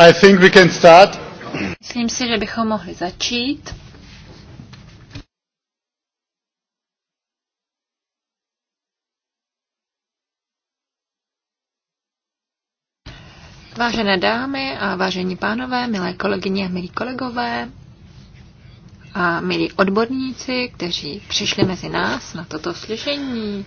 I think we can start. Myslím si, že bychom mohli začít. Vážené dámy a vážení pánové, milé kolegyně a milí kolegové a milí odborníci, kteří přišli mezi nás na toto slyšení.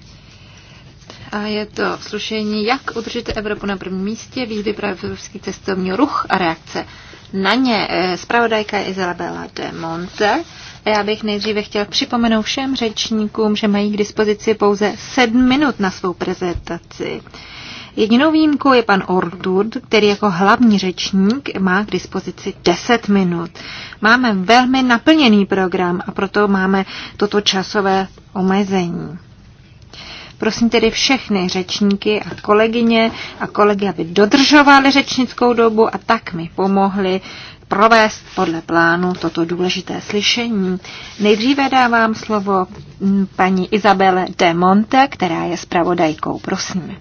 A je to slušení, jak udržet Evropu na prvním místě, výzvy pro evropský cestovní ruch a reakce. Na ně eh, Spravodajka je Izabela de Monte. Já bych nejdříve chtěl připomenout všem řečníkům, že mají k dispozici pouze sedm minut na svou prezentaci. Jedinou výjimkou je pan Ortud, který jako hlavní řečník má k dispozici 10 minut. Máme velmi naplněný program a proto máme toto časové omezení. Prosím tedy všechny řečníky a kolegyně a kolegy, aby dodržovali řečnickou dobu a tak mi pomohli provést podle plánu toto důležité slyšení. Nejdříve dávám slovo mm, paní Izabele de Monte, která je zpravodajkou. Prosím.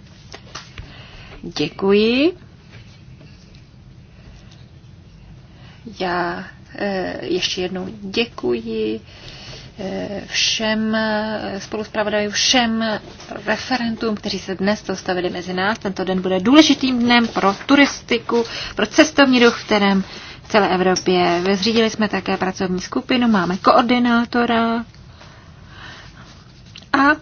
Děkuji. Já eh, ještě jednou děkuji všem spoluzpravodajům, všem referentům, kteří se dnes dostavili mezi nás. Tento den bude důležitým dnem pro turistiku, pro cestovní ruch, v kterém v celé Evropě. Zřídili jsme také pracovní skupinu, máme koordinátora a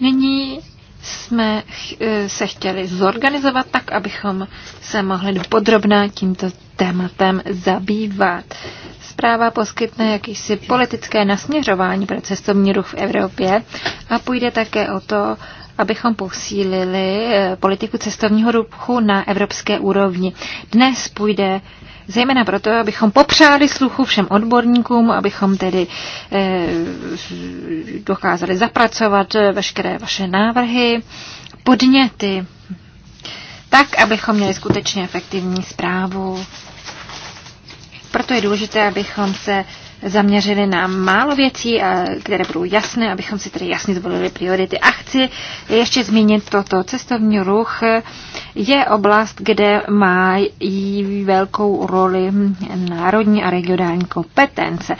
nyní jsme eh, se chtěli zorganizovat tak, abychom se mohli podrobná tímto tématem zabývat. Zpráva poskytne jakýsi politické nasměřování pro cestovní ruch v Evropě a půjde také o to, abychom posílili eh, politiku cestovního ruchu na evropské úrovni. Dnes půjde zejména proto, abychom popřáli sluchu všem odborníkům, abychom tedy eh, dokázali zapracovat eh, veškeré vaše návrhy, podněty, tak, abychom měli skutečně efektivní zprávu. Proto je důležité, abychom se zaměřili na málo věcí, které budou jasné, abychom si tedy jasně zvolili priority. A chci ještě zmínit toto. Cestovní ruch je oblast, kde má jí velkou roli národní a regionální kompetence.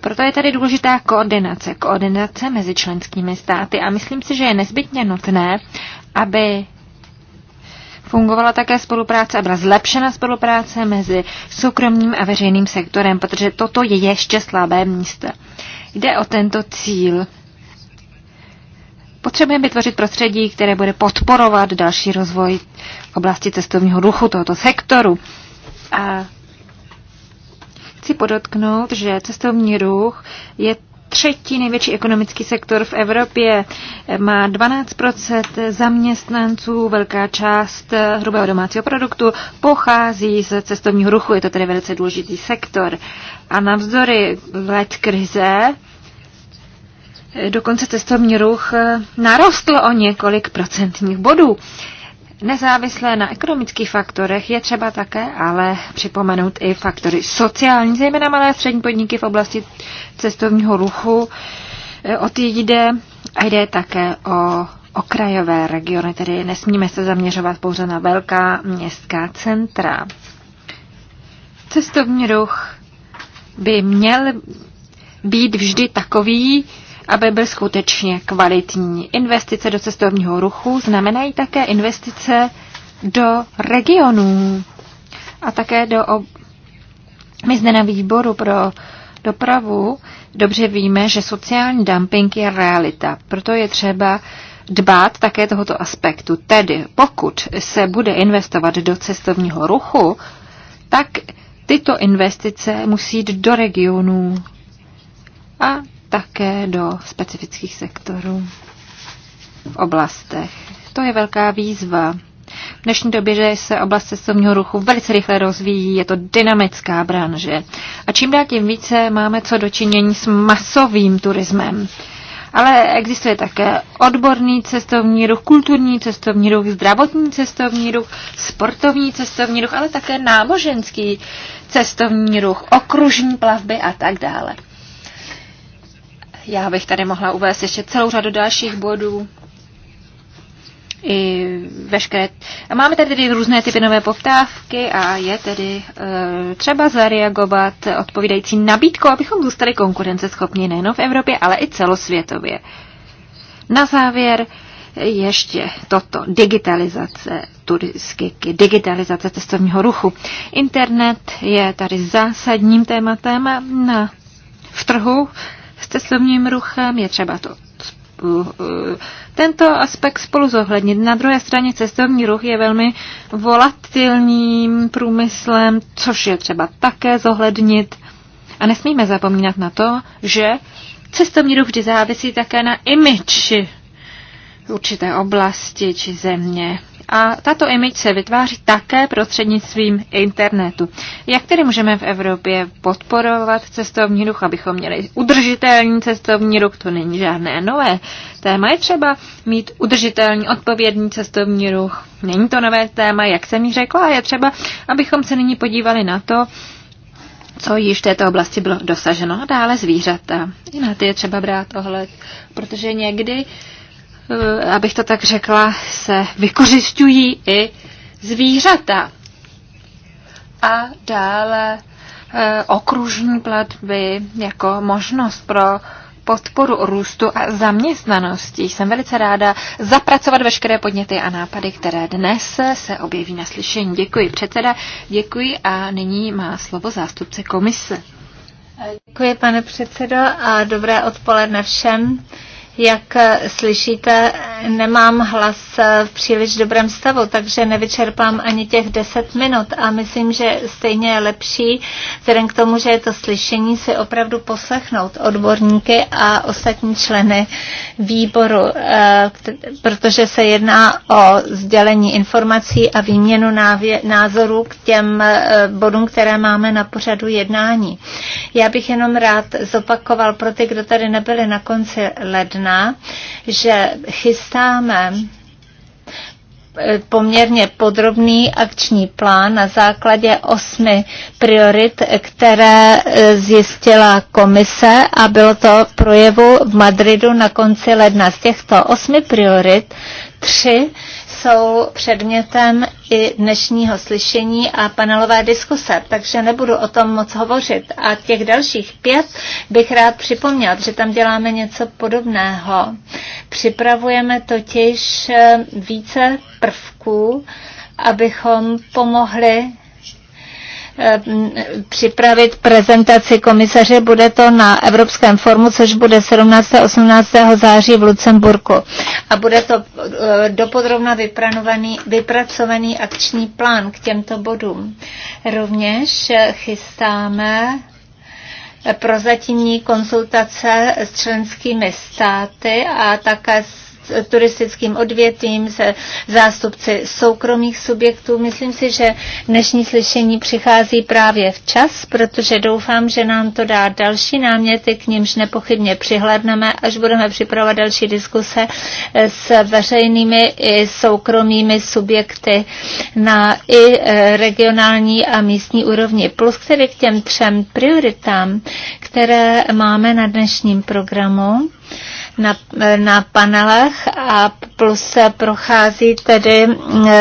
Proto je tady důležitá koordinace. Koordinace mezi členskými státy a myslím si, že je nezbytně nutné, aby fungovala také spolupráce a byla zlepšena spolupráce mezi soukromým a veřejným sektorem, protože toto je ještě slabé místo. Jde o tento cíl. Potřebujeme vytvořit prostředí, které bude podporovat další rozvoj oblasti cestovního ruchu tohoto sektoru. A chci podotknout, že cestovní ruch je třetí největší ekonomický sektor v Evropě. Má 12 zaměstnanců, velká část hrubého domácího produktu pochází z cestovního ruchu. Je to tedy velice důležitý sektor. A navzdory let krize, dokonce cestovní ruch narostl o několik procentních bodů. Nezávisle na ekonomických faktorech je třeba také ale připomenout i faktory sociální, zejména malé a střední podniky v oblasti cestovního ruchu. E, o ty jde a jde také o okrajové regiony, tedy nesmíme se zaměřovat pouze na velká městská centra. Cestovní ruch by měl být vždy takový, aby byl skutečně kvalitní. Investice do cestovního ruchu znamenají také investice do regionů a také do... Ob... My zde na výboru pro dopravu dobře víme, že sociální dumping je realita. Proto je třeba dbát také tohoto aspektu. Tedy pokud se bude investovat do cestovního ruchu, tak tyto investice musí jít do regionů. A také do specifických sektorů v oblastech. To je velká výzva. V dnešní době, že se oblast cestovního ruchu velice rychle rozvíjí, je to dynamická branže. A čím dál tím více máme co dočinění s masovým turismem. Ale existuje také odborný cestovní ruch, kulturní cestovní ruch, zdravotní cestovní ruch, sportovní cestovní ruch, ale také náboženský cestovní ruch, okružní plavby a tak dále. Já bych tady mohla uvést ještě celou řadu dalších bodů. I veškeré. A máme tady tedy různé typy nové poptávky a je tedy e, třeba zareagovat odpovídající nabídkou, abychom zůstali konkurenceschopní nejen v Evropě, ale i celosvětově. Na závěr ještě toto. Digitalizace turistiky, digitalizace cestovního ruchu. Internet je tady zásadním tématem na v trhu, s cestovním ruchem, je třeba to uh, tento aspekt spolu zohlednit. Na druhé straně cestovní ruch je velmi volatilním průmyslem, což je třeba také zohlednit. A nesmíme zapomínat na to, že cestovní ruch vždy závisí také na imiči určité oblasti či země. A tato image se vytváří také prostřednictvím internetu. Jak tedy můžeme v Evropě podporovat cestovní ruch, abychom měli udržitelný cestovní ruch? To není žádné nové téma. Je třeba mít udržitelný, odpovědný cestovní ruch. Není to nové téma, jak jsem ji řekla, a je třeba, abychom se nyní podívali na to, co již v této oblasti bylo dosaženo. A dále zvířata. I na ty je třeba brát ohled, protože někdy uh, Eh, abych to tak řekla, se vykořišťují i zvířata. A dále eh, okružní platby jako možnost pro podporu růstu a zaměstnanosti. Jsem velice ráda zapracovat veškeré podněty a nápady, které dnes se objeví na slyšení. Děkuji předseda, děkuji a nyní má slovo zástupce komise. Děkuji pane předsedo a dobré odpoledne všem. Jak slyšíte, nemám hlas v příliš dobrém stavu, takže nevyčerpám ani těch deset minut a myslím, že stejně je lepší, vzhledem k tomu, že je to slyšení, si opravdu poslechnout odborníky a ostatní členy výboru, eh, protože se jedná o sdělení informací a výměnu názorů k těm eh, bodům, které máme na pořadu jednání. Já bych jenom rád zopakoval pro ty, kdo tady nebyli na konci ledna, znamená, že chystáme eh, poměrně podrobný akční plán na základě osmi priorit, které eh, zjistila komise a bylo to projevu v Madridu na konci ledna. Z těchto osmi priorit tři jsou předmětem i dnešního slyšení a panelové diskuse, takže nebudu o tom moc hovořit. A těch dalších pět bych rád připomněl, že tam děláme něco podobného. Připravujeme totiž eh, více prvků, abychom pomohli Eh, připravit prezentaci komisaře. Bude to na Evropském formu, což bude 17. a 18. září v Lucemburku. A bude to eh, dopodrobna vypracovaný akční plán k těmto bodům. Rovněž eh, chystáme prozatímní konzultace s členskými státy a také s turistickým odvětvím, se zástupci soukromých subjektů. Myslím si, že dnešní slyšení přichází právě včas, protože doufám, že nám to dá další náměty, k nímž nepochybně přihlédneme, až budeme připravovat další diskuse s veřejnými i soukromými subjekty na i e, regionální a místní úrovni. Plus tedy k těm třem prioritám, které máme na dnešním programu na, na panelech a plus prochází tedy eh,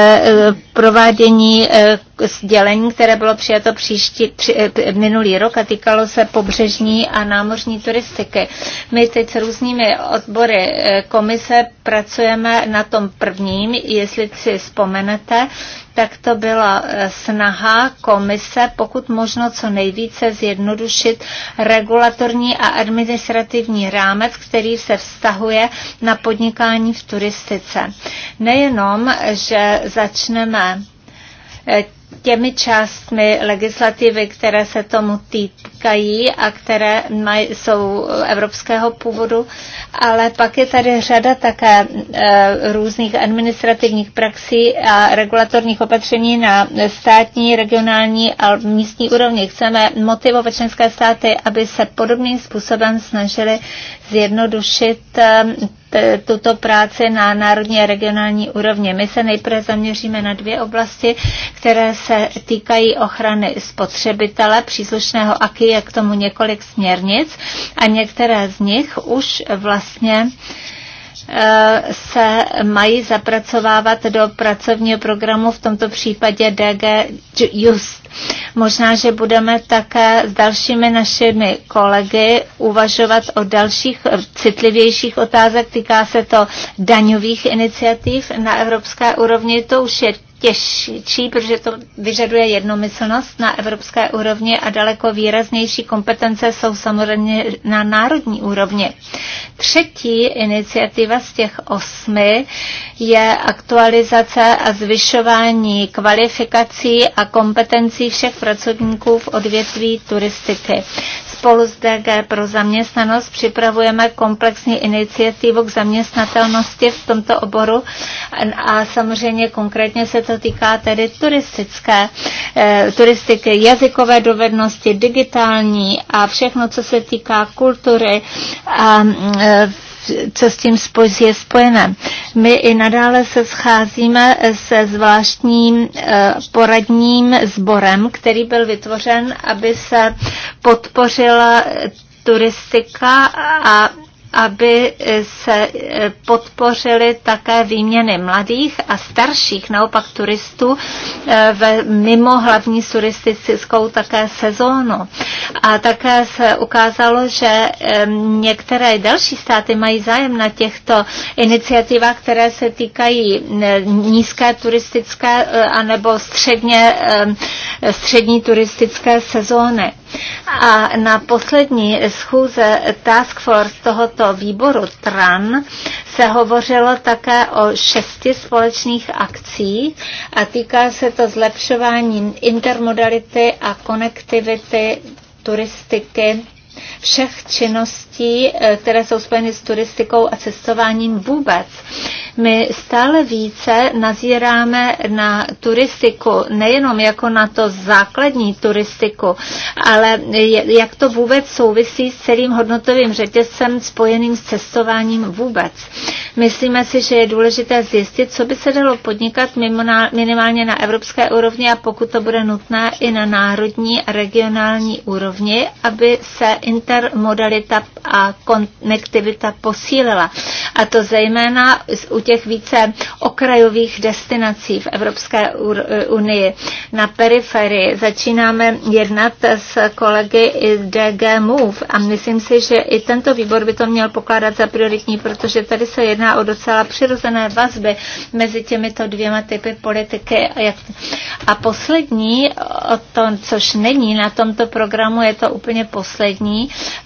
provádění eh, sdělení, které bylo přijato příští, při, eh, minulý rok a týkalo se pobřežní a námořní turistiky. My teď s různými odbory komise pracujeme na tom prvním, jestli si vzpomenete, tak to byla eh, snaha komise pokud možno co nejvíce zjednodušit regulatorní a administrativní rámec, který se vztahuje na podnikání v turistice. Nejenom, že začneme eh, těmi částmi legislativy, které se tomu týkají a které maj, jsou evropského původu, ale pak je tady řada také e, různých administrativních praxí a regulatorních opatření na státní, regionální a místní úrovni. Chceme motivovat členské státy, aby se podobným způsobem snažili zjednodušit e, E, tuto práci na národní a regionální úrovni. My se nejprve zaměříme na dvě oblasti, které se týkají ochrany spotřebitele, příslušného AKI je k tomu několik směrnic a některé z nich už vlastně Eh, se mají zapracovávat do pracovního programu, v tomto případě DG Just. Možná, že budeme také s dalšími našimi kolegy uvažovat o dalších citlivějších otázek. Týká se to daňových iniciativ na evropské úrovni. To už je těžší, protože to vyžaduje jednomyslnost na evropské úrovni a daleko výraznější kompetence jsou samozřejmě na národní úrovni. Třetí iniciativa z těch osmi je aktualizace a zvyšování kvalifikací a kompetencí všech pracovníků v odvětví turistiky. Spolu s DG pro zaměstnanost připravujeme komplexní iniciativu k zaměstnatelnosti v tomto oboru a samozřejmě konkrétně se to týká tedy turistické, eh, turistiky, jazykové dovednosti, digitální a všechno, co se týká kultury a eh, co s tím je spojené? My i nadále se scházíme se zvláštním eh, poradním sborem, který byl vytvořen, aby se podpořila turistika a aby se eh, podpořily také výměny mladých a starších, naopak turistů, eh, ve, mimo hlavní turistickou také sezónu. A také se ukázalo, že eh, některé další státy mají zájem na těchto iniciativách, které se týkají nízké turistické anebo středně, střední turistické sezóny. A na poslední schůze Task Force tohoto výboru TRAN se hovořilo také o šesti společných akcí a týká se to zlepšování intermodality a konektivity turistiky všech činností, eh, které jsou spojeny s turistikou a cestováním vůbec. My stále více nazíráme na turistiku, nejenom jako na to základní turistiku, ale jak to vůbec souvisí s celým hodnotovým řetězcem spojeným s cestováním vůbec. Myslíme si, že je důležité zjistit, co by se dalo podnikat minimálně na evropské úrovni a pokud to bude nutné i na národní a regionální úrovni, aby se intermodalita a konektivita posílila. A to zejména u těch více okrajových destinací v Evropské eh, unii. Na periferii začínáme jednat s kolegy i DG Move a myslím si, že i tento výbor by to měl pokládat za prioritní, protože tady se jedná o docela přirozené vazby mezi těmito dvěma typy politiky. A poslední, tom, což není na tomto programu, je to úplně poslední,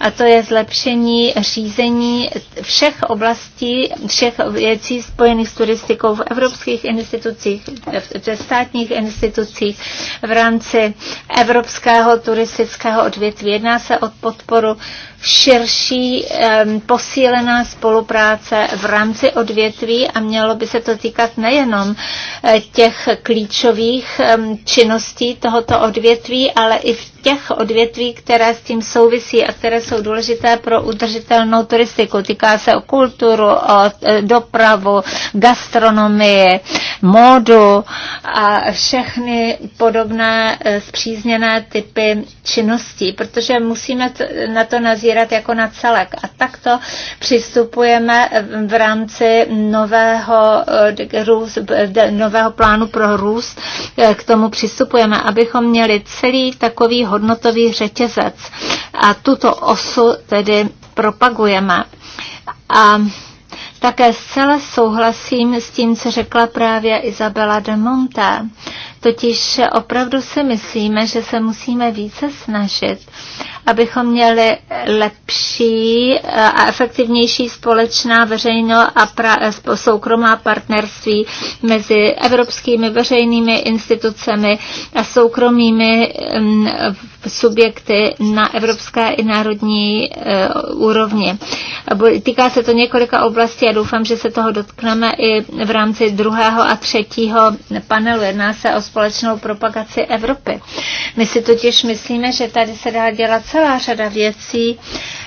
a to je zlepšení řízení všech oblastí, všech věcí spojených s turistikou v evropských institucích, ve státních institucích, v rámci evropského turistického odvětví. Jedná se o podporu širší posílená spolupráce v rámci odvětví a mělo by se to týkat nejenom eh, těch klíčových činností tohoto odvětví, ale i v těch odvětví, které s tím souvisí a které jsou důležité pro udržitelnou turistiku. Týká se o kulturu, o eh, dopravu, gastronomii, módu a všechny podobné eh, zpřízněné typy činností, protože musíme na to nazírat jako na celek. A takto přistupujeme v rámci nového, eh, růst, nového plánu pro růst, eh, k tomu přistupujeme, abychom měli celý takový hodnotový řetězec. A tuto osu tedy propagujeme. A také zcela souhlasím s tím, co řekla právě Izabela de Monte. Totiž opravdu si myslíme, že se musíme více snažit, abychom měli lepší eh, a efektivnější společná veřejno a pra, soukromá partnerství mezi evropskými veřejnými institucemi a soukromými mm, subjekty na evropské i národní eh, úrovni. Týká se to několika oblastí a doufám, že se toho dotkneme i v rámci druhého a třetího panelu. Jedná se o společnou propagaci Evropy. My si totiž myslíme, že tady se dá dělat celá řada věcí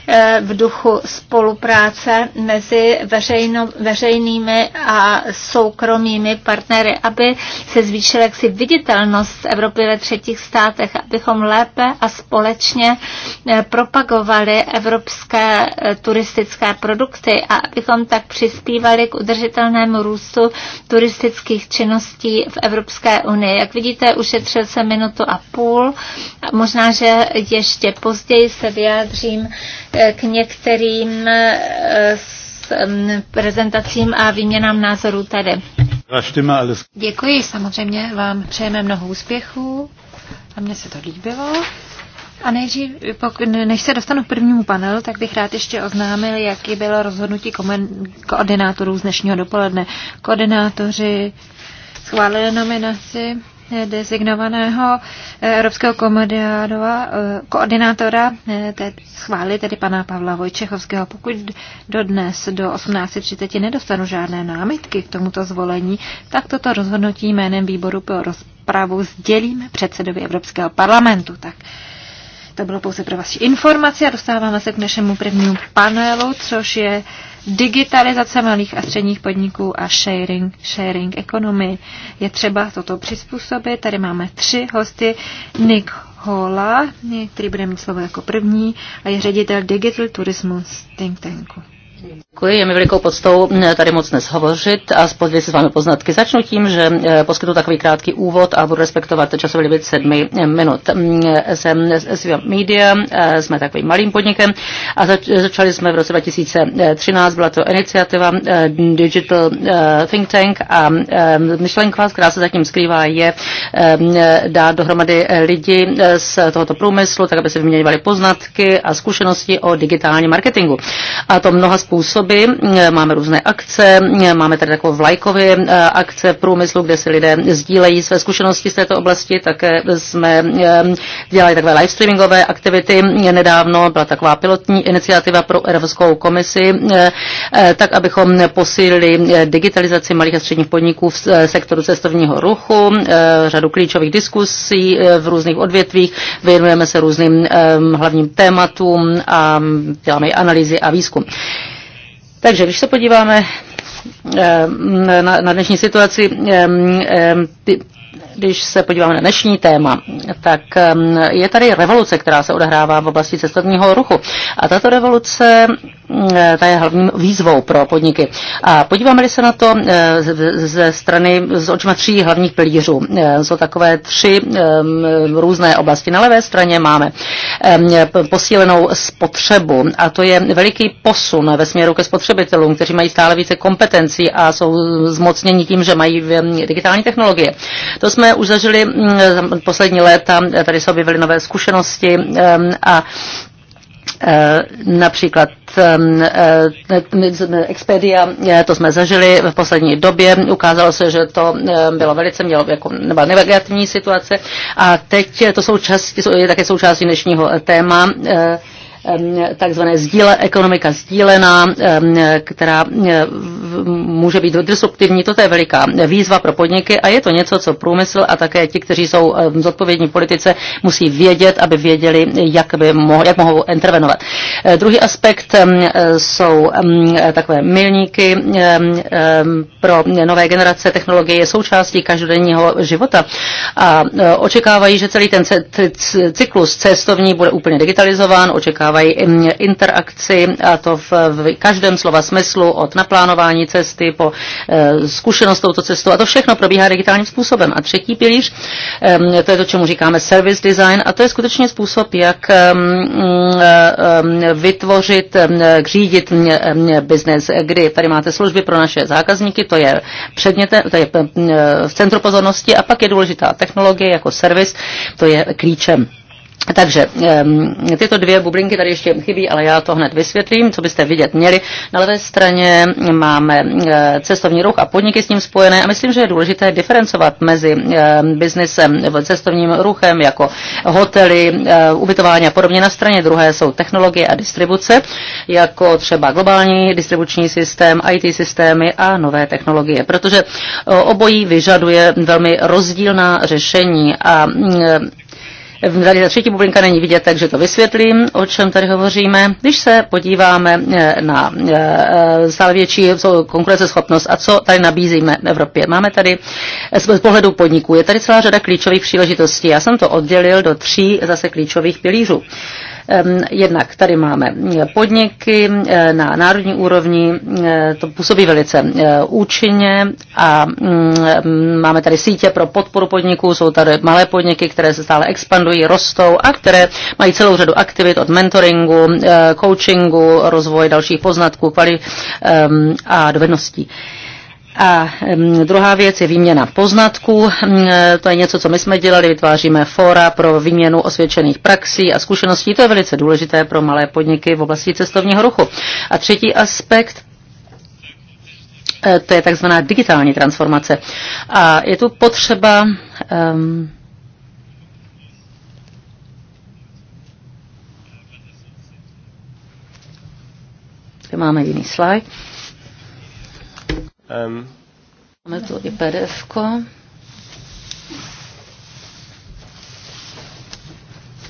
eh, v duchu spolupráce mezi veřejno, veřejnými a soukromými partnery, aby se zvýšila jaksi viditelnost Evropy ve třetích státech, abychom lépe a společně eh, propagovali evropské eh, turistické produkty a abychom tak přispívaly k udržitelnému růstu turistických činností v Evropské unii. Jak vidíte, ušetřil se minutu a půl. Možná, že ještě později se vyjádřím eh, k některým eh, mm, prezentacím a výměnám názorů tady. Děkuji, samozřejmě vám přejeme mnoho úspěchů a mně se to líbilo. A nejdřív, než se dostanu k prvnímu panelu, tak bych rád ještě oznámil, jaký bylo rozhodnutí koordinátorů z dnešního dopoledne. Koordinátoři schválili nominaci eh, designovaného eh, evropského eh, koordinátora, schválili tedy pana Pavla Vojčechovského. Pokud do dnes do 18.30 nedostanu žádné námitky k tomuto zvolení, tak toto rozhodnutí jménem výboru pro rozpravu sdělím předsedovi Evropského parlamentu. Tak to bylo pouze pro vaši informaci a dostáváme se k našemu prvnímu panelu, což je digitalizace malých a středních podniků a sharing, sharing economy. Je třeba toto přizpůsobit. Tady máme tři hosty. Nick Hola, který bude mít slovo jako první a je ředitel Digital Tourism Think Tanku. Děkuji, je mi velikou podstou eh, tady moc dnes hovořit a spodvět si s vámi poznatky. Začnu tím, že eh, poskytnu takový krátký úvod a budu respektovat časový limit sedmi eh, minut. Mm, jsem Svia Media, jsme takovým malým podnikem a začali jsme v roce 2013, byla to iniciativa Digital Think Tank a myšlenka, která se zatím skrývá, je dát dohromady lidi z tohoto průmyslu, tak aby se vyměňovali poznatky a zkušenosti o digitálním marketingu. A to mnoha způsobů způsoby. Máme různé akce, máme tady takové vlajkové eh, akce v průmyslu, kde si lidé sdílejí své zkušenosti z této oblasti. Také jsme eh, dělali takové live streamingové aktivity nedávno. Byla taková pilotní iniciativa pro Evropskou komisi, eh, tak abychom posílili digitalizaci malých a středních podniků v sektoru cestovního ruchu, řadu klíčových diskusí v různých odvětvích. Věnujeme se různým hlavním tématům a děláme analýzy a výzkum. Takže když se podíváme eh, na, na dnešní situaci, eh, eh, když se podíváme na dnešní téma, tak um, je tady revoluce, která se odehrává v oblasti cestovního ruchu. A tato revoluce mm, ta je hlavním výzvou pro podniky. A podíváme-li se na to eh, ze strany, z očima tří hlavních pilířů. Eh, jsou takové tři eh, různé oblasti. Na levé straně máme posílenou spotřebu a to je veliký posun ve směru ke spotřebitelům, kteří mají stále více kompetencí a jsou zmocněni tím, že mají digitální technologie. To jsme jsme už zažili mm, poslední léta, tady se objevily nové zkušenosti a e, například e, Expedia, to jsme zažili v poslední době, ukázalo se, že to bylo velice, mělo jako nebo negativní situace a teď to součást, je také součástí dnešního téma, e, takzvané sdíle, ekonomika sdílená, která může být disruptivní. Toto je veliká výzva pro podniky a je to něco, co průmysl a také ti, kteří jsou zodpovědní politice, musí vědět, aby věděli, jak, by mohou, jak mohou intervenovat. E, druhý aspekt jsou takové milníky pro nové generace technologie, je součástí každodenního života a e, očekávají, že celý ten cyklus cestovní bude úplně digitalizován, očekávají, vyvolávají interakci a to v, v každém slova smyslu od naplánování cesty po eh, zkušenost touto cestou a to všechno probíhá digitálním způsobem. A třetí pilíř, ehm, to je to, čemu říkáme service design a to je skutečně způsob, jak ehm, ehm, vytvořit, řídit biznes, kdy tady máte služby pro naše zákazníky, to je předmětem, to je v centru pozornosti a pak je důležitá technologie jako servis, to je klíčem takže tyto dvě bublinky tady ještě chybí, ale já to hned vysvětlím, co byste vidět měli. Na levé straně máme e, cestovní ruch a podniky s ním spojené a myslím, že je důležité diferencovat mezi biznesem, cestovním ruchem jako hotely, e, ubytování a podobně. Na straně druhé jsou technologie a distribuce, jako třeba globální distribuční systém, IT systémy a nové technologie, protože e, obojí vyžaduje velmi rozdílná řešení a Tady ta třetí bublinka není vidět, takže to vysvětlím, o čem tady hovoříme. Když se podíváme eh, na eh, eh, stále větší konkurenceschopnost a co tady nabízíme v Evropě. Máme tady z pohledu podniků, je tady celá řada klíčových příležitostí. Já jsem to oddělil do tří zase klíčových pilířů. Jednak tady máme eh, podniky eh, na národní úrovni, eh, to působí velice účinně a mm, máme tady sítě pro podporu podniků, jsou tady malé podniky, které se stále expandují, rostou a které mají celou řadu aktivit od mentoringu, coachingu, rozvoje dalších poznatků kvalit a dovedností. A druhá věc je výměna poznatků. To je něco, co my jsme dělali, vytváříme fora pro výměnu osvědčených praxí a zkušeností. To je velice důležité pro malé podniky v oblasti cestovního ruchu. A třetí aspekt e, to je takzvaná digitální transformace. A je tu potřeba um, máme jiný slide. Um. Máme tu i pdf -ko.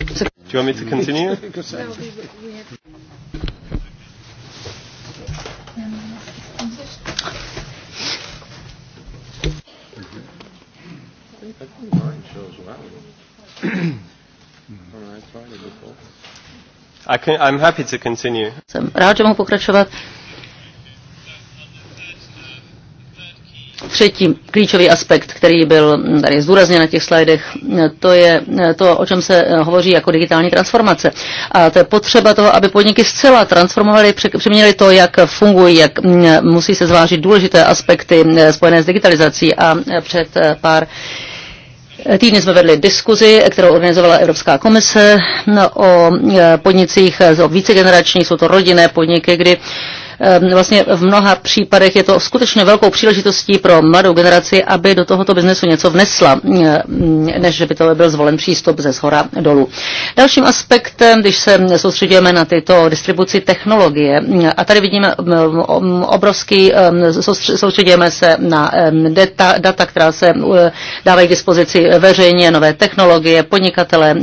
Do you want me to continue? I can, I'm happy to continue. Jsem rád, že mohu pokračovat. Třetí klíčový aspekt, který byl tady zdůrazněn na těch slajdech, to je to, o čem se hovoří jako digitální transformace. A to je potřeba toho, aby podniky zcela transformovaly, přeměnily to, jak fungují, jak musí se zvážit důležité aspekty eh, spojené s digitalizací. A eh, před eh, pár Týdny jsme vedli diskuzi, kterou organizovala Evropská komise no, o podnicích, o vícegeneračních, jsou to rodinné podniky, kdy Ehm, vlastně v mnoha případech je to skutečně velkou příležitostí pro mladou generaci, aby do tohoto biznesu něco vnesla, ehm, než by to byl zvolen přístup ze zhora dolů. Dalším aspektem, když se soustředíme na tyto distribuci technologie, a tady vidíme ehm, obrovský, soustředíme se na data, data která se dávají k dispozici veřejně, nové technologie, podnikatele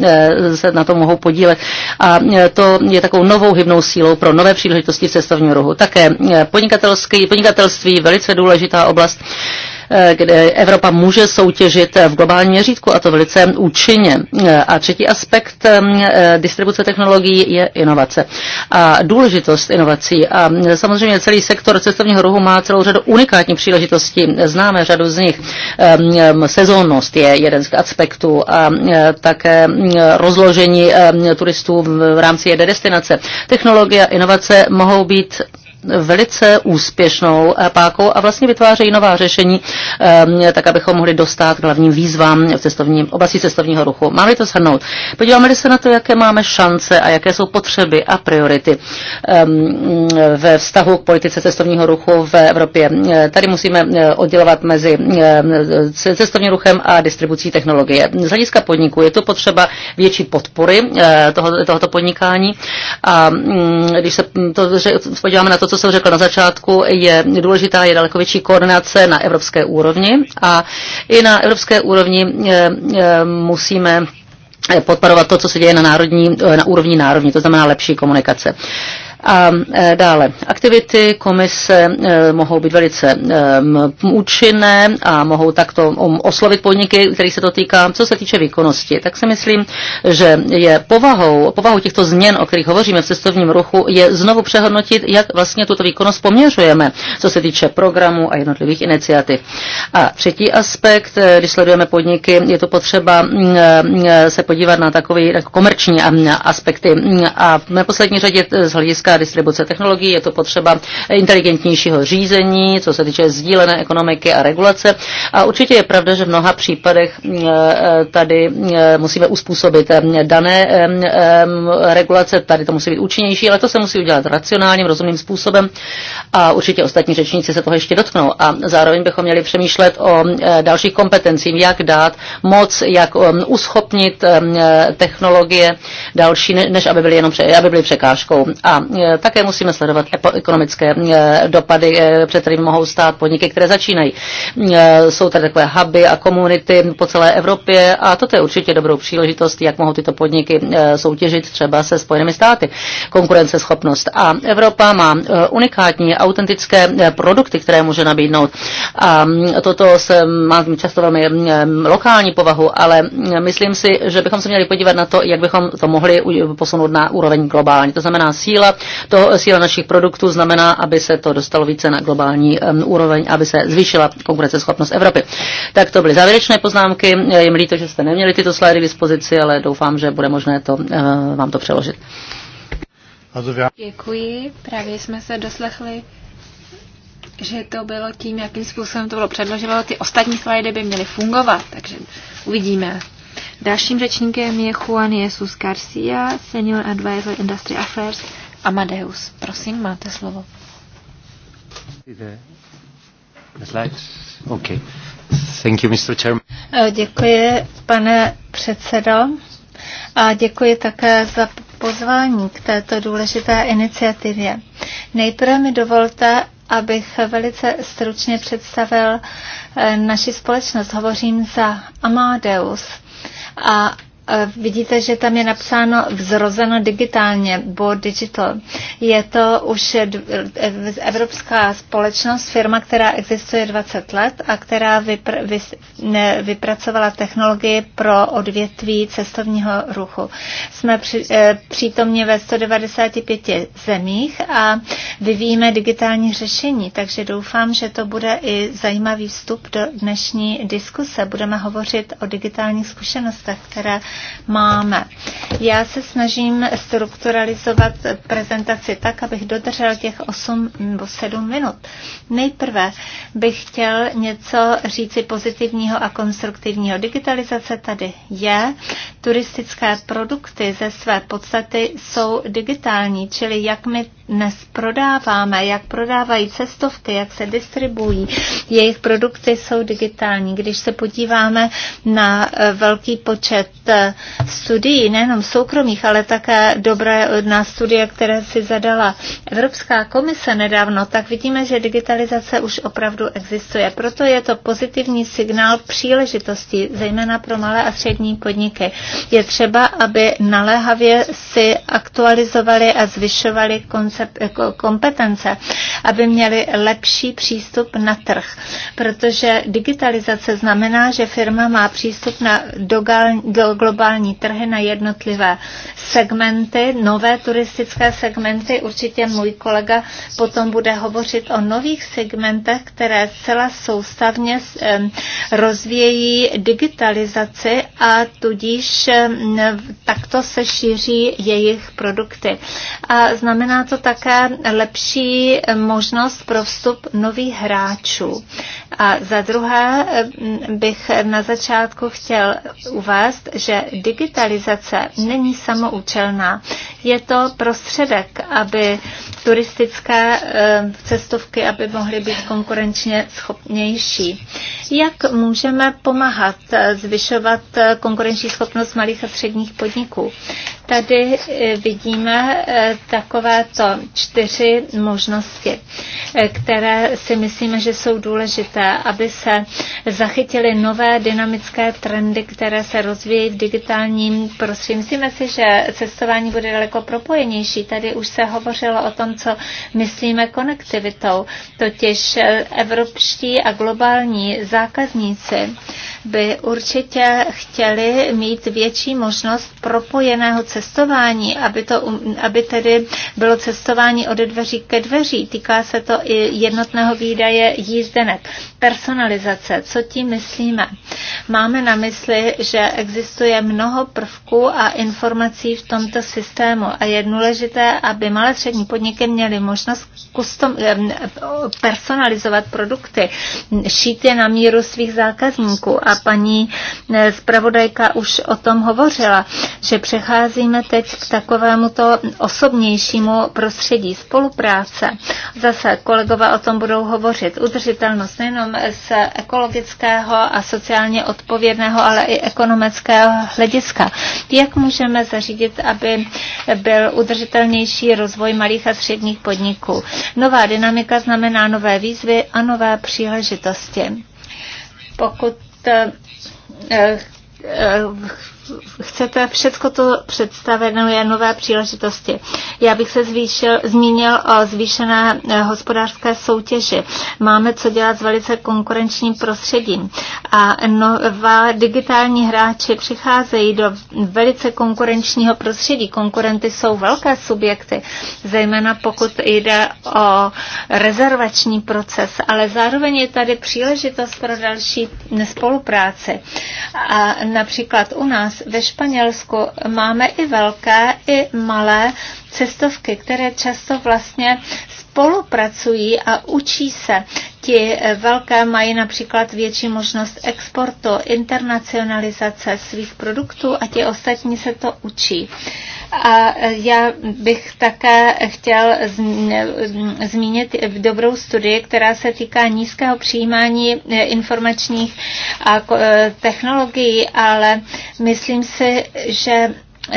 se na to mohou podílet a e, to je takovou novou hybnou sílou pro nové příležitosti v cestovním ruhu. Tak také eh, podnikatelství, velice důležitá oblast eh, kde Evropa může soutěžit eh, v globálním měřítku a to velice účinně. A třetí aspekt distribuce technologií je inovace a důležitost inovací. A samozřejmě celý sektor cestovního ruchu má celou řadu unikátních příležitostí. Známe řadu z nich. Sezónnost je jeden z aspektů a také rozložení turistů v rámci jedné destinace. Technologie a inovace mohou být velice úspěšnou eh, pákou a vlastně vytvářejí nová řešení, ehm, tak abychom mohli dostat k hlavním výzvám v cestovním oblasti cestovního ruchu. Máme to shrnout. Podíváme se na to, jaké máme šance a jaké jsou potřeby a priority ehm, ve vztahu k politice cestovního ruchu v Evropě. Eh, tady musíme eh, oddělovat mezi ehm, cestovním ruchem a distribucí technologie. Z hlediska podniku je to potřeba větší podpory tohoto podnikání a mm, když se to, podíváme na to, co jsem řekl na začátku, je důležitá, je daleko větší koordinace na evropské úrovni a i na evropské úrovni eh, eh, musíme eh, podporovat to, co se děje na, národní, na úrovni národní, to znamená lepší komunikace. A e, dále, aktivity komise e, mohou být velice e, účinné a mohou takto oslovit podniky, kterých se to týká. Co se týče výkonnosti, tak si myslím, že je povahou, povahou těchto změn, o kterých hovoříme v cestovním ruchu, je znovu přehodnotit, jak vlastně tuto výkonnost poměřujeme, co se týče programů a jednotlivých iniciativ. A třetí aspekt, když sledujeme podniky, je to potřeba se podívat na takové komerční aspekty. A v neposlední řadě z hlediska data, distribuce technologií, je to potřeba inteligentnějšího řízení, co se týče sdílené ekonomiky a regulace. A určitě je pravda, že v mnoha případech eh, eh, tady eh, musíme uspůsobit dané regulace, tady to musí být účinnější, ale to se musí udělat racionálním, rozumným způsobem a určitě ostatní řečníci se toho ještě dotknou. A zároveň bychom měli přemýšlet o dalších kompetencích, jak dát moc, jak uschopnit technologie další, než aby byly jenom pře, aby byly překážkou. A E, také musíme sledovat ekonomické e, dopady, e, před kterými mohou stát podniky, které začínají. Jsou tady takové huby a komunity po celé Evropě a toto je určitě dobrou příležitost, jak mohou tyto podniky soutěžit třeba se Spojenými státy. Konkurenceschopnost. A Evropa má unikátní, autentické produkty, které může nabídnout. A toto se má často velmi lokální povahu, ale myslím si, že bychom se měli podívat na to, jak bychom to mohli posunout na úroveň globální. To znamená síla to síla našich produktů znamená, aby se to dostalo více na globální úroveň, aby se zvýšila konkurenceschopnost Evropy. Tak to byly závěrečné poznámky. Je mi líto, že jste neměli tyto slajdy k dispozici, ale doufám, že bude možné to, eh, vám to přeložit. Děkuji. Právě jsme se doslechli že to bylo tím, jakým způsobem to bylo předloženo. Ty ostatní slajdy by měly fungovat, takže uvidíme. Dalším řečníkem je Juan Jesus Garcia, senior advisor Industry Affairs Amadeus. Prosím, máte slovo. Eh, děkuji, pane předsedo. A děkuji také za pozvání k této důležité iniciativě. Nejprve mi dovolte, abych velice stručně představil eh, naši společnost. Hovořím za Amadeus. A Eh, vidíte, že tam je napsáno vzrozeno digitálně, bo digital. Je to už eh, eh, evropská společnost, firma, která existuje 20 let a která vypr- vy- ne, vypracovala technologii pro odvětví cestovního ruchu. Jsme při- přítomně ve 195 zemích a vyvíjíme digitální řešení, takže doufám, že to bude i zajímavý vstup do dnešní diskuse. Budeme hovořit o digitálních zkušenostech, které máme. Já se snažím strukturalizovat prezentaci tak, abych dodržel těch 8 nebo 7 minut. Nejprve bych chtěl něco říci pozitivního a konstruktivního. Digitalizace tady je. Turistické produkty ze své podstaty jsou digitální, čili jak my dnes prodáváme, jak prodávají cestovky, jak se distribuují, jejich produkty jsou digitální. Když se podíváme na eh, velký počet eh, studií, nejenom soukromých, ale také dobré na studie, které si zadala Evropská komise nedávno, tak vidíme, že digitalizace už opravdu existuje. Proto je to pozitivní signál příležitosti, zejména pro malé a střední podniky. Je třeba, aby naléhavě si aktualizovali a zvyšovali koncept, kompetence, aby měli lepší přístup na trh. Protože digitalizace znamená, že firma má přístup na do globální globální trhy, na jednotlivé segmenty, nové turistické segmenty. Určitě můj kolega potom bude hovořit o nových segmentech, které zcela soustavně rozvíjejí digitalizaci a tudíž takto se šíří jejich produkty. A znamená to také lepší možnost pro vstup nových hráčů. A za druhé mm, bych na začátku chtěl uvést, že digitalizace není samoučelná. Je to prostředek, aby turistické eh, cestovky, aby mohly být konkurenčně schopnější. Jak můžeme pomáhat eh, zvyšovat eh, konkurenční schopnost malých a středních podniků? Tady vidíme takovéto čtyři možnosti, které si myslíme, že jsou důležité, aby se zachytily nové dynamické trendy, které se rozvíjí v digitálním prostředí. Myslíme si, že cestování bude daleko propojenější. Tady už se hovořilo o tom, co myslíme konektivitou, totiž eh, evropští a globální zákazníci by určitě chtěli mít větší možnost propojeného cestování, aby, to, um, aby tedy bylo cestování od dveří ke dveří. Týká se to i jednotného výdaje jízdenek. Personalizace, co tím myslíme? Máme na mysli, že existuje mnoho prvků a informací v tomto systému systému a je důležité, aby malé střední podniky měly možnost custom, eh, personalizovat produkty, šít je na míru svých zákazníků. A paní eh, zpravodajka už o tom hovořila, že přecházíme teď k takovému to osobnějšímu prostředí spolupráce. Zase kolegové o tom budou hovořit. Udržitelnost nejenom z ekologického a sociálně odpovědného, ale i ekonomického hlediska. Jak můžeme zařídit, aby byl udržitelnější rozvoj malých a středních podniků. Nová dynamika znamená nové výzvy a nové příležitosti. Pokud eh, eh, chcete, všechno to představeno je nové příležitosti. Já bych se zvýšil, zmínil o zvýšené eh, hospodářské soutěži. Máme co dělat s velice konkurenčním prostředím a nová digitální hráči přicházejí do velice konkurenčního prostředí. Konkurenty jsou velké subjekty, zejména pokud jde o rezervační proces, ale zároveň je tady příležitost pro další spolupráci. A například u nás ve Španělsku máme i velké, i malé cestovky, které často vlastně spolupracují a učí se. Ti eh, velké mají například větší možnost exportu, internacionalizace svých produktů a ti ostatní se to učí. Uh, a já bych také chtěl zmínit dobrou studii, která se týká nízkého přijímání informačních technologií, ale myslím si, že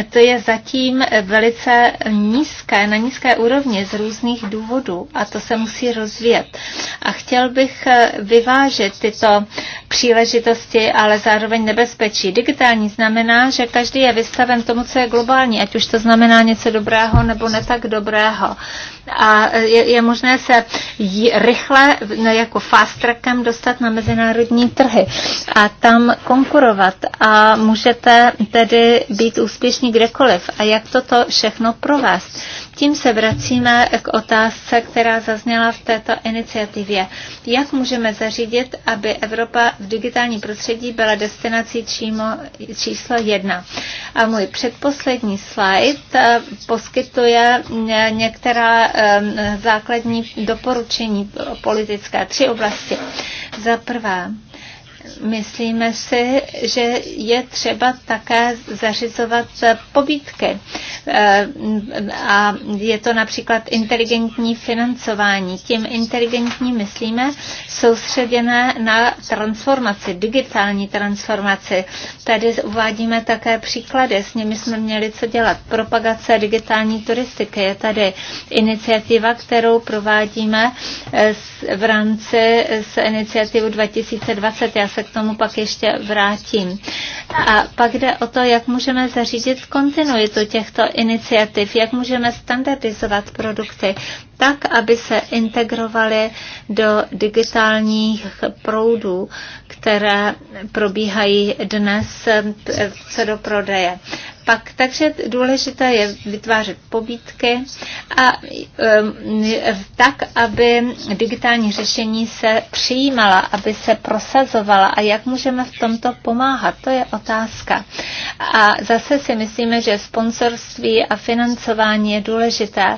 to je zatím velice nízké, na nízké úrovni z různých důvodů a to se musí rozvíjet. A chtěl bych eh, vyvážet tyto příležitosti, ale zároveň nebezpečí. Digitální znamená, že každý je vystaven tomu, co je globální, ať už to znamená něco dobrého nebo ne tak dobrého. A eh, je, je možné se rychle, no, jako fast trackem, dostat na mezinárodní trhy a tam konkurovat. A můžete tedy být úspěšní všichni kdekoliv a jak toto všechno pro vás? Tím se vracíme k otázce, která zazněla v této iniciativě. Jak můžeme zařídit, aby Evropa v digitální prostředí byla destinací čímo, číslo jedna? A můj předposlední slide eh, poskytuje některá ehm, základní doporučení politické. Tři oblasti. Za prvé, Myslíme si, že je třeba také zařizovat pobítky. Eh, a je to například inteligentní financování. Tím inteligentní myslíme soustředěné na transformaci, digitální transformaci. Tady uvádíme také příklady, s nimi jsme měli co dělat. Propagace digitální turistiky je tady iniciativa, kterou provádíme eh, v rámci eh, s iniciativu 2020. Já se k tomu pak ještě vrátím. A pak jde o to, jak můžeme zařídit kontinuitu těchto iniciativ, jak můžeme standardizovat produkty tak, aby se integrovaly do digitálních proudů, které probíhají dnes eh, co do prodeje pak. Takže důležité je vytvářet pobítky a tak, aby digitální řešení se přijímala, aby se prosazovala a jak můžeme v tomto pomáhat, to je otázka. A zase si myslíme, že sponsorství a financování je důležité.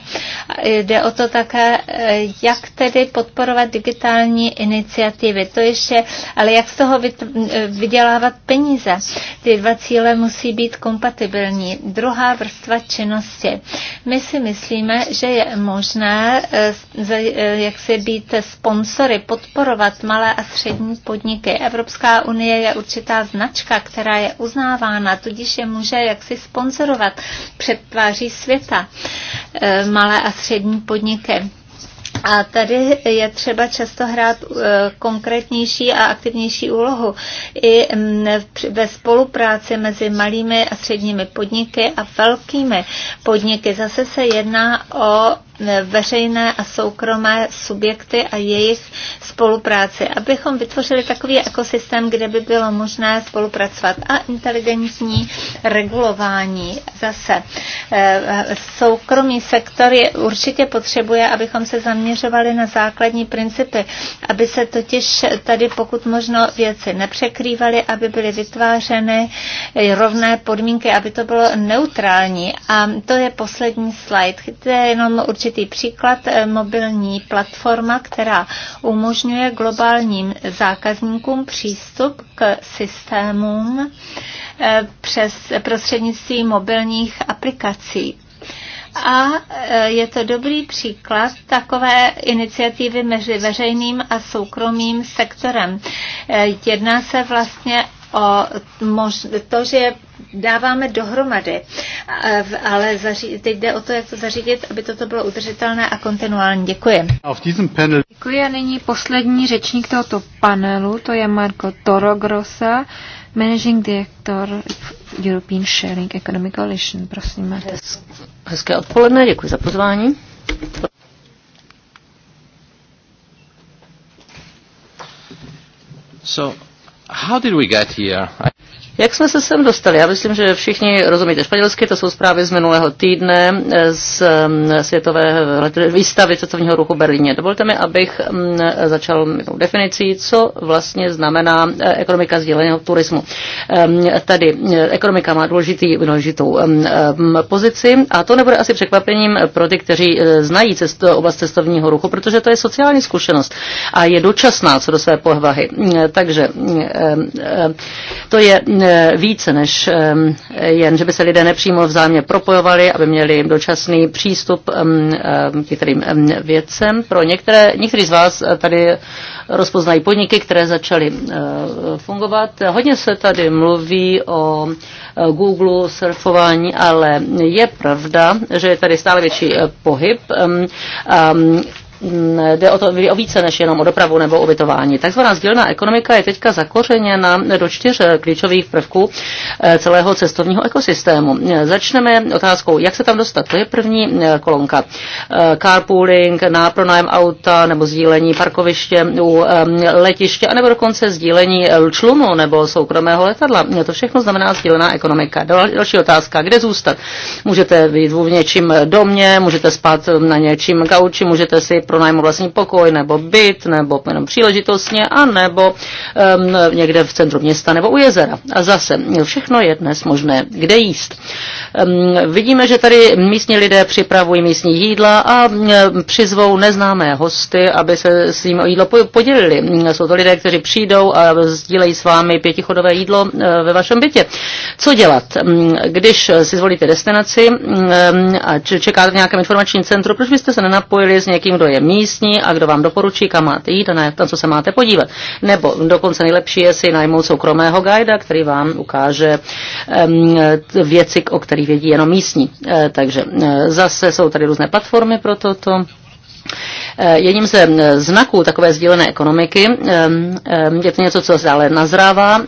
Jde o to také, jak tedy podporovat digitální iniciativy. To ještě, ale jak z toho vydělávat peníze. Ty dva cíle musí být kompatibilní flexibilní. Druhá vrstva činnosti. My si myslíme, že je možné eh, eh, jak si být sponsory, podporovat malé a střední podniky. Evropská unie je určitá značka, která je uznávána, tudíž je může jaksi sponsorovat před tváří světa eh, malé a střední podniky. A tady je třeba často hrát eh, konkrétnější a aktivnější úlohu i mm, ve spolupráci mezi malými a středními podniky a velkými podniky. Zase se jedná o veřejné a soukromé subjekty a jejich spolupráci, abychom vytvořili takový ekosystém, kde by bylo možné spolupracovat a inteligentní regulování. Zase eh, soukromý sektor je, určitě potřebuje, abychom se zaměřovali na základní principy, aby se totiž tady pokud možno věci nepřekrývaly, aby byly vytvářeny rovné podmínky, aby to bylo neutrální. A to je poslední slide. To je jenom určitě určitý příklad, eh, mobilní platforma, která umožňuje globálním zákazníkům přístup k systémům eh, přes prostřednictvím mobilních aplikací. A eh, je to dobrý příklad takové iniciativy mezi veřejným a soukromým sektorem. Jedná se vlastně o to, že dáváme dohromady, ale zaří, teď jde o to, jak to zařídit, aby toto bylo udržitelné a kontinuální. Děkuji. Panel... Děkuji a nyní poslední řečník tohoto panelu, to je Marko Torogrosa, Managing Director European Sharing Economic Coalition. Prosím, máte. Hezké odpoledne, děkuji za pozvání. So, how did we get here? Jak jsme se sem dostali? Já myslím, že všichni rozumíte španělsky, to jsou zprávy z minulého týdne z mm, světové výstavy cestovního ruchu v Berlíně. Dovolte mi, abych mm, začal definicí, co vlastně znamená e, ekonomika sdíleného turismu. Tady e, ekonomika má důležitý, důležitou pozici a to nebude asi překvapením pro ty, kteří e, znají cesto, oblast cestovního ruchu, protože to je sociální zkušenost a je dočasná co do své povahy. Takže to je Eh, více než jen, že by se lidé nepřímo vzájemně propojovali, aby měli dočasný přístup k některým věcem. Pro některé, některý z vás tady rozpoznají podniky, které začaly eh, fungovat. Hodně se tady mluví o eh, Google, surfování, ale je pravda, že je tady stále větší pohyb. Mm, jde o, to, o více než jenom o dopravu nebo ubytování. Takzvaná sdílená ekonomika je teďka zakořeněna do čtyř klíčových prvků eh, celého cestovního ekosystému. Začneme otázkou, jak se tam dostat. To je první eh, kolonka. Eh, carpooling, nápronájem auta nebo sdílení parkoviště u letiště, anebo dokonce sdílení člunu nebo soukromého letadla. To všechno znamená sdílená ekonomika. Další otázka, kde zůstat? Můžete být v něčím domě, můžete spát na něčím gauči, můžete si pro pronajmu vlastní pokoj nebo byt nebo jenom příležitostně a nebo um, někde v centru města nebo u jezera. A zase všechno je dnes možné, kde jíst. Um, vidíme, že tady místní lidé připravují místní jídla a um, přizvou neznámé hosty, aby se s ním o jídlo podělili. Jsou to lidé, kteří přijdou a sdílejí s vámi pětichodové jídlo ve vašem bytě. Co dělat? Když si zvolíte destinaci a čekáte v nějakém informačním centru, proč byste se nenapojili s někým, kdo je je místní a kdo vám doporučí, kam máte jít a na, na co se máte podívat. Nebo dokonce nejlepší je si najmout soukromého guida, který vám ukáže um, věci, o kterých vědí jenom místní. E, takže e, zase jsou tady různé platformy pro toto. E, jedním ze znaků takové sdílené ekonomiky je to něco, co ale nazrává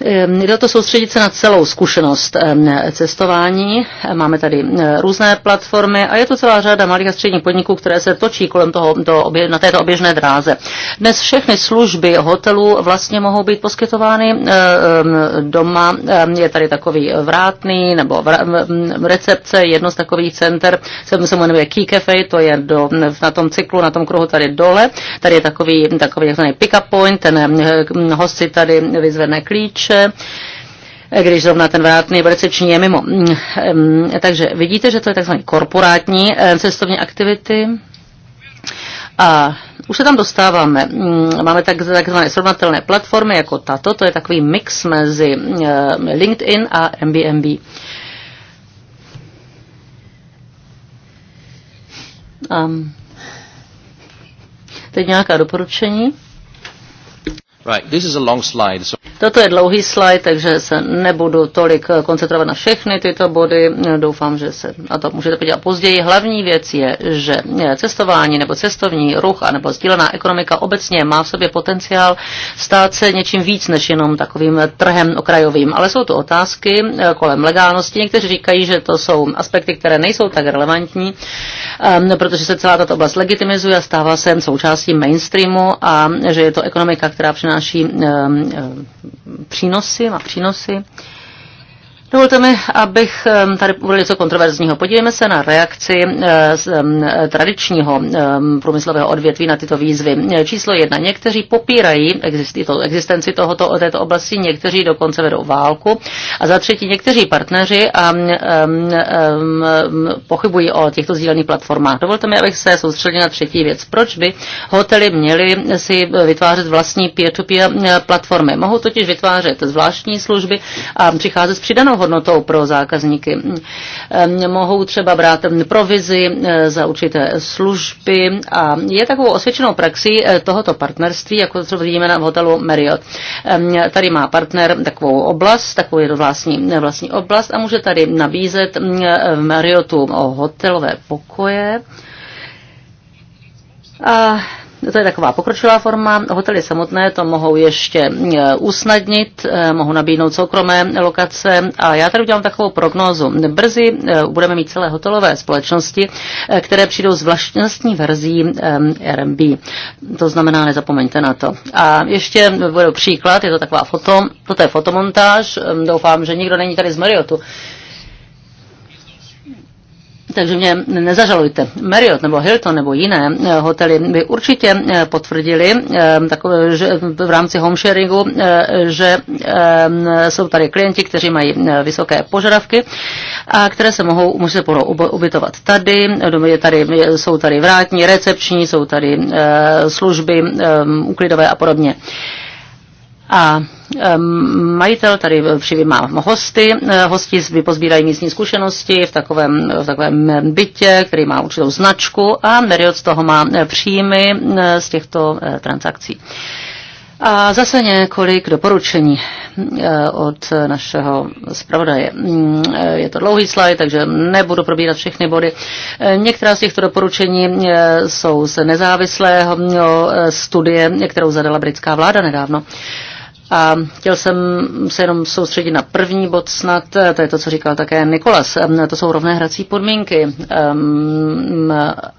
Ehm, jde to soustředit se na celou zkušenost ehm, cestování. Máme tady eh, různé platformy a je to celá řada malých a středních podniků, které se točí kolem toho, to, obě, na této oběžné dráze. Dnes všechny služby hotelů vlastně mohou být poskytovány eh, ehm, doma. Je tady takový vrátný nebo vr- recepce, jedno z takových center, se jmenuje Key Cafe, to je do, na tom cyklu, na tom kruhu tady dole. Tady je takový, takový pick-up point, ten eh, hm, host si tady vyzvedne klíč, Babiše, když zrovna ten vrátný recepční je mimo. Mm, takže vidíte, že to je takzvané korporátní cestovní aktivity. A už se tam dostáváme. Mm, máme takzvané srovnatelné platformy jako tato, to je takový mix mezi LinkedIn a MBMB. Um, teď nějaká doporučení. Right, this is a long slide, so... Toto je dlouhý slide, takže se nebudu tolik eh, koncentrovat na všechny tyto body. Doufám, že se na to můžete podívat později. Hlavní věc je, že eh, cestování nebo cestovní ruch a nebo sdílená ekonomika obecně má v sobě potenciál stát se něčím víc než jenom takovým eh, trhem okrajovým. Ale jsou to otázky kolem legálnosti. Někteří říkají, že to jsou aspekty, které nejsou tak relevantní, ehm, protože se celá tato oblast legitimizuje a stává se součástí mainstreamu a že je to ekonomika, která přináší ehm, ehm, přínosy a přínosy Dovolte mi, abych tady uvedl něco kontroverzního. Podívejme se na reakci z tradičního průmyslového odvětví na tyto výzvy. Číslo jedna. Někteří popírají existenci tohoto, této oblasti, někteří dokonce vedou válku. A za třetí, někteří partneři a, um, um, pochybují o těchto sdílených platformách. Dovolte mi, abych se soustředil na třetí věc. Proč by hotely měly si vytvářet vlastní peer-to-peer -peer platformy? Mohou totiž vytvářet zvláštní služby a přicházet s přidanou hodnotou pro zákazníky. Ehm, mohou třeba brát provizi eh, za určité služby a je takovou osvědčenou praxí eh, tohoto partnerství, jako to vidíme na hotelu Marriott. Ehm, tady má partner takovou oblast, takovou je to vlastní, eh, vlastní oblast a může tady nabízet mm, v Marriottu hotelové pokoje. A to je taková pokročilá forma. Hotely samotné to mohou ještě e, usnadnit, e, mohou nabídnout soukromé lokace. A já tady udělám takovou prognózu. Brzy e, budeme mít celé hotelové společnosti, které přijdou s vlastní verzí RMB. To znamená, nezapomeňte na to. A ještě bude příklad, je to taková foto, toto je fotomontáž. Doufám, že nikdo není tady z Mariotu takže mě nezažalujte. Marriott nebo Hilton nebo jiné eh, hotely by určitě eh, potvrdili eh, takové, že v rámci home sharingu, že jsou tady klienti, kteří mají vysoké požadavky a které se mohou může se ubytovat tady. tady. Jsou tady vrátní, recepční, jsou tady služby, uklidové a podobně. A Ehm, majitel tady eh, přivímá hosty, eh, hosti vypozbírají místní zkušenosti v takovém, v takovém eh, bytě, který má určitou značku a Marriott z toho má příjmy z těchto transakcí. A zase několik doporučení od našeho zpravodaje. Mm, je to dlouhý slide, takže nebudu probírat všechny body. Některá z těchto doporučení jsou z nezávislého studie, kterou zadala britská vláda nedávno. A chtěl jsem se jenom soustředit na první bod snad, eh, to je to, co říkal také Nikolas, ehm, to jsou rovné hrací podmínky ehm,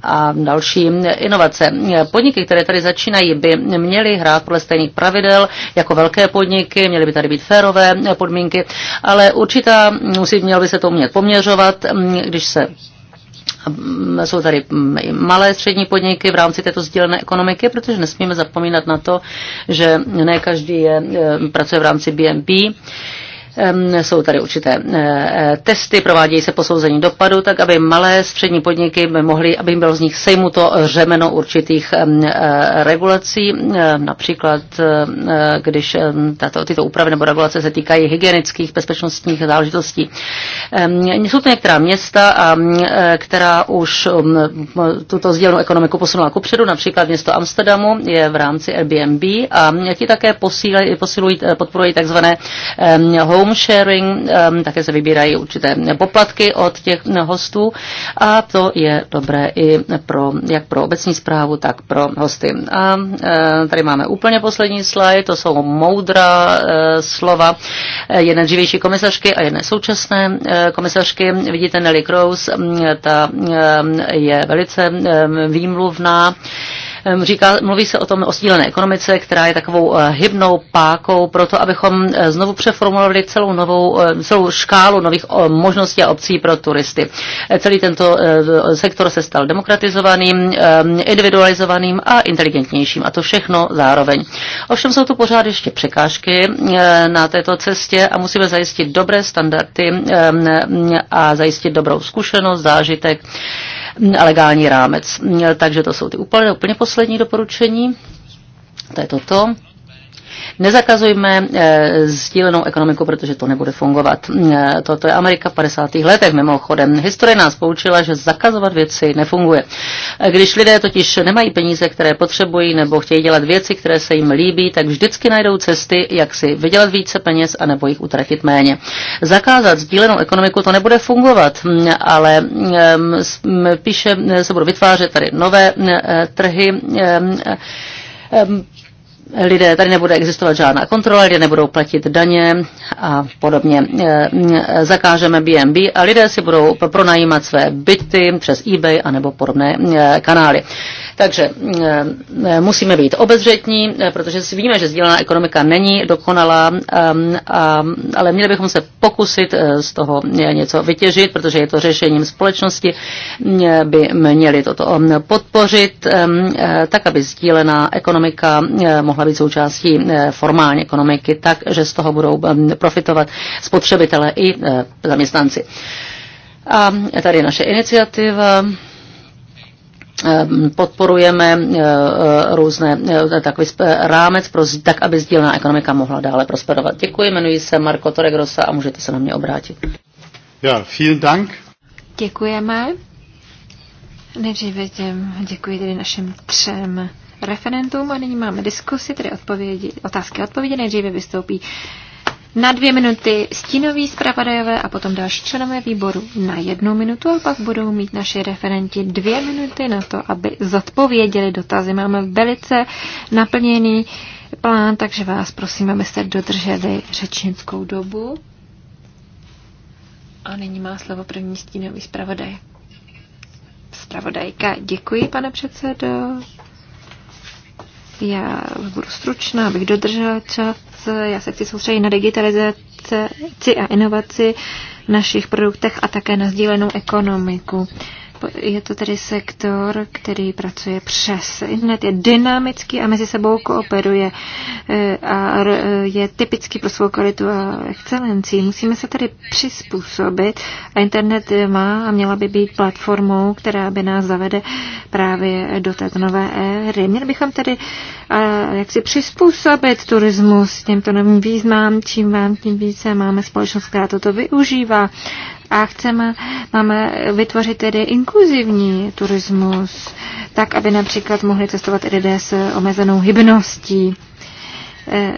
a další inovace. Podniky, které tady začínají, by měly hrát podle stejných pravidel jako velké podniky, měly by tady být férové podmínky, ale určitá, musí, měl by se to umět poměřovat, ehm, když se jsou tady malé střední podniky v rámci této sdílené ekonomiky, protože nesmíme zapomínat na to, že ne každý je, e, pracuje v rámci BNP. Jsou tady určité eh, eh, testy, provádějí se posouzení dopadu, tak aby malé střední podniky mohly, aby jim bylo z nich sejmuto řemeno určitých eh, regulací, například když tato, tyto úpravy nebo regulace se týkají hygienických, bezpečnostních záležitostí. Jsou to některá města, která už tuto sdílenou ekonomiku posunula kupředu, například město Amsterdamu je v rámci Airbnb a ti také posílují, posilují, podporují takzvané home home sharing, um, také se vybírají určité poplatky od těch hostů a to je dobré i pro, jak pro obecní zprávu, tak pro hosty. A eh, tady máme úplně poslední slide, to jsou moudrá eh, slova jedné dřívější komisařky a jedné současné eh, komisařky. Vidíte Nelly Kroos, mm, ta je velice výmluvná. Říká, mluví se o tom o sdílené ekonomice, která je takovou eh, hybnou pákou pro to, abychom eh, znovu přeformulovali celou novou, eh, celou škálu nových možností a obcí pro turisty. Celý tento sektor se stal demokratizovaným, individualizovaným a inteligentnějším. A to všechno zároveň. Ovšem jsou tu pořád ještě překážky na této cestě a musíme zajistit dobré standardy a zajistit dobrou zkušenost, zážitek legální rámec. Takže to jsou ty úplně, úplně poslední doporučení. To je toto. Nezakazujme eh, sdílenou ekonomiku, protože to nebude fungovat. Eh, toto je Amerika v 50. letech mimochodem. Historie nás poučila, že zakazovat věci nefunguje. Eh, když lidé totiž nemají peníze, které potřebují, nebo chtějí dělat věci, které se jim líbí, tak vždycky najdou cesty, jak si vydělat více peněz a nebo jich utratit méně. Zakázat sdílenou ekonomiku to nebude fungovat, hm, ale hm, hm, píše se budou vytvářet tady nové trhy lidé, tady nebude existovat žádná kontrola, lidé nebudou platit daně a podobně. E, zakážeme BNB a lidé si budou pronajímat své byty přes eBay anebo podobné e, kanály. Takže mm, eh, musíme být obezřetní, eh, protože si víme, že sdílená ekonomika není dokonalá, ehm, ale měli bychom se pokusit eh, z toho něco vytěžit, protože je to řešením společnosti, by měli toto ehm, podpořit, ehm, tak aby sdílená ekonomika mohla být součástí formální ekonomiky, tak, že z toho budou profitovat spotřebitelé i zaměstnanci. A tady je naše iniciativa. Ehm, podporujeme eh, eh, různé eh, takový rámec, pro, tak aby sdílená ekonomika mohla dále prosperovat. Děkuji, jmenuji se Marko Toregrosa a můžete se na mě obrátit. Ja, vielen Dank. Děkujeme. Nejdříve těm děkuji tedy našim třem referentům a nyní máme diskusy, tedy odpovědi, otázky a odpovědi. Nejdříve vystoupí na dvě minuty stínový zpravodajové a potom další členové výboru na jednu minutu a pak budou mít naši referenti dvě minuty na to, aby zodpověděli dotazy. Máme velice naplněný plán, takže vás prosím, abyste dodrželi řečnickou dobu. A nyní má slovo první stínový zpravodaj. Zpravodajka, děkuji, pane předsedo. Já budu stručná, abych dodržela čas. Já se chci soustředit na digitalizaci a inovaci v našich produktech a také na sdílenou ekonomiku. Je to tedy sektor, který pracuje přes internet, je dynamický a mezi sebou kooperuje eh, a eh, je typický pro svou kvalitu a excelenci. Musíme se tedy přizpůsobit a internet má a měla by být platformou, která by nás zavede právě do této nové éry. Měli bychom tedy eh, jak si přizpůsobit turismus těmto novým výzvám, čím vám tím více máme společnost, která toto využívá a chceme, máme vytvořit tedy inkluzivní turismus, tak, aby například mohli cestovat i lidé s omezenou hybností. Eh,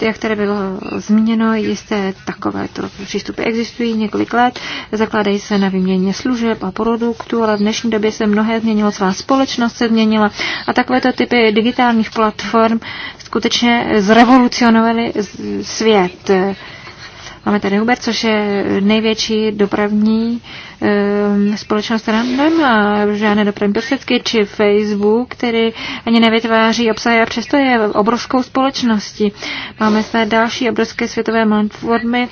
jak tady bylo zmíněno, jisté takovéto přístupy existují několik let, zakládají se na výměně služeb a produktů, ale v dnešní době se mnohé změnilo, celá společnost se změnila a takovéto typy digitálních platform skutečně zrevolucionovaly svět. Máme tady Uber, což je největší dopravní ehm, společnost, která nemá žádné dopravní prostředky, či Facebook, který ani nevytváří obsahy a přesto je obrovskou společností. Máme snad další obrovské světové platformy,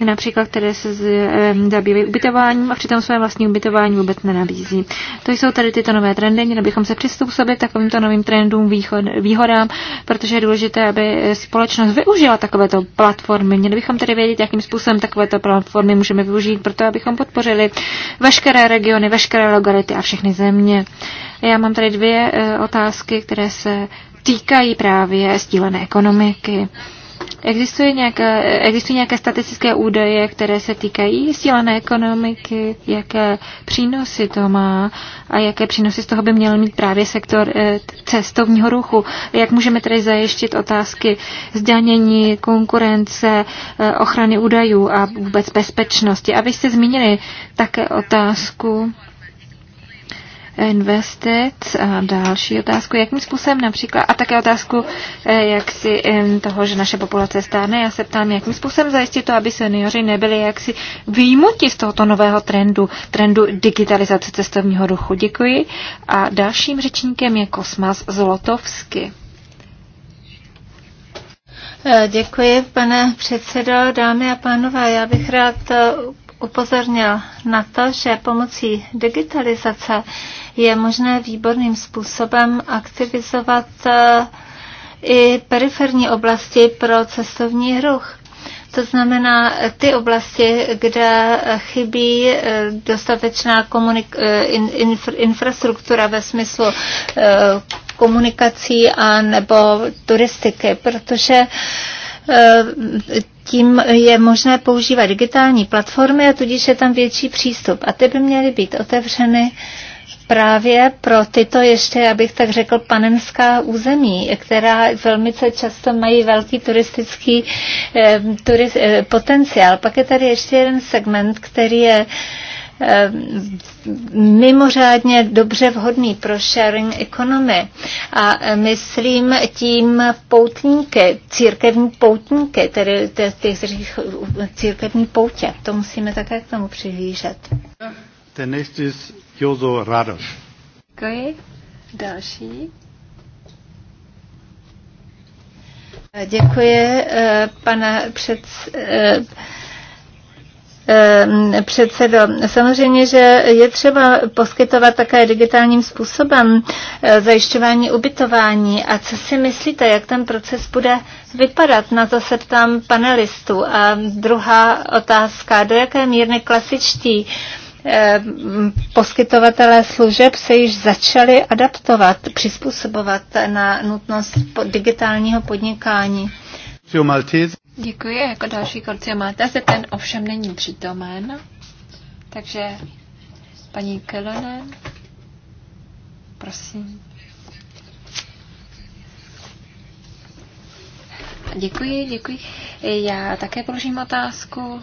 například které se eh, zabývají ubytováním a přitom své vlastní ubytování vůbec nenabízí. To jsou tady tyto nové trendy, měli bychom se přizpůsobit takovýmto novým trendům, východ, výhodám, protože je důležité, aby společnost využila takovéto platformy. Měli bychom tedy vědět, jakým způsobem takovéto platformy můžeme využít, proto abychom podpořili veškeré regiony, veškeré lokality a všechny země. Já mám tady dvě eh, otázky, které se týkají právě sdílené ekonomiky. Existuje nějaké, existují nějaké statistické údaje, které se týkají sílené ekonomiky, jaké přínosy to má a jaké přínosy z toho by měl mít právě sektor eh, cestovního ruchu. Jak můžeme tedy zajištit otázky zdanění, konkurence, eh, ochrany údajů a vůbec bezpečnosti. A vy jste zmínili také otázku investic a další otázku, jakým způsobem například, a také otázku, eh, jak si toho, že naše populace stárne, já se ptám, jakým způsobem zajistit to, aby seniori nebyli jaksi výjimuti z tohoto nového trendu, trendu digitalizace cestovního ruchu. Děkuji. A dalším řečníkem je Kosmas Zlotovsky. Eh, děkuji, pane předsedo, dámy a pánové. Já bych rád eh, upozornil na to, že pomocí digitalizace je možné výborným způsobem aktivizovat eh, i periferní oblasti pro cestovní ruch. To znamená eh, ty oblasti, kde eh, chybí dostatečná komunik- infra- infrastruktura ve smyslu komunikací a nebo turistiky, protože tím je možné používat digitální platformy a tudíž je tam větší přístup. A ty by měly být otevřeny právě pro tyto ještě, abych tak řekl, panenská území, která velmi často mají velký turistický eh, turist, eh, potenciál. Pak je tady ještě jeden segment, který je eh, mimořádně dobře vhodný pro sharing economy. A eh, myslím tím poutníky, církevní poutníky, tedy těch církevní poutě. To musíme také k tomu přihlížet. Ten next is Jozo Radoš. Děkuji. Další. Děkuji, eh, pane před, eh, eh, předsedo. Samozřejmě, že je třeba poskytovat také digitálním způsobem zajišťování ubytování. A co si myslíte, jak ten proces bude vypadat? Na to se ptám panelistů. A druhá otázka, do jaké mírny klasičtí Eh, poskytovatelé služeb se již začali adaptovat, přizpůsobovat na nutnost digitálního podnikání. Děkuji. Jako další máte se ten ovšem není přítomen. Takže paní Kelonen, prosím. Děkuji, děkuji. Já také položím otázku.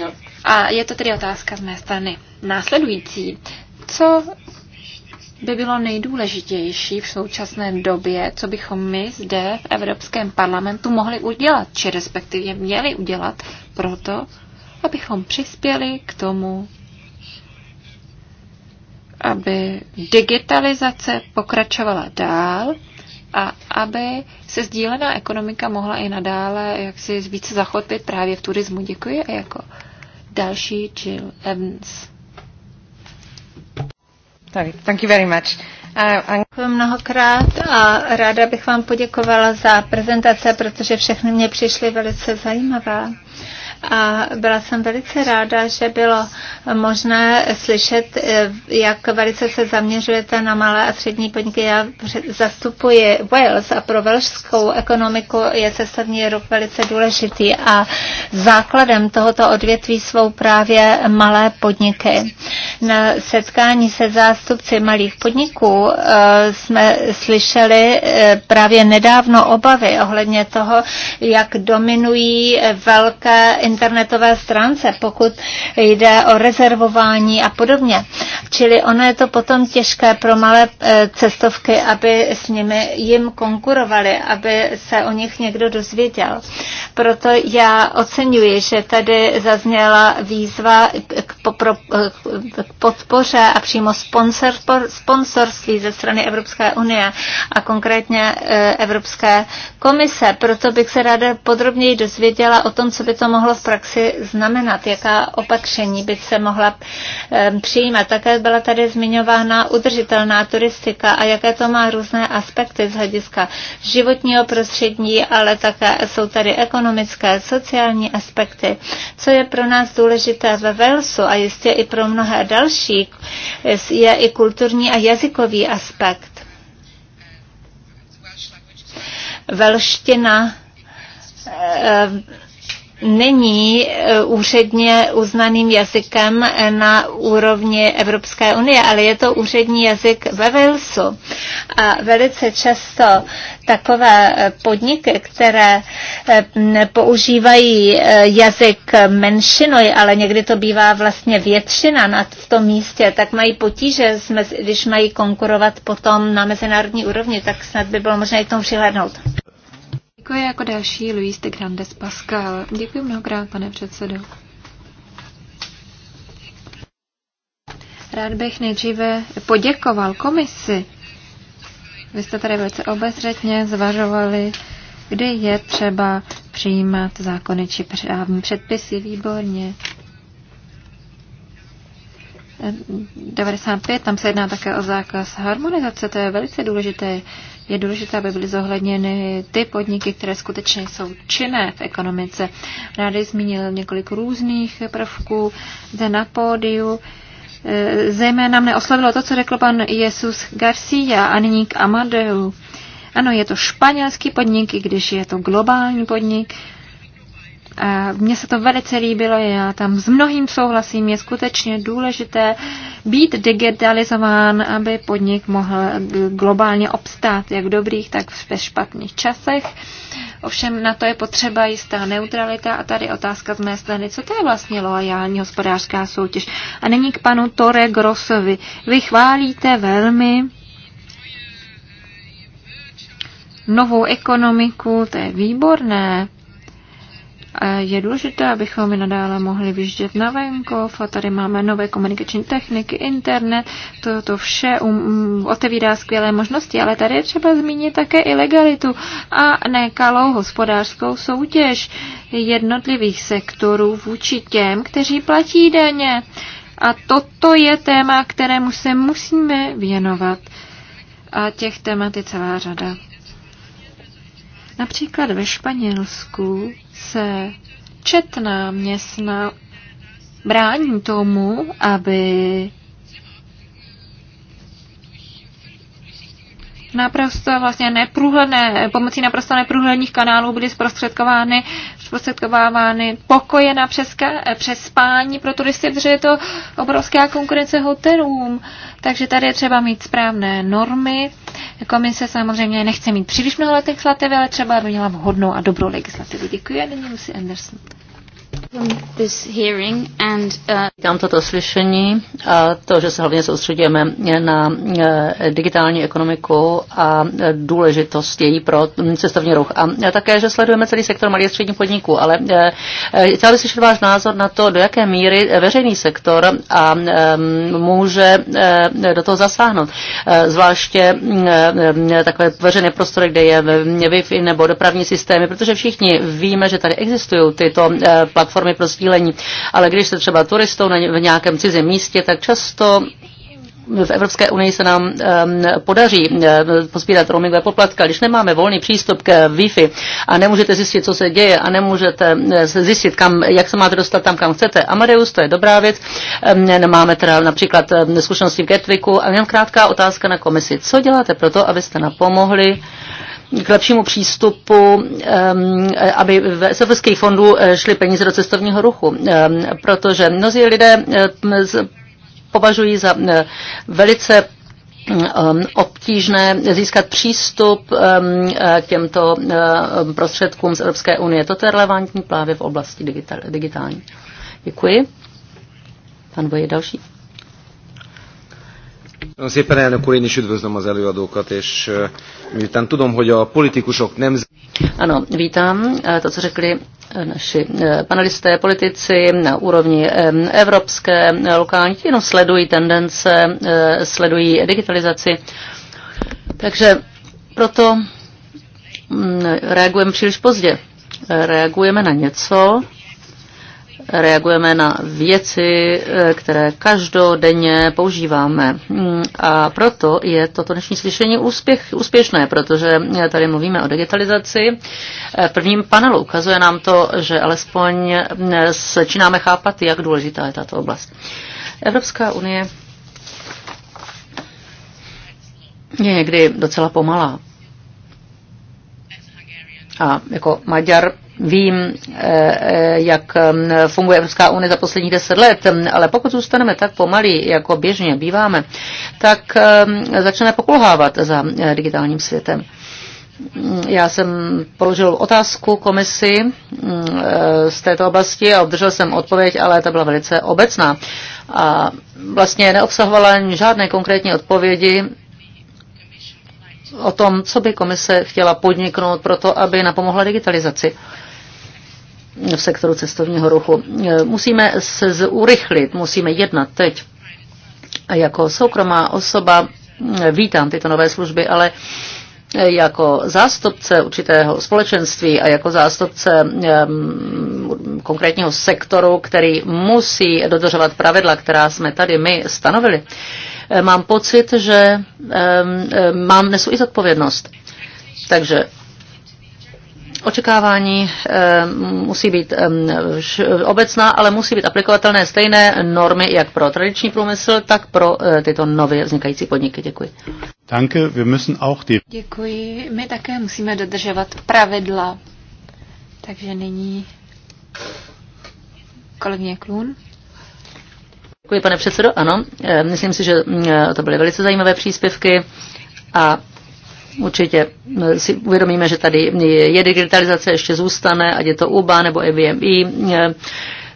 No. A je to tedy otázka z mé strany. Následující. Co by bylo nejdůležitější v současné době, co bychom my zde v Evropském parlamentu mohli udělat, či respektive měli udělat proto, abychom přispěli k tomu, aby digitalizace pokračovala dál a aby se sdílená ekonomika mohla i nadále jaksi více zachopit právě v turismu. Děkuji a jako Další Jill Evans. Sorry. Thank you very much. Uh, Děkuji mnohokrát a ráda bych vám poděkovala za prezentace, protože všechny mě přišly velice zajímavé a byla jsem velice ráda, že bylo možné slyšet, eh, jak velice se zaměřujete na malé a střední podniky. Já zastupuji Wales a pro velšskou ekonomiku je cestovní ruch velice důležitý a základem tohoto odvětví jsou právě malé podniky. Na setkání se zástupci malých podniků eh, jsme slyšeli eh, právě nedávno obavy ohledně toho, jak dominují velké internetové stránce, pokud jde o rezervování a podobně. Čili ono je to potom těžké pro malé eh, cestovky, aby s nimi jim konkurovali, aby se o nich někdo dozvěděl. Proto já oceňuji, že tady zazněla výzva k, eh, k podpoře a přímo sponsor, sponsorství ze strany Evropské unie a konkrétně eh, Evropské komise. Proto bych se ráda podrobněji dozvěděla o tom, co by to mohlo v praxi znamenat, jaká opatření by se mohla přijímat. Také byla tady zmiňována udržitelná turistika a jaké to má různé aspekty z hlediska životního prostředí, ale také jsou tady ekonomické, sociální aspekty. Co je pro nás důležité ve Walesu a jistě i pro mnohé další, je i kulturní a jazykový aspekt. Velština není e, úředně uznaným jazykem na úrovni Evropské unie, ale je to úřední jazyk ve Walesu. A velice často takové e, podniky, které e, používají jazyk menšinoj, ale někdy to bývá vlastně většina nad v tom místě, tak mají potíže, když mají konkurovat potom na mezinárodní úrovni, tak snad by bylo možné i k tomu přihlednout. Děkuji jako další Luis de Grandes Pascal. Děkuji mnohokrát, pane předsedo. Rád bych nejdříve poděkoval komisi. Vy jste tady velice obezřetně zvažovali, kdy je třeba přijímat zákony či právní předpisy. Výborně. 95, tam se jedná také o zákaz harmonizace, to je velice důležité je důležité, aby byly zohledněny ty podniky, které skutečně jsou činné v ekonomice. Rády zmínil několik různých prvků zde na pódiu. E, zejména mne oslavilo to, co řekl pan Jesus Garcia a nyní k Amadeu. Ano, je to španělský podnik, i když je to globální podnik, a mně se to velice líbilo, já tam s mnohým souhlasím, je skutečně důležité být digitalizován, aby podnik mohl globálně obstát, jak v dobrých, tak ve špatných časech. Ovšem na to je potřeba jistá neutralita a tady otázka z mé strany, co to je vlastně loajální hospodářská soutěž. A není k panu Tore Grossovi. Vy chválíte velmi novou ekonomiku, to je výborné, je důležité, abychom i nadále mohli vyjíždět na venkov a tady máme nové komunikační techniky, internet, to, to vše um, otevírá skvělé možnosti, ale tady je třeba zmínit také ilegalitu a nekalou hospodářskou soutěž jednotlivých sektorů vůči těm, kteří platí daně. A toto je téma, kterému se musíme věnovat. A těch témat je celá řada. Například ve Španělsku se četná městna brání tomu, aby naprosto vlastně neprůhledné, pomocí naprosto neprůhledných kanálů byly zprostředkovány, zprostředkovávány pokoje na přeska, přespání pro turisty, protože je to obrovská konkurence hotelům. Takže tady je třeba mít správné normy, Komise samozřejmě nechce mít příliš mnoho legislativy, ale třeba by měla vhodnou a dobrou legislativu. Děkuji a nyní musí Anderson. Uh, Vítám toto slyšení a to, že se hlavně soustředíme na eh, digitální ekonomiku a důležitost její pro cestovní ruch. A eh, také, že sledujeme celý sektor malých středních podniků, ale eh, chtěl bych slyšet váš názor na to, do jaké míry veřejný sektor a může do toho zasáhnout. Zvláště mm, takové veřejné prostory, kde je Wi-Fi nebo dopravní systémy, protože všichni víme, že tady existují tyto platformy, formy pro sdílení. Ale když jste třeba turistou v nějakém cizím místě, tak často v Evropské unii se nám um, podaří um, pospírat roamingové poplatky, když nemáme volný přístup k Wi-Fi a nemůžete zjistit, co se děje a nemůžete zjistit, kam, jak se máte dostat tam, kam chcete. Amadeus, to je dobrá věc. Um, máme teda například zkušenosti v Getwicku a jenom krátká otázka na komisi. Co děláte pro to, abyste napomohli k lepšímu přístupu, aby ve evropských fondů eh, šly peníze do cestovního ruchu, protože mnozí lidé považují za velice obtížné získat přístup eh, k těmto prostředkům z Evropské unie. Toto je relevantní právě v oblasti digitální. Děkuji. Pan Boje další. Szépen elnök úr, én is üdvözlöm az előadókat, és miután tudom, hogy a politikusok nem... Ano, vítám eh, to, co řekli eh, naši eh, panelisté, politici na úrovni evropské, lokální, jenom sledují tendence, sledují digitalizaci. Takže proto mm, reagujeme příliš pozdě. Reagujeme na něco, reagujeme na věci, eh, které každodenně používáme. Mm, a proto je toto dnešní slyšení úspěch, úspěšné, protože tady mluvíme o digitalizaci. Eh, v prvním panelu ukazuje nám to, že alespoň eh, začínáme chápat, jak důležitá je tato oblast. Evropská unie je někdy docela pomalá. A jako Maďar Vím, eh, eh, jak mm, funguje Evropská unie za poslední deset let, mm, ale pokud zůstaneme tak pomalí, jako běžně býváme, tak mm, začneme pokulhávat za eh, digitálním světem. Já jsem položil otázku komisi z této oblasti a obdržel jsem odpověď, ale ta byla velice obecná a vlastně neobsahovala žádné konkrétní odpovědi o tom, co by komise chtěla podniknout pro to, aby napomohla digitalizaci v sektoru cestovního ruchu. Musíme se urychlit, musíme jednat teď. A jako soukromá osoba eh, vítám tyto nové služby, ale eh, jako zástupce určitého společenství a jako zástupce um, konkrétního sektoru, který musí dodržovat pravidla, která jsme tady my stanovili, uh, Eh, mám pocit, že mám nesu i zodpovědnost. Takže očekávání musí být obecná, ale musí být aplikovatelné stejné normy jak pro tradiční průmysl, tak pro eh, tyto nově vznikající podniky. Děkuji. Danke, wir müssen auch die... Děkuji. My také musíme dodržovat pravidla. Takže nyní kolegyně Klun. Děkuji, pane předsedo. Ano, eh, myslím si, že mm, eh, to byly velice zajímavé příspěvky a určitě eh, si uvědomíme, že tady je digitalizace, ještě zůstane, ať je to UBA nebo EBMI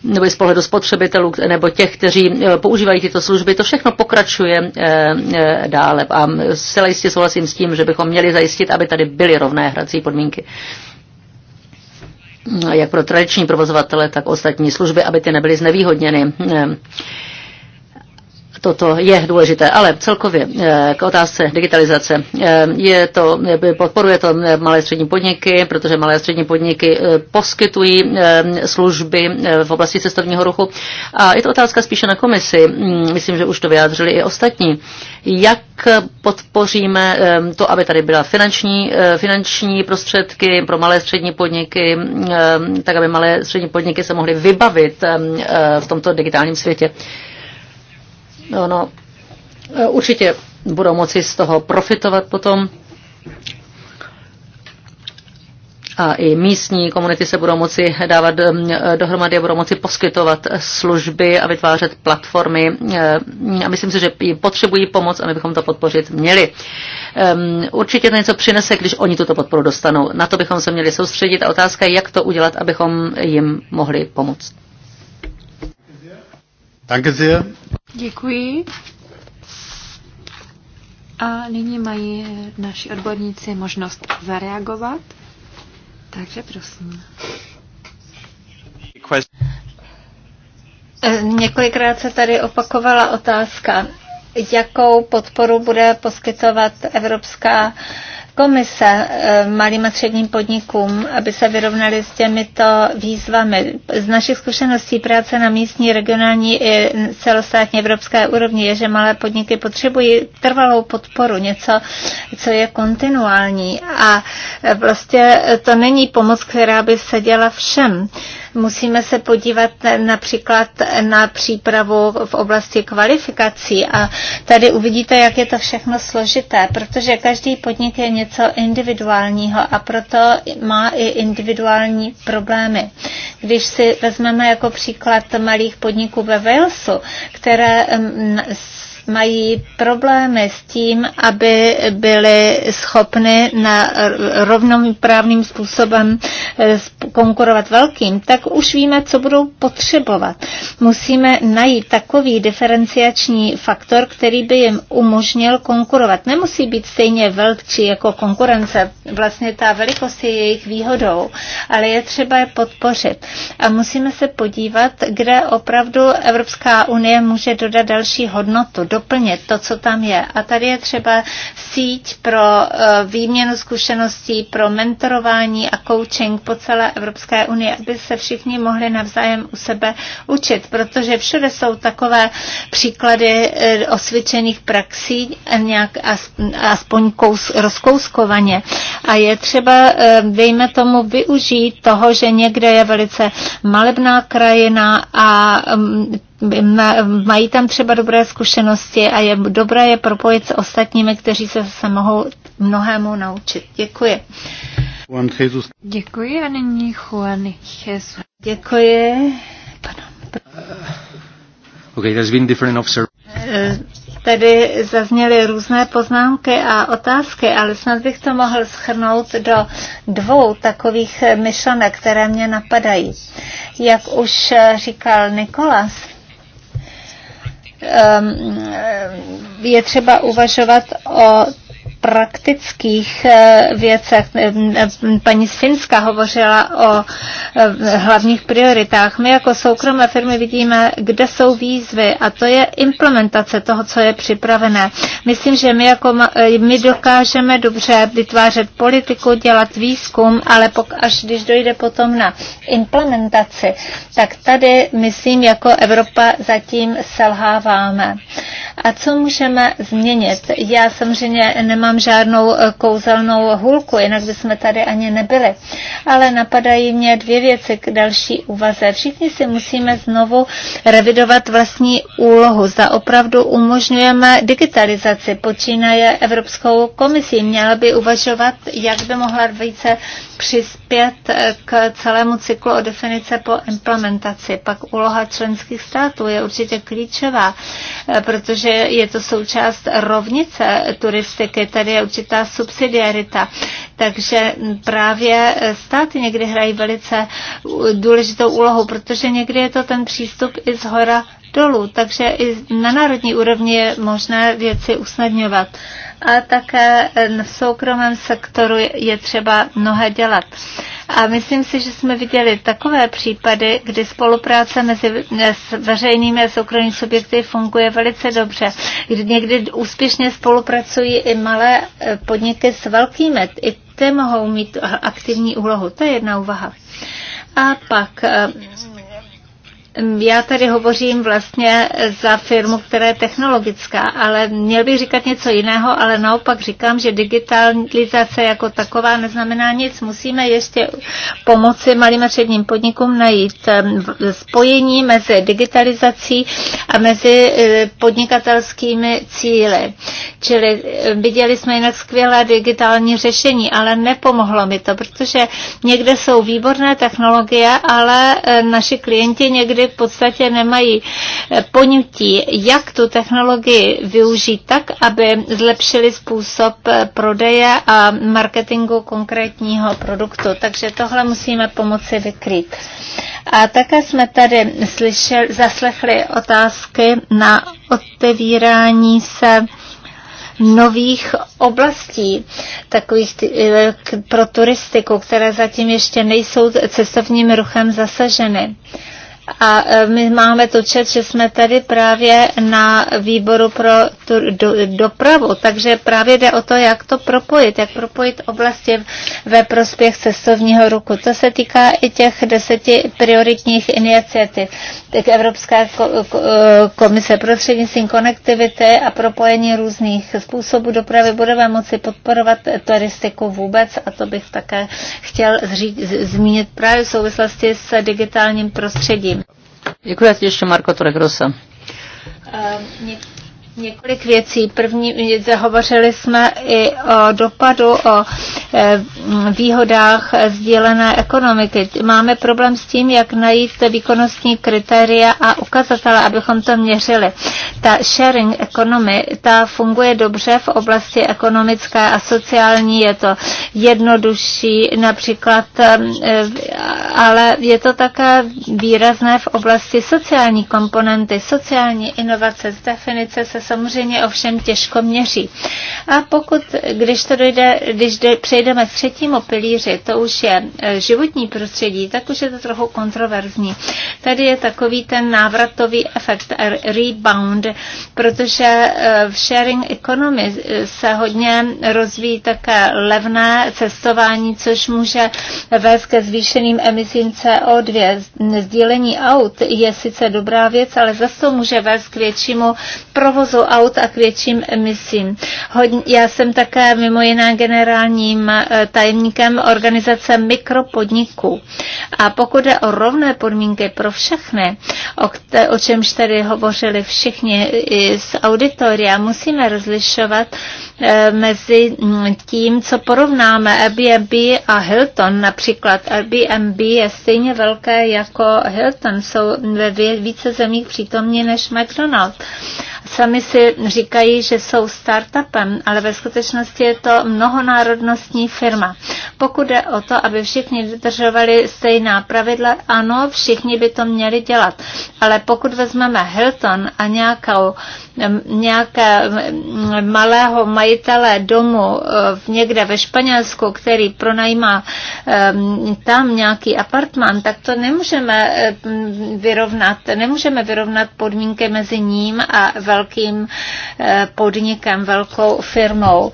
nebo i z pohledu spotřebitelů nebo těch, kteří používají tyto služby, to všechno pokračuje dále. A mm, zcela jistě souhlasím s tím, že bychom měli zajistit, aby tady byly rovné hrací podmínky jak pro tradiční provozovatele, tak ostatní služby, aby ty nebyly znevýhodněny toto je důležité, ale celkově eh, k otázce digitalizace. Eh, je to, eh, podporuje to malé střední podniky, protože malé střední podniky poskytují služby v oblasti cestovního ruchu. A je to otázka spíše na komisi, mm, myslím, že už to vyjádřili i ostatní. Jak podpoříme to, aby tady byla finanční, finanční prostředky pro malé střední podniky, tak aby malé střední podniky se mohly vybavit v tomto digitálním světě? No, no, e, určitě budou moci z toho profitovat potom. A i místní komunity se budou moci dávat mm, e, dohromady a budou moci poskytovat služby a vytvářet platformy. E, a myslím si, že potřebují pomoc a my bychom to podpořit měli. Určitě to něco přinese, když oni tuto podporu dostanou. Na to bychom se měli soustředit a otázka je, jak to udělat, abychom jim mohli pomoct. Danke sehr. Děkuji. A nyní mají eh, naši odborníci možnost zareagovat. Takže prosím. Eh, několikrát se tady opakovala otázka, jakou podporu bude poskytovat Evropská komise eh, malým a středním podnikům, aby se vyrovnali s těmito výzvami. Z našich zkušeností práce na místní, regionální i celostátní evropské úrovni je, že malé podniky potřebují trvalou podporu, něco, co je kontinuální. A eh, prostě to není pomoc, která by se děla všem. Musíme se podívat například na přípravu v oblasti kvalifikací a tady uvidíte, jak je to všechno složité, protože každý podnik je něco, něco individuálního a proto má i individuální problémy. Když si vezmeme jako příklad malých podniků ve Walesu, které mm, mají problémy s tím, aby byly schopny na rovnoprávným způsobem eh, konkurovat velkým, tak už víme, co budou potřebovat. Musíme najít takový diferenciační faktor, který by jim umožnil konkurovat. Nemusí být stejně velký jako konkurence. Vlastně ta velikost je jejich výhodou, ale je třeba je podpořit. A musíme se podívat, kde opravdu Evropská unie může dodat další hodnotu, do doplnit to, co tam je. A tady je třeba síť pro eh, výměnu zkušeností, pro mentorování a coaching po celé Evropské unii, aby se všichni mohli navzájem u sebe učit, protože všude jsou takové příklady eh, osvědčených praxí eh, nějak aspoň kous, rozkouskovaně. A je třeba, dejme tomu, využít toho, že někde je velice malebná krajina a mm, mají tam třeba dobré zkušenosti a je dobré je propojit s ostatními, kteří se zase mohou mnohému naučit. Děkuji. Juan Jesus. Děkuji a nyní Juan Jesus. Děkuji. Uh, Okay, there's been different eh, Tady zazněly různé poznámky a otázky, ale snad bych to mohl schrnout do dvou takových myšlenek, které mě napadají. Jak už říkal Nikolas, Um, je třeba uvažovat o praktických eh, věcech. Paní z Finska hovořila o eh, hlavních prioritách. My jako soukromé firmy vidíme, kde jsou výzvy a to je implementace toho, co je připravené. Myslím, že my, jako, eh, my dokážeme dobře vytvářet politiku, dělat výzkum, ale pok, až když dojde potom na implementaci, tak tady, myslím, jako Evropa zatím selháváme. A co můžeme změnit? Já samozřejmě nemám nemám žádnou eh, kouzelnou hůlku, jinak bychom tady ani nebyli. Ale napadají mě dvě věci k další úvaze. Všichni si musíme znovu revidovat vlastní úlohu. za opravdu umožňujeme digitalizaci. Počínaje Evropskou komisí. Měla by uvažovat, jak by mohla více přispět eh, k celému cyklu o definice po implementaci. Pak úloha členských států je určitě klíčová, eh, protože je to součást rovnice turistiky tady je určitá subsidiarita. Takže právě státy někdy hrají velice důležitou úlohu, protože někdy je to ten přístup i z hora dolů, takže i na národní úrovni je možné věci usnadňovat a také v soukromém sektoru je třeba mnohé dělat. A myslím si, že jsme viděli takové případy, kdy spolupráce mezi eh, veřejnými a soukromými subjekty funguje velice dobře. Kdy někdy úspěšně spolupracují i malé eh, podniky s velkými. I ty mohou mít aktivní úlohu. To je jedna úvaha. A pak eh, já tady hovořím vlastně za firmu, která je technologická, ale měl bych říkat něco jiného, ale naopak říkám, že digitalizace jako taková neznamená nic. Musíme ještě pomoci malým a středním podnikům najít spojení mezi digitalizací a mezi e, podnikatelskými cíly. Čili e, viděli jsme jinak skvělé digitální řešení, ale nepomohlo mi to, protože někde jsou výborné technologie, ale e, naši klienti někdy v podstatě nemají ponětí, jak tu technologii využít tak, aby zlepšili způsob eh, prodeje a marketingu konkrétního produktu. Takže tohle musíme pomoci vykrýt. A také jsme tady slyšeli, zaslechli otázky na otevírání se nových oblastí takových eh, pro turistiku, které zatím ještě nejsou cestovním ruchem zasaženy. A e, my máme tu čet, že jsme tady právě na výboru pro tu do, dopravu, takže právě jde o to, jak to propojit, jak propojit oblasti ve prospěch cestovního ruku. To se týká i těch deseti prioritních iniciativ. Tak Evropská e, komise prostřednictvím konektivity a propojení různých způsobů dopravy budeme moci podporovat turistiku vůbec a to bych také chtěl zmínit právě v souvislosti s digitálním prostředím Děkuji, ještě Marko Torek Rosa. Ehm, Několik věcí. První, zahovořili jsme i o dopadu, o e, výhodách sdílené ekonomiky. Máme problém s tím, jak najít výkonnostní kritéria a ukazatele, abychom to měřili. Ta sharing economy, ta funguje dobře v oblasti ekonomické a sociální, je to jednodušší například, e, ale je to také výrazné v oblasti sociální komponenty, sociální inovace z definice se samozřejmě ovšem těžko měří. A pokud, když to dojde, když do, přejdeme k třetímu pilíři, to už je e, životní prostředí, tak už je to trochu kontroverzní. Tady je takový ten návratový efekt, e, rebound, protože e, v sharing economy se hodně rozvíjí také levné cestování, což může vést ke zvýšeným emisím CO2. Sdílení aut je sice dobrá věc, ale zase to může vést k většímu provozu jsou aut a k větším emisím. Hodně, já jsem také mimo jiná generálním eh, tajemníkem organizace mikropodniků. A pokud jde o rovné podmínky pro všechny, o, kte, o čemž tady hovořili všichni i z auditoria, musíme rozlišovat e, mezi mm, tím, co porovnáme Airbnb a Hilton. Například Airbnb je stejně velké jako Hilton, jsou ve více zemích přítomní než McDonald's. Sami si říkají, že jsou startupem, ale ve skutečnosti je to mnohonárodnostní firma. Pokud jde o to, aby všichni dodržovali stejná pravidla, ano, všichni by to měli dělat. Ale pokud vezmeme Hilton a nějakou nějaké malého majitele domu eh, někde ve Španělsku, který pronajímá tam nějaký apartman, tak to nemůžeme vyrovnat. Nemůžeme vyrovnat podmínky mezi ním a velkým eh, podnikem, velkou firmou.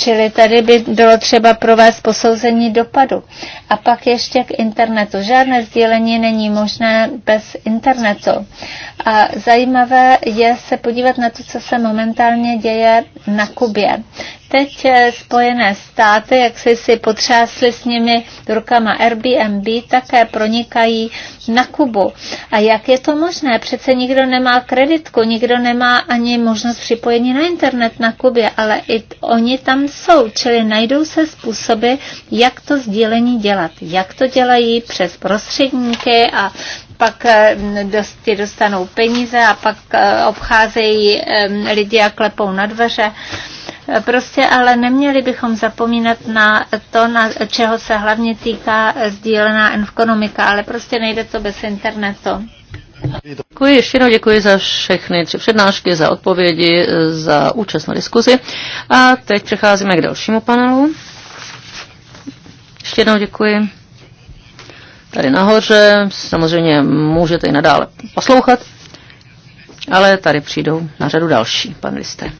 Čili tady by bylo třeba provést posouzení dopadu. A pak ještě k internetu. Žádné sdílení není možné bez internetu. A zajímavé je se podívat na to, co se momentálně děje na Kubě. Teď eh, Spojené státy, jak si si potřásli s nimi rukama Airbnb, také pronikají na Kubu. A jak je to možné? Přece nikdo nemá kreditku, nikdo nemá ani možnost připojení na internet na Kubě, ale i oni tam jsou, čili najdou se způsoby, jak to sdílení dělat. Jak to dělají přes prostředníky a pak eh, ti dostanou peníze a pak eh, obcházejí lidi a klepou na dveře. Prostě ale neměli bychom zapomínat na to, na čeho se hlavně týká sdílená ekonomika, ale prostě nejde to bez internetu. Děkuji, ještě jednou děkuji za všechny tři přednášky, za odpovědi, za účast na diskuzi. A teď přecházíme k dalšímu panelu. Ještě jednou děkuji. Tady nahoře samozřejmě můžete i nadále poslouchat, ale tady přijdou na řadu další panelisté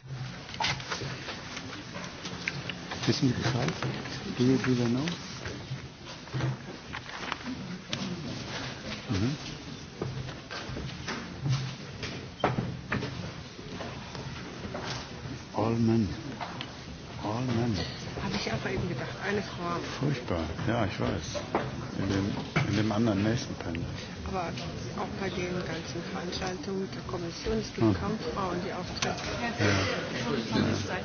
wissen Sie Bescheid? Do you, do you know? Mhm. All men. All men. Habe ich auch eben gedacht, eine Frau. Furchtbar, ja, ich weiß. In dem, in dem anderen nächsten Panel. Aber auch bei den ganzen Veranstaltungen der Kommission, es gibt hm. kaum Frauen, die auftreten. Ja. Ja. Ja.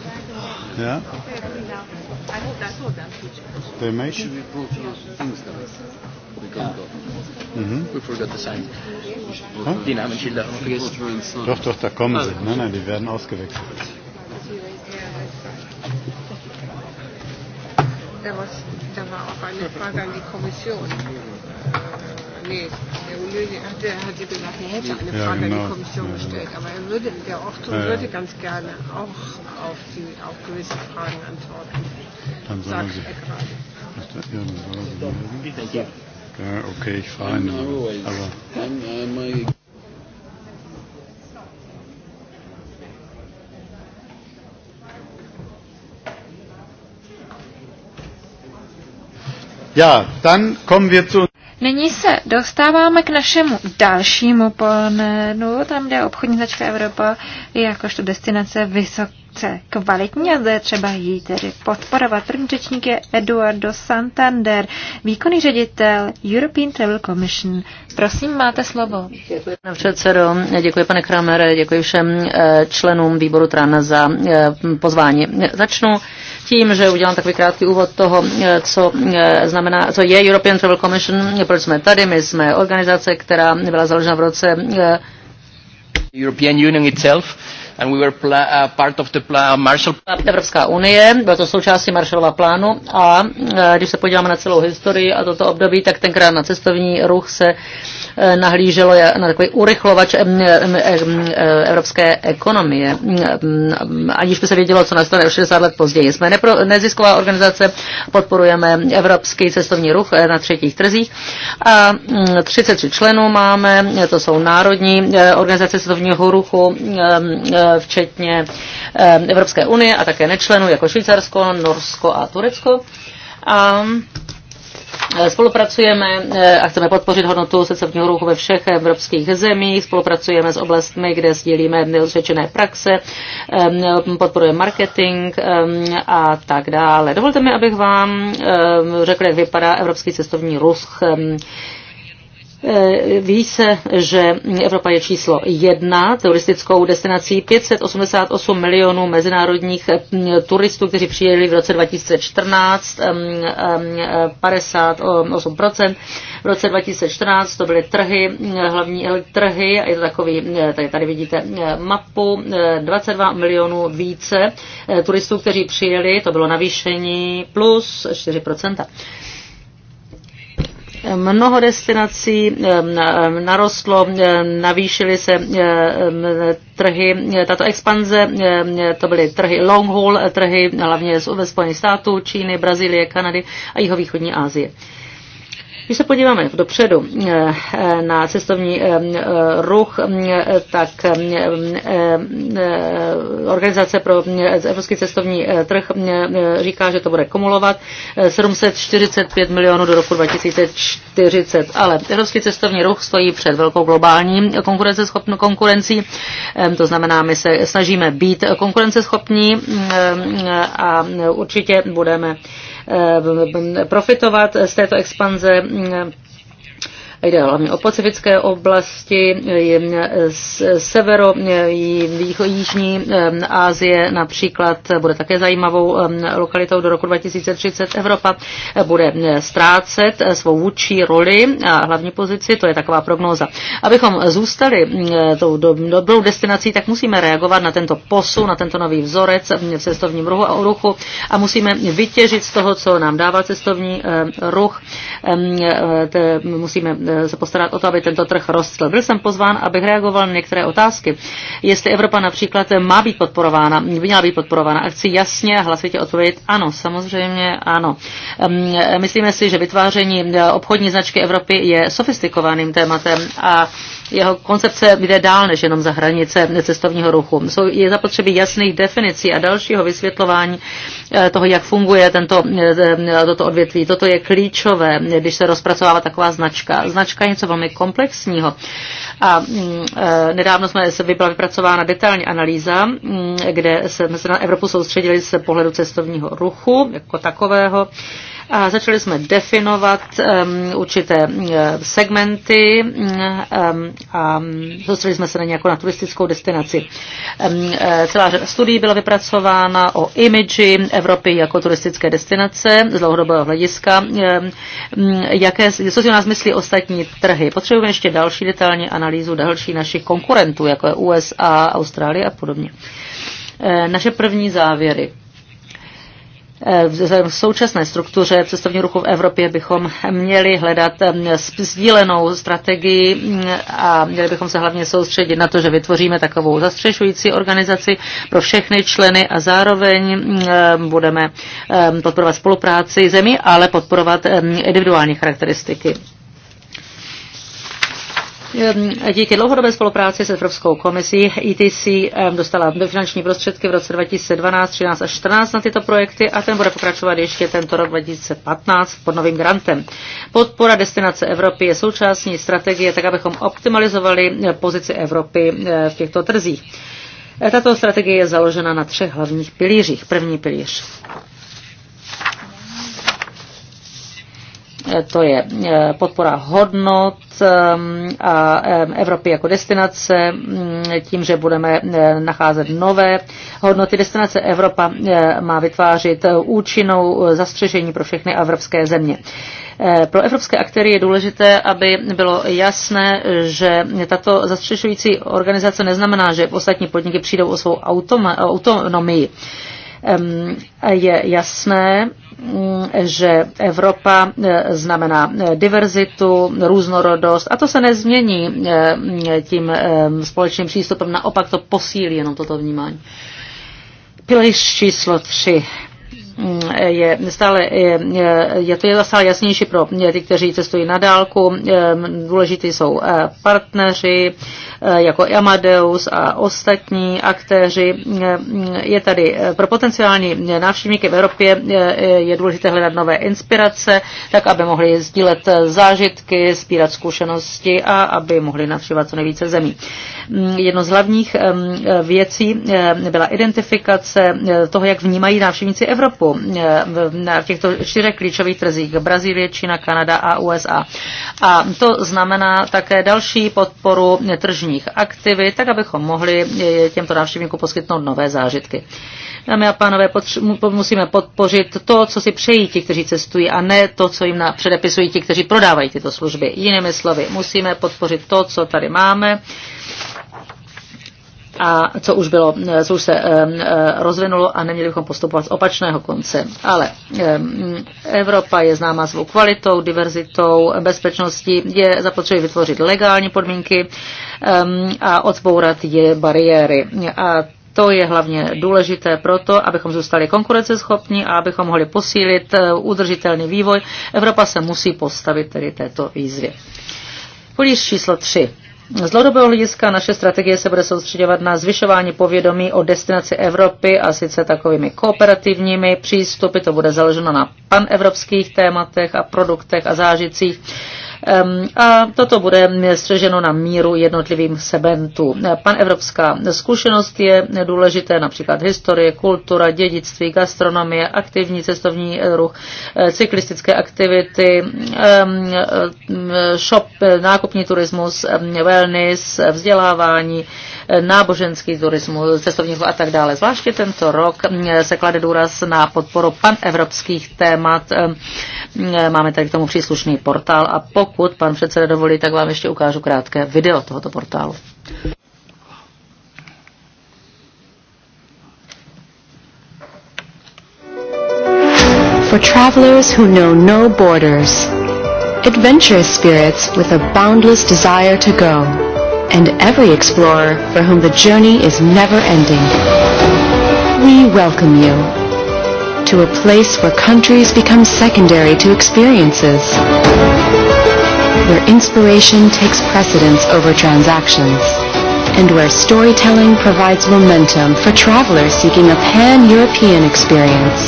Yeah? I hope that's all done. They may. Should mm-hmm. we things We can't go. Mm-hmm. haben vergessen. Doch, doch, da kommen sie. Oh. Nein, nein, die werden ausgewechselt. da war auch eine Frage an die Kommission hatte, er er hatte er gesagt, er hätte eine ja, genau. an die Kommission ja, gestellt, aber er würde, der Ortung ja, ja. würde ganz gerne auch auf, die, auf gewisse Fragen antworten. Dann sagen Sie. Ja, dann sagen Sie. okay, ich fahre ihn, aber... Ja, dann kommen wir zu Nyní se dostáváme k našemu dalšímu plánu. Tam kde obchodní značka Evropa jakožto destinace vysok, velice kvalitní a zde třeba jí tedy podporovat. První řečník je Eduardo Santander, výkonný ředitel European Travel Commission. Prosím, máte slovo. Děkuji, pane předsedo, děkuji, pane Kramere, děkuji všem eh, členům výboru TRAN za eh, pozvání. Začnu tím, že udělám takový krátký úvod toho, eh, co, znamená, co je European Travel Commission, proč jsme tady. My jsme organizace, která byla založena v roce European Union itself And we were pla- uh, part of the pla- uh, Marshall... Evropská unie, bylo to součástí Marshallova plánu a uh, když se podíváme na celou historii a toto období, tak tenkrát na cestovní ruch se uh, Eh, nahlíželo na takový urychlovač eh, evropské ekonomie, mm, mm, aniž by se vědělo, co nastane o 60 let později. Jsme nepro, nezisková organizace, podporujeme evropský cestovní ruch eh, na třetích trzích a 33 mm, členů máme, to jsou národní organizace cestovního ruchu, včetně Evropské unie a také nečlenů jako Švýcarsko, Norsko a Turecko. A Eh, spolupracujeme eh, a chceme podpořit hodnotu cestovního ruchu ve všech evropských zemích, spolupracujeme s oblastmi, kde sdílíme neosvědčené praxe, eh, podporujeme marketing a tak dále. Dovolte mi, abych vám řekl, jak vypadá evropský cestovní ruch Eh, ví se, že Evropa je číslo jedna turistickou destinací 588 milionů mezinárodních eh, turistů, kteří přijeli v roce 2014 58%. V roce 2014 to byly trhy, eh, hlavní trhy, je to takový, tady, tady vidíte mapu, 22 milionů více turistů, kteří přijeli, to bylo navýšení plus 4%. Mnoho destinací narostlo, navýšily se trhy, tato expanze, to byly trhy long haul, trhy hlavně z Spojených států, Číny, Brazílie, Kanady a jihovýchodní Asie. Když se podíváme dopředu eh, eh, na cestovní ruch, tak Organizace pro eh, evropský cestovní trh říká, že to bude kumulovat 745 milionů do roku 2040, ale evropský cestovní ruch stojí před velkou globální konkurencí, to znamená, my se snažíme být konkurenceschopní a určitě budeme Eh, profitovat z této expanze Jde hlavně o pacifické oblasti, severo, jižní Asie například bude také zajímavou lokalitou do roku 2030. Evropa bude ztrácet eh, svou vůči roli a hlavní pozici, to je taková prognóza. Abychom zůstali tou dobrou destinací, tak musíme reagovat na tento posun, na tento nový vzorec v cestovním ruchu a ruchu a musíme vytěžit z toho, co nám dává cestovní ruch. Musíme se postarat o to, aby tento trh rostl. Byl jsem pozván, abych reagoval na některé otázky. Jestli Evropa například má být podporována, měla být podporována. A chci jasně a hlasitě odpovědět ano, samozřejmě ano. Myslíme si, že vytváření e, obchodní značky Evropy je sofistikovaným tématem a jeho koncepce jde dál než jenom za hranice cestovního ruchu. Jsou, je zapotřebí jasných definicí a dalšího vysvětlování e, toho, jak funguje tento, e, toto odvětví. Toto je klíčové, když se rozpracovává taková značka. značka značka je něco velmi komplexního. A mm, e, nedávno jsme se byla vypracována detailní analýza, mm, kde jsme se na Evropu soustředili z pohledu cestovního ruchu jako takového a začali jsme definovat um, určité segmenty um, a zostali jsme se na nějakou na turistickou destinaci. Um, celá řada studií byla vypracována o imidži Evropy jako turistické destinace z dlouhodobého hlediska. Um, jaké, co si o nás myslí ostatní trhy? Potřebujeme ještě další detailní analýzu dalších našich konkurentů, jako je USA, Austrálie a podobně. E, naše první závěry Eh, v současné struktuře cestovní ruchu v Evropě bychom měli hledat eh, sdílenou strategii mm, a měli bychom se hlavně soustředit na to, že vytvoříme takovou zastřešující organizaci pro všechny členy a zároveň mm, budeme eh, podporovat spolupráci zemí, ale podporovat individuální charakteristiky Ehm, díky dlouhodobé spolupráci s Evropskou komisí ETC ehm, dostala finanční prostředky v roce 2012, 13 a 14 na tyto projekty a ten bude pokračovat ještě tento rok 2015 pod novým grantem. Podpora destinace Evropy je součástí strategie, tak abychom optimalizovali eh, pozici Evropy eh, v těchto trzích. Eh, tato strategie je založena na třech hlavních pilířích. První pilíř Eh, to je eh, podpora hodnot ehm, a ehm, Evropy jako destinace, mm, tím, že budeme eh, nacházet nové hodnoty. Destinace Evropa má vytvářet účinnou zastřežení pro všechny evropské země. Pro evropské aktéry je důležité, aby bylo jasné, že tato zastřešující organizace neznamená, že ostatní podniky přijdou o svou autonomii je jasné, mm, že Evropa e, znamená e, diverzitu, různorodost a to se nezmění e, tím společným přístupem, naopak to posílí jenom toto vnímání. Pilíř číslo tři mm, je stále, je, je to je stále jasnější pro ty, kteří cestují na dálku. Důležitý jsou partneři, Eh, jako Amadeus a ostatní aktéři. Eh, je tady eh, pro potenciální návštěvníky v Evropě je důležité hledat nové inspirace, tak aby mohli sdílet zážitky, sbírat zkušenosti a aby mohli navštěvovat co nejvíce zemí. Mm, jedno z hlavních věcí byla identifikace toho, jak vnímají návštěvníci Evropu na těchto čtyřech klíčových trzích Brazílie, Čína, Kanada a USA. A to znamená také další podporu tržní kulturních aktivit, tak abychom mohli eh, těmto návštěvníkům poskytnout nové zážitky. Dámy a pánové, musíme podpořit to, co si přejí ti, kteří cestují, a ne to, co jim na předepisují ti, kteří prodávají tyto služby. Jinými slovy, musíme podpořit to, co tady máme, a co už, bylo, co už se eh, eh, rozvinulo a neměli bychom postupovat z opačného konce. Ale eh, Evropa je známá svou kvalitou, diverzitou, bezpečností, je zapotřebí vytvořit legální podmínky a odbourat je bariéry. A to je hlavně důležité proto, abychom zůstali konkurenceschopní a abychom mohli posílit udržitelný vývoj. Evropa se musí postavit tedy této výzvě. Políž číslo 3 z dlouhodobého hlediska naše strategie se bude soustředovat na zvyšování povědomí o destinaci Evropy a sice takovými kooperativními přístupy. To bude založeno na panevropských tématech a produktech a zážitcích a toto bude střeženo na míru jednotlivým segmentů. Pan evropská zkušenost je důležité, například historie, kultura, dědictví, gastronomie, aktivní cestovní ruch, eh, cyklistické aktivity, eh, shop, eh, nákupní turismus, wellness, vzdělávání, náboženský turismus, cestovních a tak dále. Zvláště tento rok mm, se klade důraz na podporu panevropských témat. Mm, máme tady k tomu příslušný portál a pokud pan předseda dovolí, tak vám ještě ukážu krátké video tohoto portálu. For travelers who know no borders, adventurous spirits with a boundless desire to go and every explorer for whom the journey is never ending. We welcome you to a place where countries become secondary to experiences, where inspiration takes precedence over transactions, and where storytelling provides momentum for travelers seeking a pan-European experience.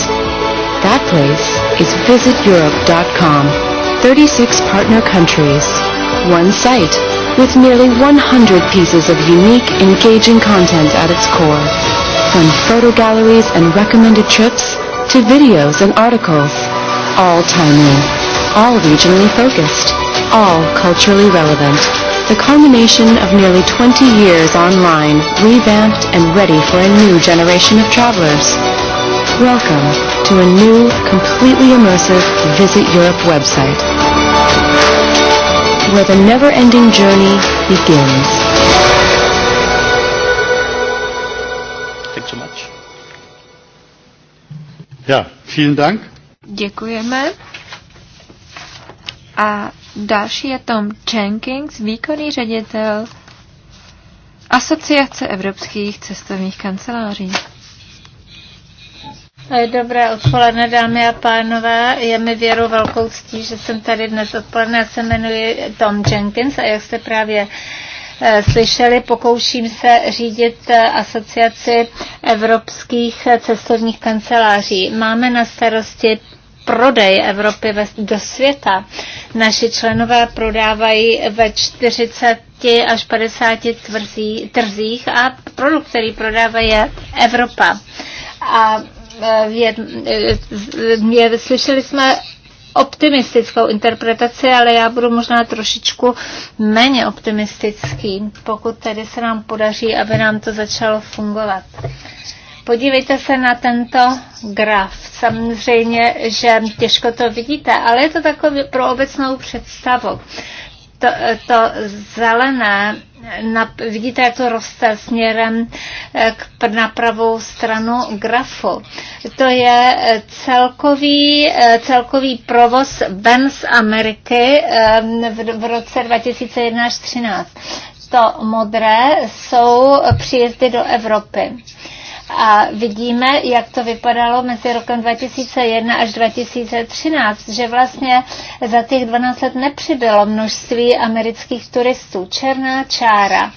That place is visiteurope.com. 36 partner countries, one site with nearly 100 pieces of unique, engaging content at its core, from photo galleries and recommended trips to videos and articles, all timely, all regionally focused, all culturally relevant. The culmination of nearly 20 years online, revamped and ready for a new generation of travelers. Welcome to a new, completely immersive Visit Europe website where the never-ending journey begins. Thanks so much. Ja, vielen Dank. Děkujeme. A další je Tom Jenkins, výkonný ředitel Asociace evropských cestovních kanceláří. Dobré odpoledne, dámy a pánové. Je mi věru velkou ctí, že jsem tady dnes odpoledne. Já se jmenuji Tom Jenkins a jak jste právě eh, slyšeli, pokouším se řídit eh, asociaci evropských eh, cestovních kanceláří. Máme na starosti prodej Evropy do světa. Naši členové prodávají ve 40 až 50 trzích a produkt, který prodává, je Evropa. A Eh, je, eh, slyšeli jsme optimistickou interpretaci, ale já budu možná trošičku méně optimistický, pokud tedy se nám podaří, aby nám to začalo fungovat. Podívejte se na tento graf. Samozřejmě, že těžko to vidíte, ale je to takový pro obecnou představu. To, to zelené na, vidíte, jak to roste směrem eh, k, na pravou stranu grafu. To je eh, celkový, eh, celkový provoz ven z Ameriky v, v roce 2011 13 To modré jsou příjezdy do Evropy. A vidíme, jak to vypadalo mezi rokem 2001 až 2013, že vlastně za těch 12 let nepřibylo množství amerických turistů. Černá čára.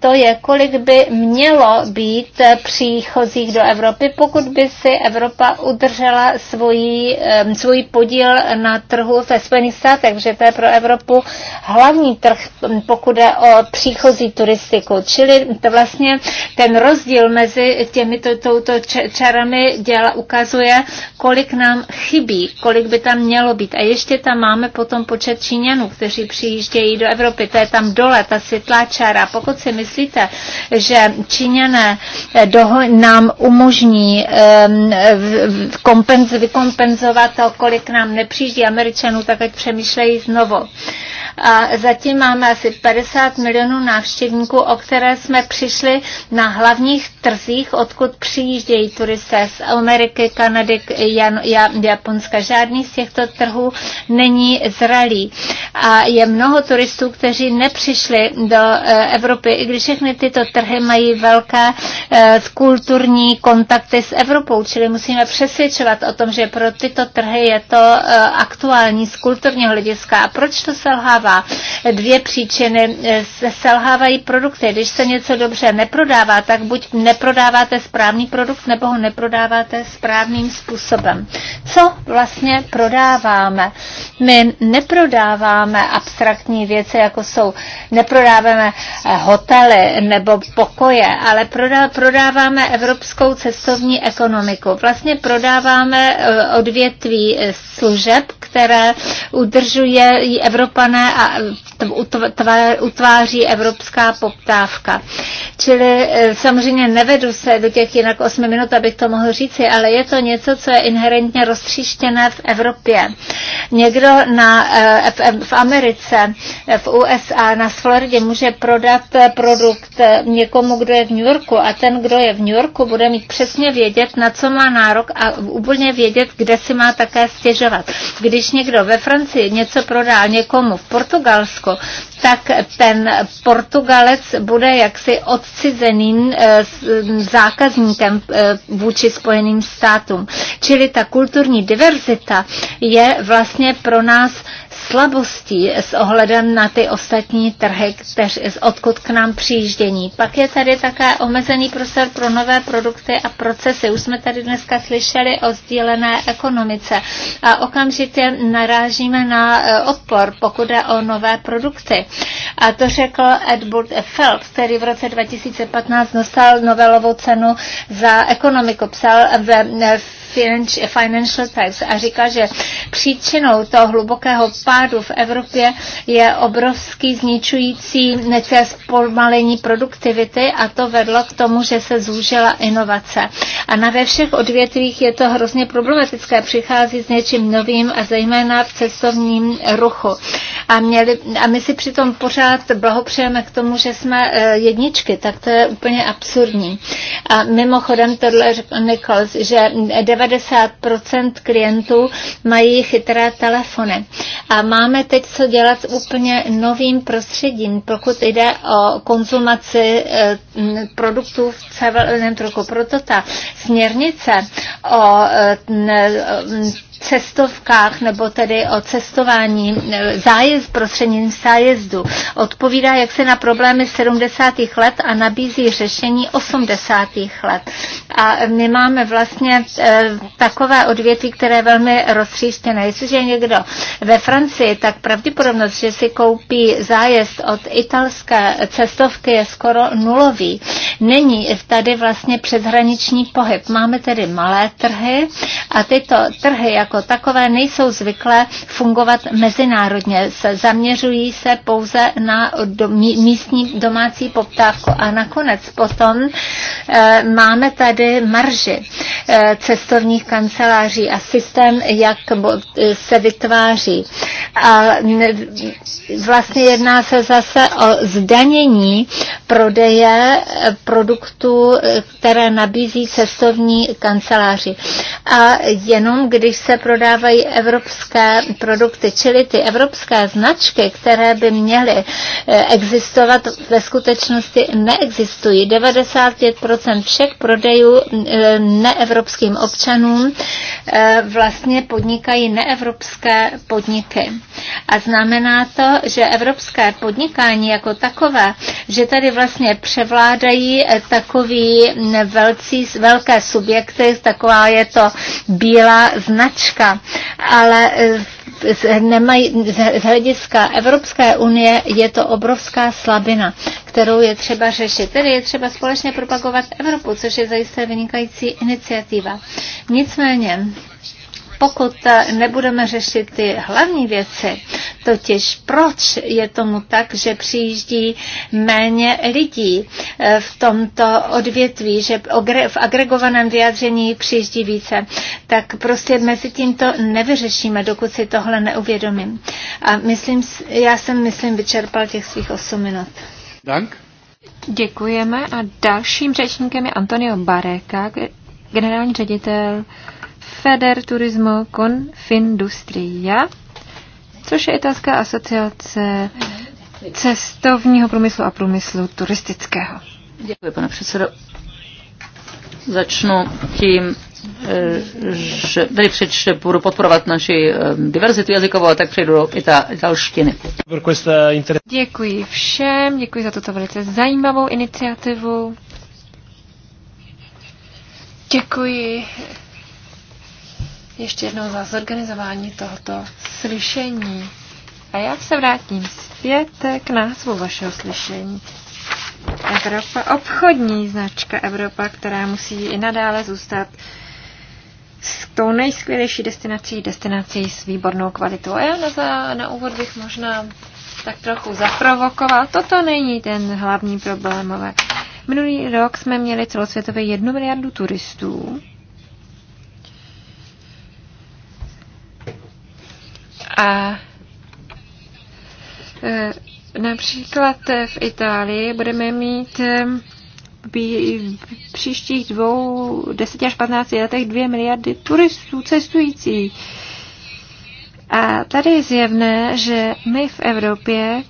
To je, kolik by mělo být příchozích do Evropy, pokud by si Evropa udržela svůj svůj podíl na trhu ve Spojených státech, že to je pro Evropu hlavní trh, pokud je o příchozí turistiku. Čili to vlastně ten rozdíl mezi těmi to, touto čarami děla, ukazuje, kolik nám chybí, kolik by tam mělo být. A ještě tam máme potom počet Číňanů, kteří přijíždějí do Evropy. To je tam dole, ta světlá čára. Pokud si myslíte, že Číňané eh, nám umožní kompenz, vykompenzovat to, kolik nám nepřijíždí Američanů, tak ať přemýšlejí znovu. A zatím máme asi 50 milionů návštěvníků, o které jsme přišli na hlavních trzích, od odkud přijíždějí turisté z Ameriky, Kanady, Jan, Japonska. Žádný z těchto trhů není zralý. A je mnoho turistů, kteří nepřišli do e, Evropy, i když všechny tyto trhy mají velké e, kulturní kontakty s Evropou, čili musíme přesvědčovat o tom, že pro tyto trhy je to e, aktuální z kulturního hlediska. A proč to selhává? Dvě příčiny. Selhávají produkty. Když se něco dobře neprodává, tak buď neprodáváte správný produkt nebo ho neprodáváte správným způsobem. Co vlastně prodáváme? My neprodáváme abstraktní věci, jako jsou, neprodáváme eh, hotely nebo pokoje, ale prodáváme evropskou cestovní ekonomiku. Vlastně prodáváme eh, odvětví eh, služeb, které udržuje Evropané a utváří evropská poptávka. Čili e, samozřejmě nevedu se do těch jinak 8 minut, abych to mohl říci, ale je to něco, co je inherentně roztříštěné v Evropě. Někdo na, e, v, v Americe, e, v USA, na Floridě může prodat produkt někomu, kdo je v New Yorku a ten, kdo je v New Yorku, bude mít přesně vědět, na co má nárok a úplně vědět, kde si má také stěžovat. Když někdo ve Francii něco prodá někomu v Portugalsku, Portugalsko, tak ten Portugalec bude jaksi odcizeným eh, zákazníkem eh, vůči Spojeným státům. Čili ta kulturní diverzita je vlastně pro nás slabostí s ohledem na ty ostatní trhy, kteř, odkud k nám přijíždění. Pak je tady také omezený prostor pro nové produkty a procesy. Už jsme tady dneska slyšeli o sdílené ekonomice a okamžitě narážíme na e, odpor, pokud jde o nové produkty. A to řekl Edward Felt, který v roce 2015 dostal novelovou cenu za ekonomiku. Psal ve e, Financial Times a říká, že příčinou toho hlubokého pádu hladu v Evropě je obrovský zničující nece zpomalení produktivity a to vedlo k tomu, že se zúžila inovace. A na ve všech odvětvích je to hrozně problematické. Přichází s něčím novým a zejména v cestovním ruchu. A, měli, a my si přitom pořád blahopřejeme k tomu, že jsme e, jedničky, tak to je úplně absurdní. A mimochodem tohle řekl Nichols, že 90% klientů mají chytré telefony. A máme teď co dělat s úplně novým prostředím, pokud jde o konzumaci eh, produktů v celém Proto ta směrnice o eh, cestovkách nebo tedy o cestování zájezd prostřednictvím zájezdu. Odpovídá jak se na problémy 70. let a nabízí řešení 80. let. A my máme vlastně eh, takové odvětví, které velmi roztříštěné. Jestliže je někdo ve Francii, tak pravděpodobnost, že si koupí zájezd od italské cestovky je skoro nulový. Není tady vlastně přeshraniční pohyb. Máme tedy malé trhy a tyto trhy, jak jako takové nejsou zvyklé fungovat mezinárodně. Zaměřují se pouze na místní domácí poptávku. A nakonec potom eh, máme tady marži eh, cestovních kanceláří a systém, jak se vytváří. A mm, vlastně jedná se zase o zdanění prodeje eh, produktů, které nabízí cestovní kanceláři. A jenom když se prodávají evropské produkty, čili ty evropské značky, které by měly eh, existovat, ve skutečnosti neexistují. 95% všech prodejů eh, neevropským občanům eh, vlastně podnikají neevropské podniky. A znamená to, že evropské podnikání jako takové, že tady vlastně převládají takový mm, velcí, velké subjekty, taková je to bílá značka, značka, ale eh, z, z, z hlediska Evropské unie je to obrovská slabina, kterou je třeba řešit. Tedy je třeba společně propagovat Evropu, což je zajisté vynikající iniciativa. Nicméně, pokud eh, nebudeme řešit ty hlavní věci, totiž proč je tomu tak, že přijíždí méně lidí eh, v tomto odvětví, že v agregovaném vyjádření přijíždí více, tak prostě mezi tím to nevyřešíme, dokud si tohle neuvědomím. A myslím, já jsem, myslím, vyčerpal těch svých 8 minut. Dank. Děkujeme a dalším řečníkem je Antonio Bareka, generální ředitel Feder Turismo Findustria, což je italská asociace cestovního průmyslu a průmyslu turistického. Děkuji, pane předsedo. Začnu tím, eh, že tady přečte, budu podporovat naši eh, diverzitu jazykovou a tak přejdu do italštiny. Děkuji všem, děkuji za tuto velice zajímavou iniciativu. Děkuji ještě jednou za zorganizování tohoto slyšení. A já se vrátím zpět k názvu vašeho slyšení. Evropa, obchodní značka Evropa, která musí i nadále zůstat s tou nejskvělejší destinací, destinací s výbornou kvalitou. A já na, za, na úvod bych možná tak trochu zaprovokoval. Toto není ten hlavní problémové. Minulý rok jsme měli celosvětově jednu miliardu turistů A e, například v Itálii budeme mít e, v příštích dvou, 10 až 15 letech 2 miliardy turistů cestujících. A tady je zjevné, že my v Evropě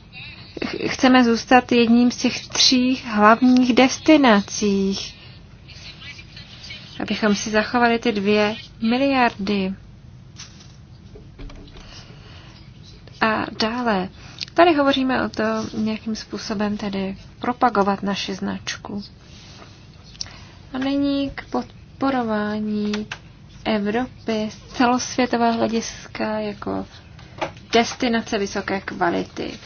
chceme zůstat jedním z těch tří hlavních destinací, abychom si zachovali ty dvě miliardy. A dále, tady hovoříme o to, jakým způsobem tedy propagovat naši značku. A není k podporování Evropy z celosvětového hlediska jako destinace vysoké kvality.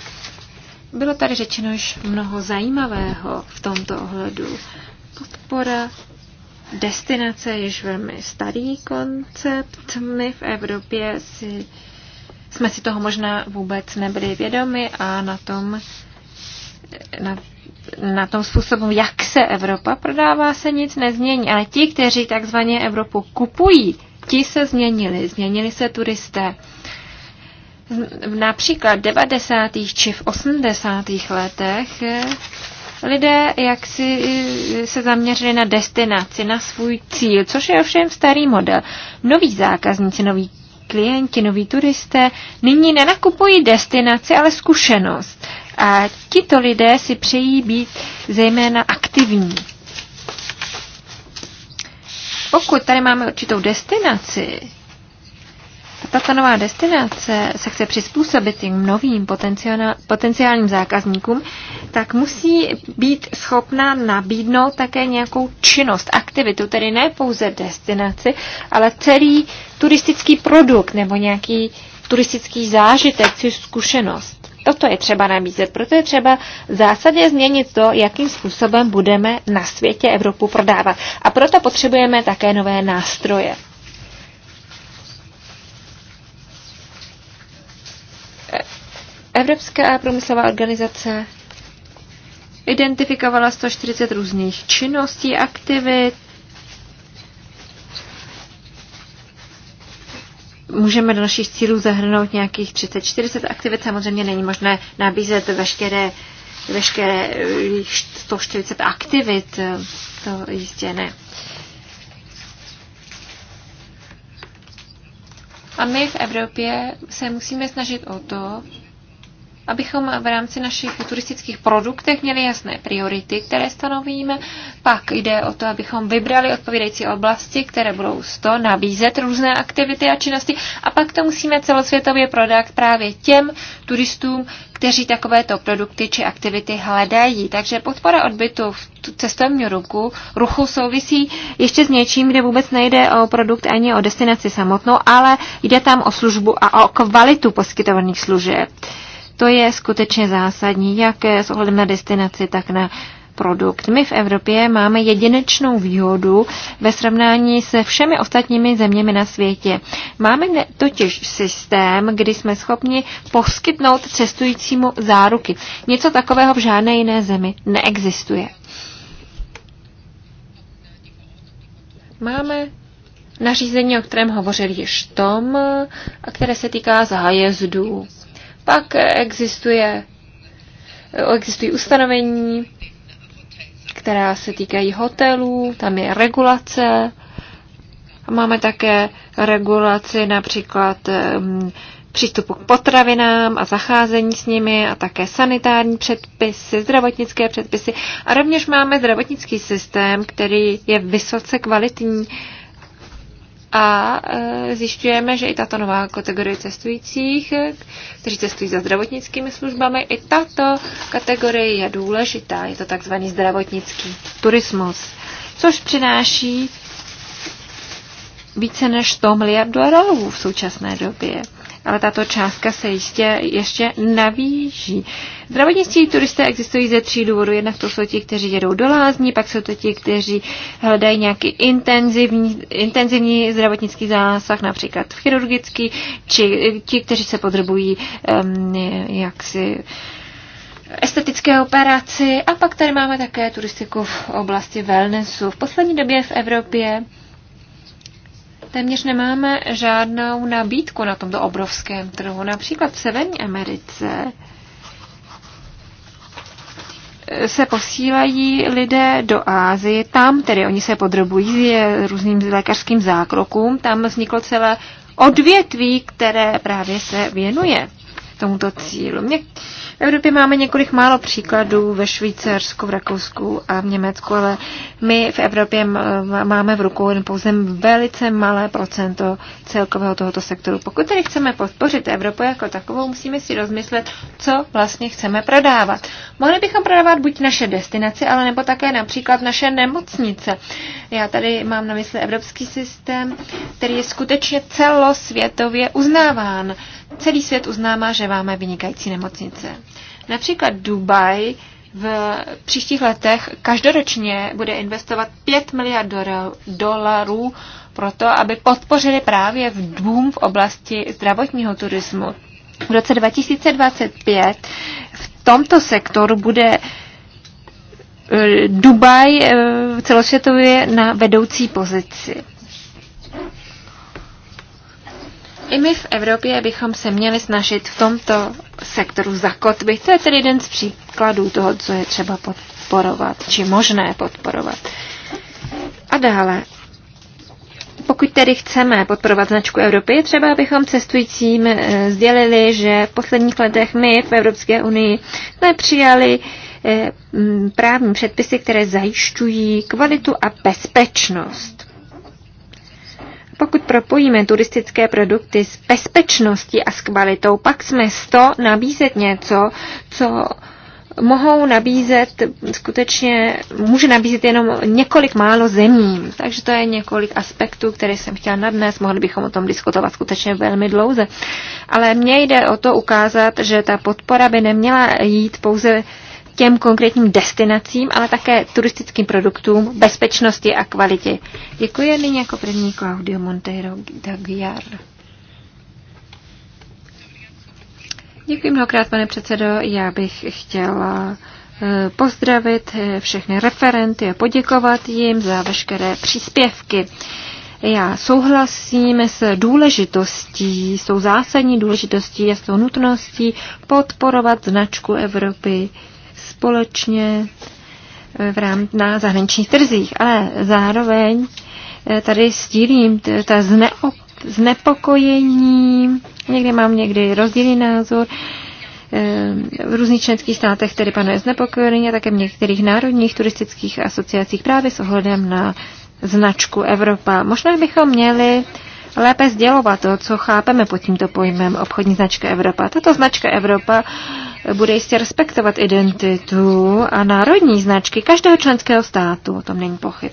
Bylo tady řečeno již mnoho zajímavého v tomto ohledu. Podpora destinace je již velmi starý koncept. My v Evropě si jsme si toho možná vůbec nebyli vědomi a na tom, na, na tom způsobu, jak se Evropa prodává, se nic nezmění. Ale ti, kteří takzvaně Evropu kupují, ti se změnili. Změnili se turisté. Například v 90. či v 80. letech lidé jak si se zaměřili na destinaci, na svůj cíl, což je ovšem starý model. Noví zákazníci, noví klienti, noví turisté nyní nenakupují destinaci, ale zkušenost. A tito lidé si přejí být zejména aktivní. Pokud tady máme určitou destinaci, tato nová destinace se chce přizpůsobit tím novým potenciálním zákazníkům, tak musí být schopna nabídnout také nějakou činnost, aktivitu, tedy ne pouze destinaci, ale celý turistický produkt nebo nějaký turistický zážitek či zkušenost. Toto je třeba nabízet, proto je třeba zásadně změnit to, jakým způsobem budeme na světě Evropu prodávat. A proto potřebujeme také nové nástroje. Evropská průmyslová organizace identifikovala 140 různých činností, aktivit, můžeme do našich cílů zahrnout nějakých 30-40 aktivit. Samozřejmě není možné nabízet veškeré, veškeré 140 eh, aktivit, eh, to jistě ne. A my v Evropě se musíme snažit o to, abychom v rámci našich turistických produktech měli jasné priority, které stanovíme. Pak jde o to, abychom vybrali odpovídající oblasti, které budou z toho nabízet různé aktivity a činnosti. A pak to musíme celosvětově prodat právě těm turistům, kteří takovéto produkty či aktivity hledají. Takže podpora odbytu v cestovním ruku, ruchu souvisí ještě s něčím, kde vůbec nejde o produkt ani o destinaci samotnou, ale jde tam o službu a o kvalitu poskytovaných služeb. To je skutečně zásadní, jak s ohledem na destinaci, tak na produkt. My v Evropě máme jedinečnou výhodu ve srovnání se všemi ostatními zeměmi na světě. Máme totiž systém, kdy jsme schopni poskytnout cestujícímu záruky. Něco takového v žádné jiné zemi neexistuje. Máme nařízení, o kterém hovořil již Tom, a které se týká zájezdů. Pak existuje, existují ustanovení, která se týkají hotelů, tam je regulace. Máme také regulaci například mm, přístupu k potravinám a zacházení s nimi a také sanitární předpisy, zdravotnické předpisy. A rovněž máme zdravotnický systém, který je vysoce kvalitní a e, zjišťujeme, že i tato nová kategorie cestujících, kteří cestují za zdravotnickými službami, i tato kategorie je důležitá. Je to takzvaný zdravotnický turismus, což přináší více než 100 miliard dolarů v současné době ale tato částka se jistě ještě navýší. Zdravotnictví turisté existují ze tří důvodů. Jednak to jsou ti, kteří jedou do lázní, pak jsou to ti, kteří hledají nějaký intenzivní, intenzivní zdravotnický zásah, například chirurgický, či ti, kteří se podrobují um, jaksi estetické operaci a pak tady máme také turistiku v oblasti wellnessu. V poslední době v Evropě téměř nemáme žádnou nabídku na tomto obrovském trhu. Například v Severní Americe se posílají lidé do Ázie, tam tedy oni se podrobují různým lékařským zákrokům, tam vzniklo celé odvětví, které právě se věnuje tomuto cílu. Mě v Evropě máme několik málo příkladů ve Švýcarsku, v Rakousku a v Německu, ale my v Evropě máme v rukou jen pouze velice malé procento celkového tohoto sektoru. Pokud tedy chceme podpořit Evropu jako takovou, musíme si rozmyslet, co vlastně chceme prodávat. Mohli bychom prodávat buď naše destinace, ale nebo také například naše nemocnice. Já tady mám na mysli evropský systém, který je skutečně celosvětově uznáván celý svět uznává, že máme vynikající nemocnice. Například Dubaj v příštích letech každoročně bude investovat 5 miliard dolarů pro to, aby podpořili právě v dům v oblasti zdravotního turismu. V roce 2025 v tomto sektoru bude eh, Dubaj eh, celosvětově na vedoucí pozici. I my v Evropě bychom se měli snažit v tomto sektoru zakotvit. To je tedy jeden z příkladů toho, co je třeba podporovat, či možné podporovat. A dále, pokud tedy chceme podporovat značku Evropy, třeba abychom cestujícím eh, sdělili, že v posledních letech my v Evropské unii jsme přijali eh, právní předpisy, které zajišťují kvalitu a bezpečnost. Pokud propojíme turistické produkty s bezpečností a s kvalitou, pak jsme to nabízet něco, co mohou nabízet skutečně, může nabízet jenom několik málo zemí. Takže to je několik aspektů, které jsem chtěla nadnes. Mohli bychom o tom diskutovat skutečně velmi dlouze. Ale mně jde o to ukázat, že ta podpora by neměla jít pouze těm konkrétním destinacím, ale také turistickým produktům, bezpečnosti a kvalitě. Děkuji nyní jako první Claudio Monteiro Daguiar. Děkuji mnohokrát, pane předsedo. Já bych chtěla eh, pozdravit eh, všechny referenty a poděkovat jim za veškeré příspěvky. Já souhlasím s důležitostí, s tou zásadní důležitostí a s tou nutností podporovat značku Evropy společně eh, v rám, na zahraničních trzích, ale zároveň eh, tady sdílím ta zneo, znepokojení, někdy mám někdy rozdílný názor, eh, v různých členských státech tedy panuje znepokojení a také v některých národních turistických asociacích právě s ohledem na značku Evropa. Možná bychom měli lépe sdělovat to, co chápeme pod tímto pojmem obchodní značka Evropa. Tato značka Evropa bude jistě respektovat identitu a národní značky každého členského státu, o tom není pochyb.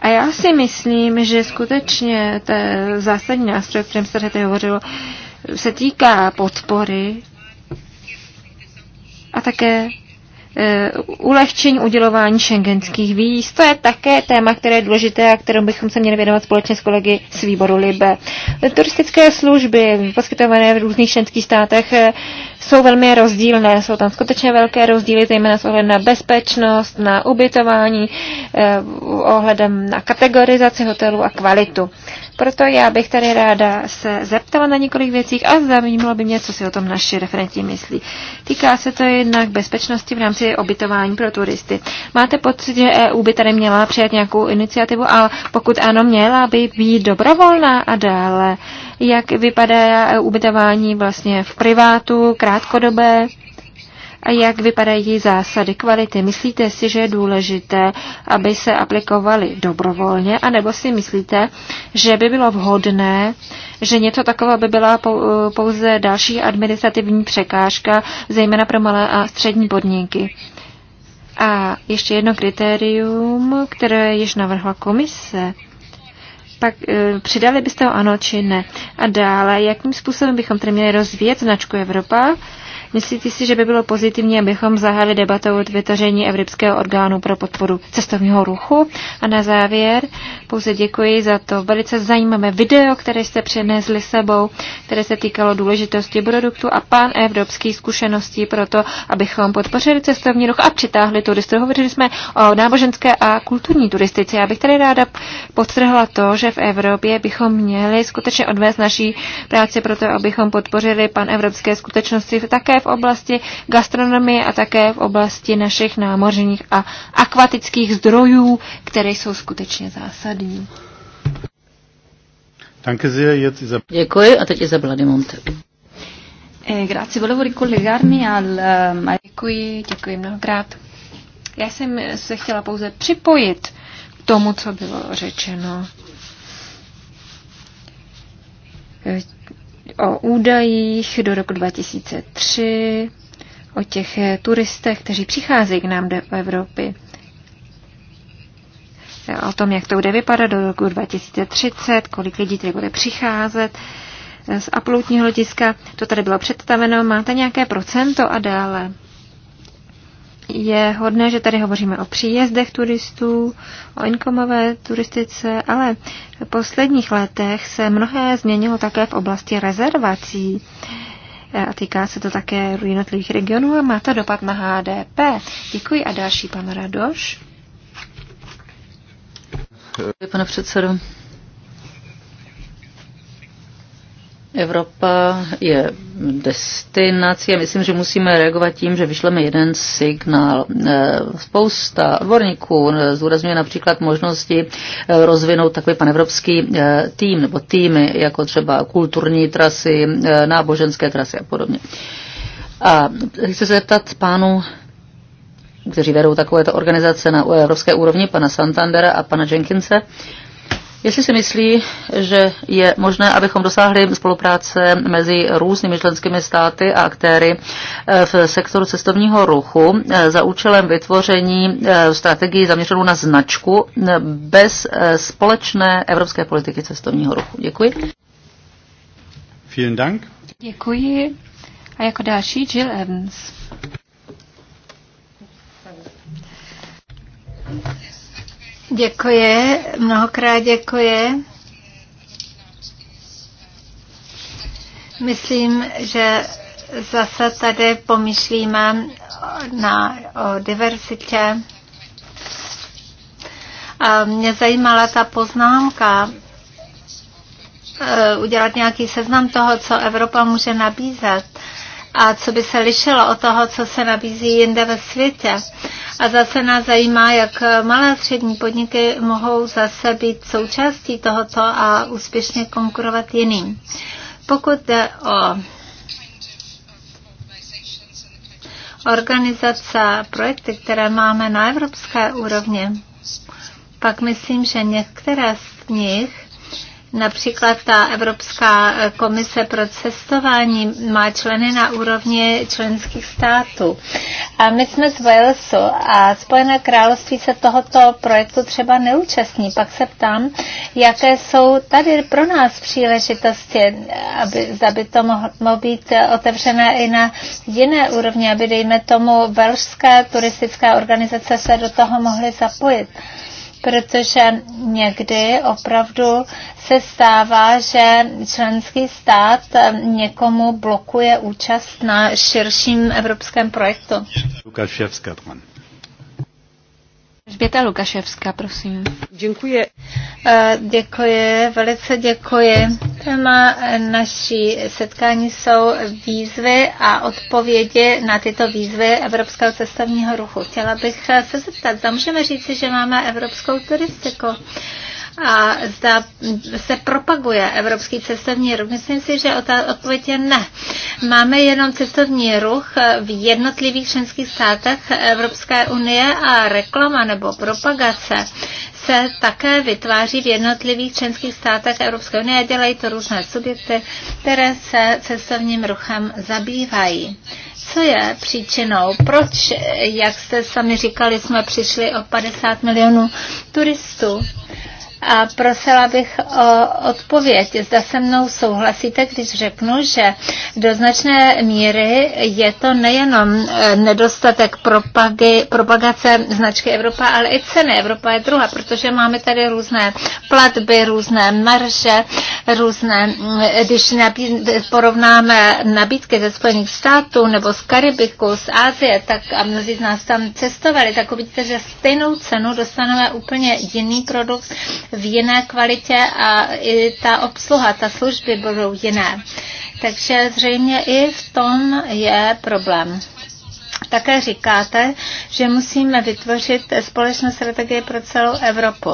A já si myslím, že skutečně ten zásadní nástroj, o kterém se tady hovořilo, se týká podpory a také e, ulehčení udělování šengenských výz. To je také téma, které je důležité a kterou bychom se měli věnovat společně s kolegy z výboru LIBE. Turistické služby poskytované v různých členských státech e, jsou velmi rozdílné. Jsou tam skutečně velké rozdíly, zejména s ohledem na bezpečnost, na ubytování, eh, ohledem na kategorizaci hotelů a kvalitu. Proto já bych tady ráda se zeptala na několik věcí a zajímalo by mě, co si o tom naši referenti myslí. Týká se to jednak bezpečnosti v rámci obytování pro turisty. Máte pocit, že EU by tady měla přijat nějakou iniciativu, ale pokud ano, měla by být dobrovolná a dále. Jak vypadá e ubytování vlastně v privátu, krátkodobé? a jak vypadají zásady kvality. Myslíte si, že je důležité, aby se aplikovaly dobrovolně, anebo si myslíte, že by bylo vhodné, že něco takového by byla pouze další administrativní překážka, zejména pro malé a střední podniky? A ještě jedno kritérium, které již navrhla komise pak e, přidali byste ho ano či ne. A dále, jakým způsobem bychom tedy měli rozvíjet značku Evropa Myslíte si, že by bylo pozitivní, abychom zahájili debatu o vytvoření Evropského orgánu pro podporu cestovního ruchu? A na závěr pouze děkuji za to velice zajímavé video, které jste přinesli sebou, které se týkalo důležitosti produktu a pan evropský zkušeností pro to, abychom podpořili cestovní ruch a přitáhli turisty. Hovořili jsme o náboženské a kulturní turistice. Já bych tady ráda podtrhla to, že v Evropě bychom měli skutečně odvést naší práci pro to, abychom podpořili pan evropské skutečnosti také v oblasti gastronomie a také v oblasti našich námořních a akvatických zdrojů, které jsou skutečně zásadní. Děkuji a teď Izabela de Monte. Eh, grazie, volevo ricollegarmi ehm, al... Děkuji, děkuji mnohokrát. Já jsem se chtěla pouze připojit k tomu, co bylo řečeno. Eh, o údajích do roku 2003, o těch eh, turistech, kteří přicházejí k nám do Evropy, eh, o tom, jak to bude vypadat do roku 2030, kolik lidí tady bude přicházet eh, z uploadního hlediska. To tady bylo představeno. Máte nějaké procento a dále? je hodné, že tady hovoříme o příjezdech turistů, o inkomové turistice, ale v posledních letech se mnohé změnilo také v oblasti rezervací. E, a týká se to také jednotlivých regionů a má to dopad na HDP. Děkuji a další pan Radoš. Děkuji, pane předsedo. Evropa je destinací a myslím, že musíme reagovat tím, že vyšleme jeden signál. Eh, spousta odborníků eh, zdůrazňuje například možnosti eh, rozvinout takový panevropský tým nebo týmy, jako třeba kulturní trasy, náboženské trasy a podobně. A chci se zeptat pánu kteří vedou takovéto organizace na evropské úrovni, pana Santandera a pana Jenkinse, Jestli si myslí, že je možné, abychom dosáhli spolupráce mezi různými členskými státy a aktéry eh, v sektoru cestovního ruchu eh, za účelem vytvoření eh, strategii zaměřenou na značku bez společné evropské politiky cestovního ruchu. Děkuji. Vielen Dank. Děkuji. A jako další Jill Evans. Děkuji, mnohokrát děkuji. Myslím, že zase tady pomyšlíme na, o diverzitě. A mě zajímala ta poznámka, eh, udělat nějaký seznam toho, co Evropa může nabízet a co by se lišilo od toho, co se nabízí jinde ve světě. A zase nás zajímá, jak malé a střední podniky mohou zase být součástí tohoto a úspěšně konkurovat jiným. Pokud jde o organizace projekty, které máme na evropské úrovni, pak myslím, že některé z nich Například ta Evropská eh, komise pro cestování má členy na úrovni členských států. A my jsme z Walesu a Spojené království se tohoto projektu třeba neúčastní. Pak se ptám, jaké jsou tady pro nás příležitosti, aby, aby to mohlo být eh, otevřené i na jiné úrovni, aby dejme tomu velšské turistické organizace se do toho mohly zapojit protože někdy opravdu se stává, že členský stát eh, někomu blokuje účast na širším evropském projektu. Lukáš Ševská, Žběta Lukaševská, prosím. Děkuji. Eh, děkuji, velice děkuji. Téma naší setkání jsou výzvy a odpovědi na tyto výzvy Evropského cestovního ruchu. Chtěla bych se zeptat, zda můžeme říci, že máme evropskou turistiku a zda se propaguje evropský cestovní ruch. Myslím si, že odpověď je ne. Máme jenom cestovní ruch v jednotlivých členských státech Evropské unie a reklama nebo propagace se také vytváří v jednotlivých členských státech Evropské unie a dělají to různé subjekty, které se cestovním ruchem zabývají. Co je příčinou? Proč, jak jste sami říkali, jsme přišli o 50 milionů turistů? a prosila bych o odpověď. Zda se mnou souhlasíte, když řeknu, že do značné míry je to nejenom eh, nedostatek propagy, propagace značky Evropa, ale i ceny Evropa je druhá, protože máme tady různé platby, různé marže, různé, mm, když porovnáme nabídky ze Spojených států nebo z Karibiku, z Asie, tak a mnozí z nás tam cestovali, tak uvidíte, že stejnou cenu dostaneme úplně jiný produkt v jiné kvalitě a i ta obsluha, ta služby budou jiné. Takže zřejmě i v tom je problém. Také říkáte, že musíme vytvořit společnou strategii pro celou Evropu.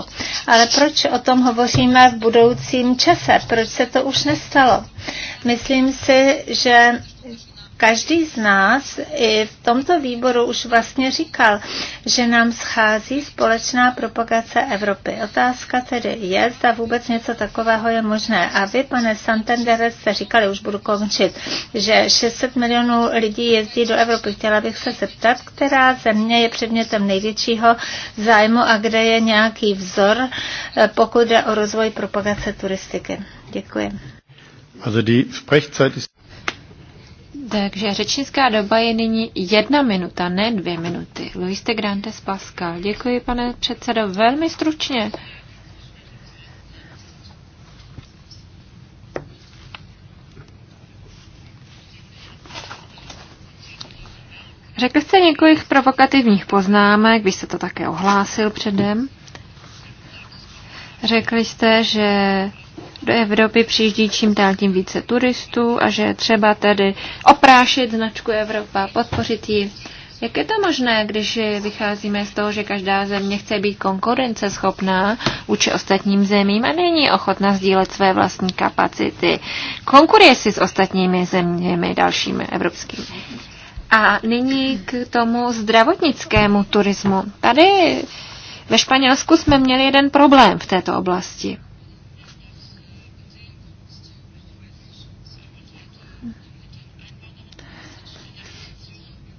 Ale proč o tom hovoříme v budoucím čase? Proč se to už nestalo? Myslím si, že Každý z nás i v tomto výboru už vlastně říkal, že nám schází společná propagace Evropy. Otázka tedy je, zda vůbec něco takového je možné. A vy, pane Santander, jste říkali, už budu končit, že 600 milionů lidí jezdí do Evropy. Chtěla bych se zeptat, která země je předmětem největšího zájmu a kde je nějaký vzor, eh, pokud jde o rozvoj propagace turistiky. Děkuji. Also die Sprechzeit ist takže řečnická doba je nyní jedna minuta, ne dvě minuty. Luis de Grandes Pascal. Děkuji, pane předsedo, velmi stručně. Řekl jste několik provokativních poznámek, vy jste to také ohlásil předem. Řekli jste, že do Evropy přijíždí čím dál tím více turistů a že je třeba tedy oprášit značku Evropa, podpořit ji. Jak je to možné, když vycházíme z toho, že každá země chce být konkurenceschopná vůči ostatním zemím a není ochotná sdílet své vlastní kapacity? Konkuruje si s ostatními zeměmi dalšími evropskými. A nyní k tomu zdravotnickému turismu. Tady ve Španělsku jsme měli jeden problém v této oblasti.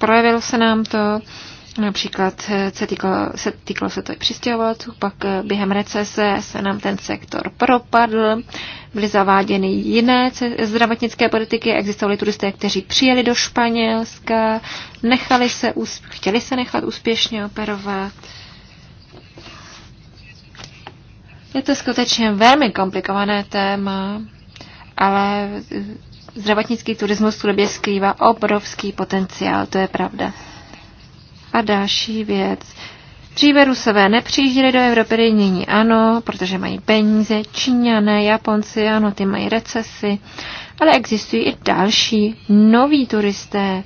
Projevil se nám to, například se týklo, se, týkalo se to i přistěhovalců, pak eh, během recese se nám ten sektor propadl, byly zaváděny jiné zdravotnické politiky, existovali turisté, kteří přijeli do Španělska, nechali se, chtěli se nechat úspěšně operovat. Je to skutečně velmi komplikované téma, ale zdravotnický turismus v době skrývá obrovský potenciál, to je pravda. A další věc. Dříve Rusové nepřijížděli do Evropy, nyní ano, protože mají peníze, Číňané, Japonci, ano, ty mají recesy, ale existují i další noví turisté,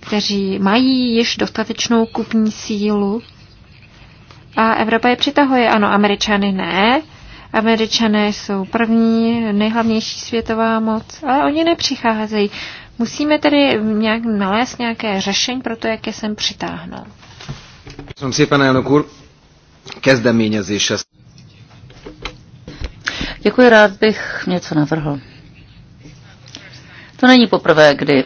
kteří mají již dostatečnou kupní sílu a Evropa je přitahuje, ano, Američany ne, Američané jsou první, nejhlavnější světová moc, ale oni nepřicházejí. Musíme tedy nějak nalézt nějaké řešení pro to, jak je sem přitáhnout. Jsem si, pane zde míně Děkuji, rád bych něco navrhl. To není poprvé, kdy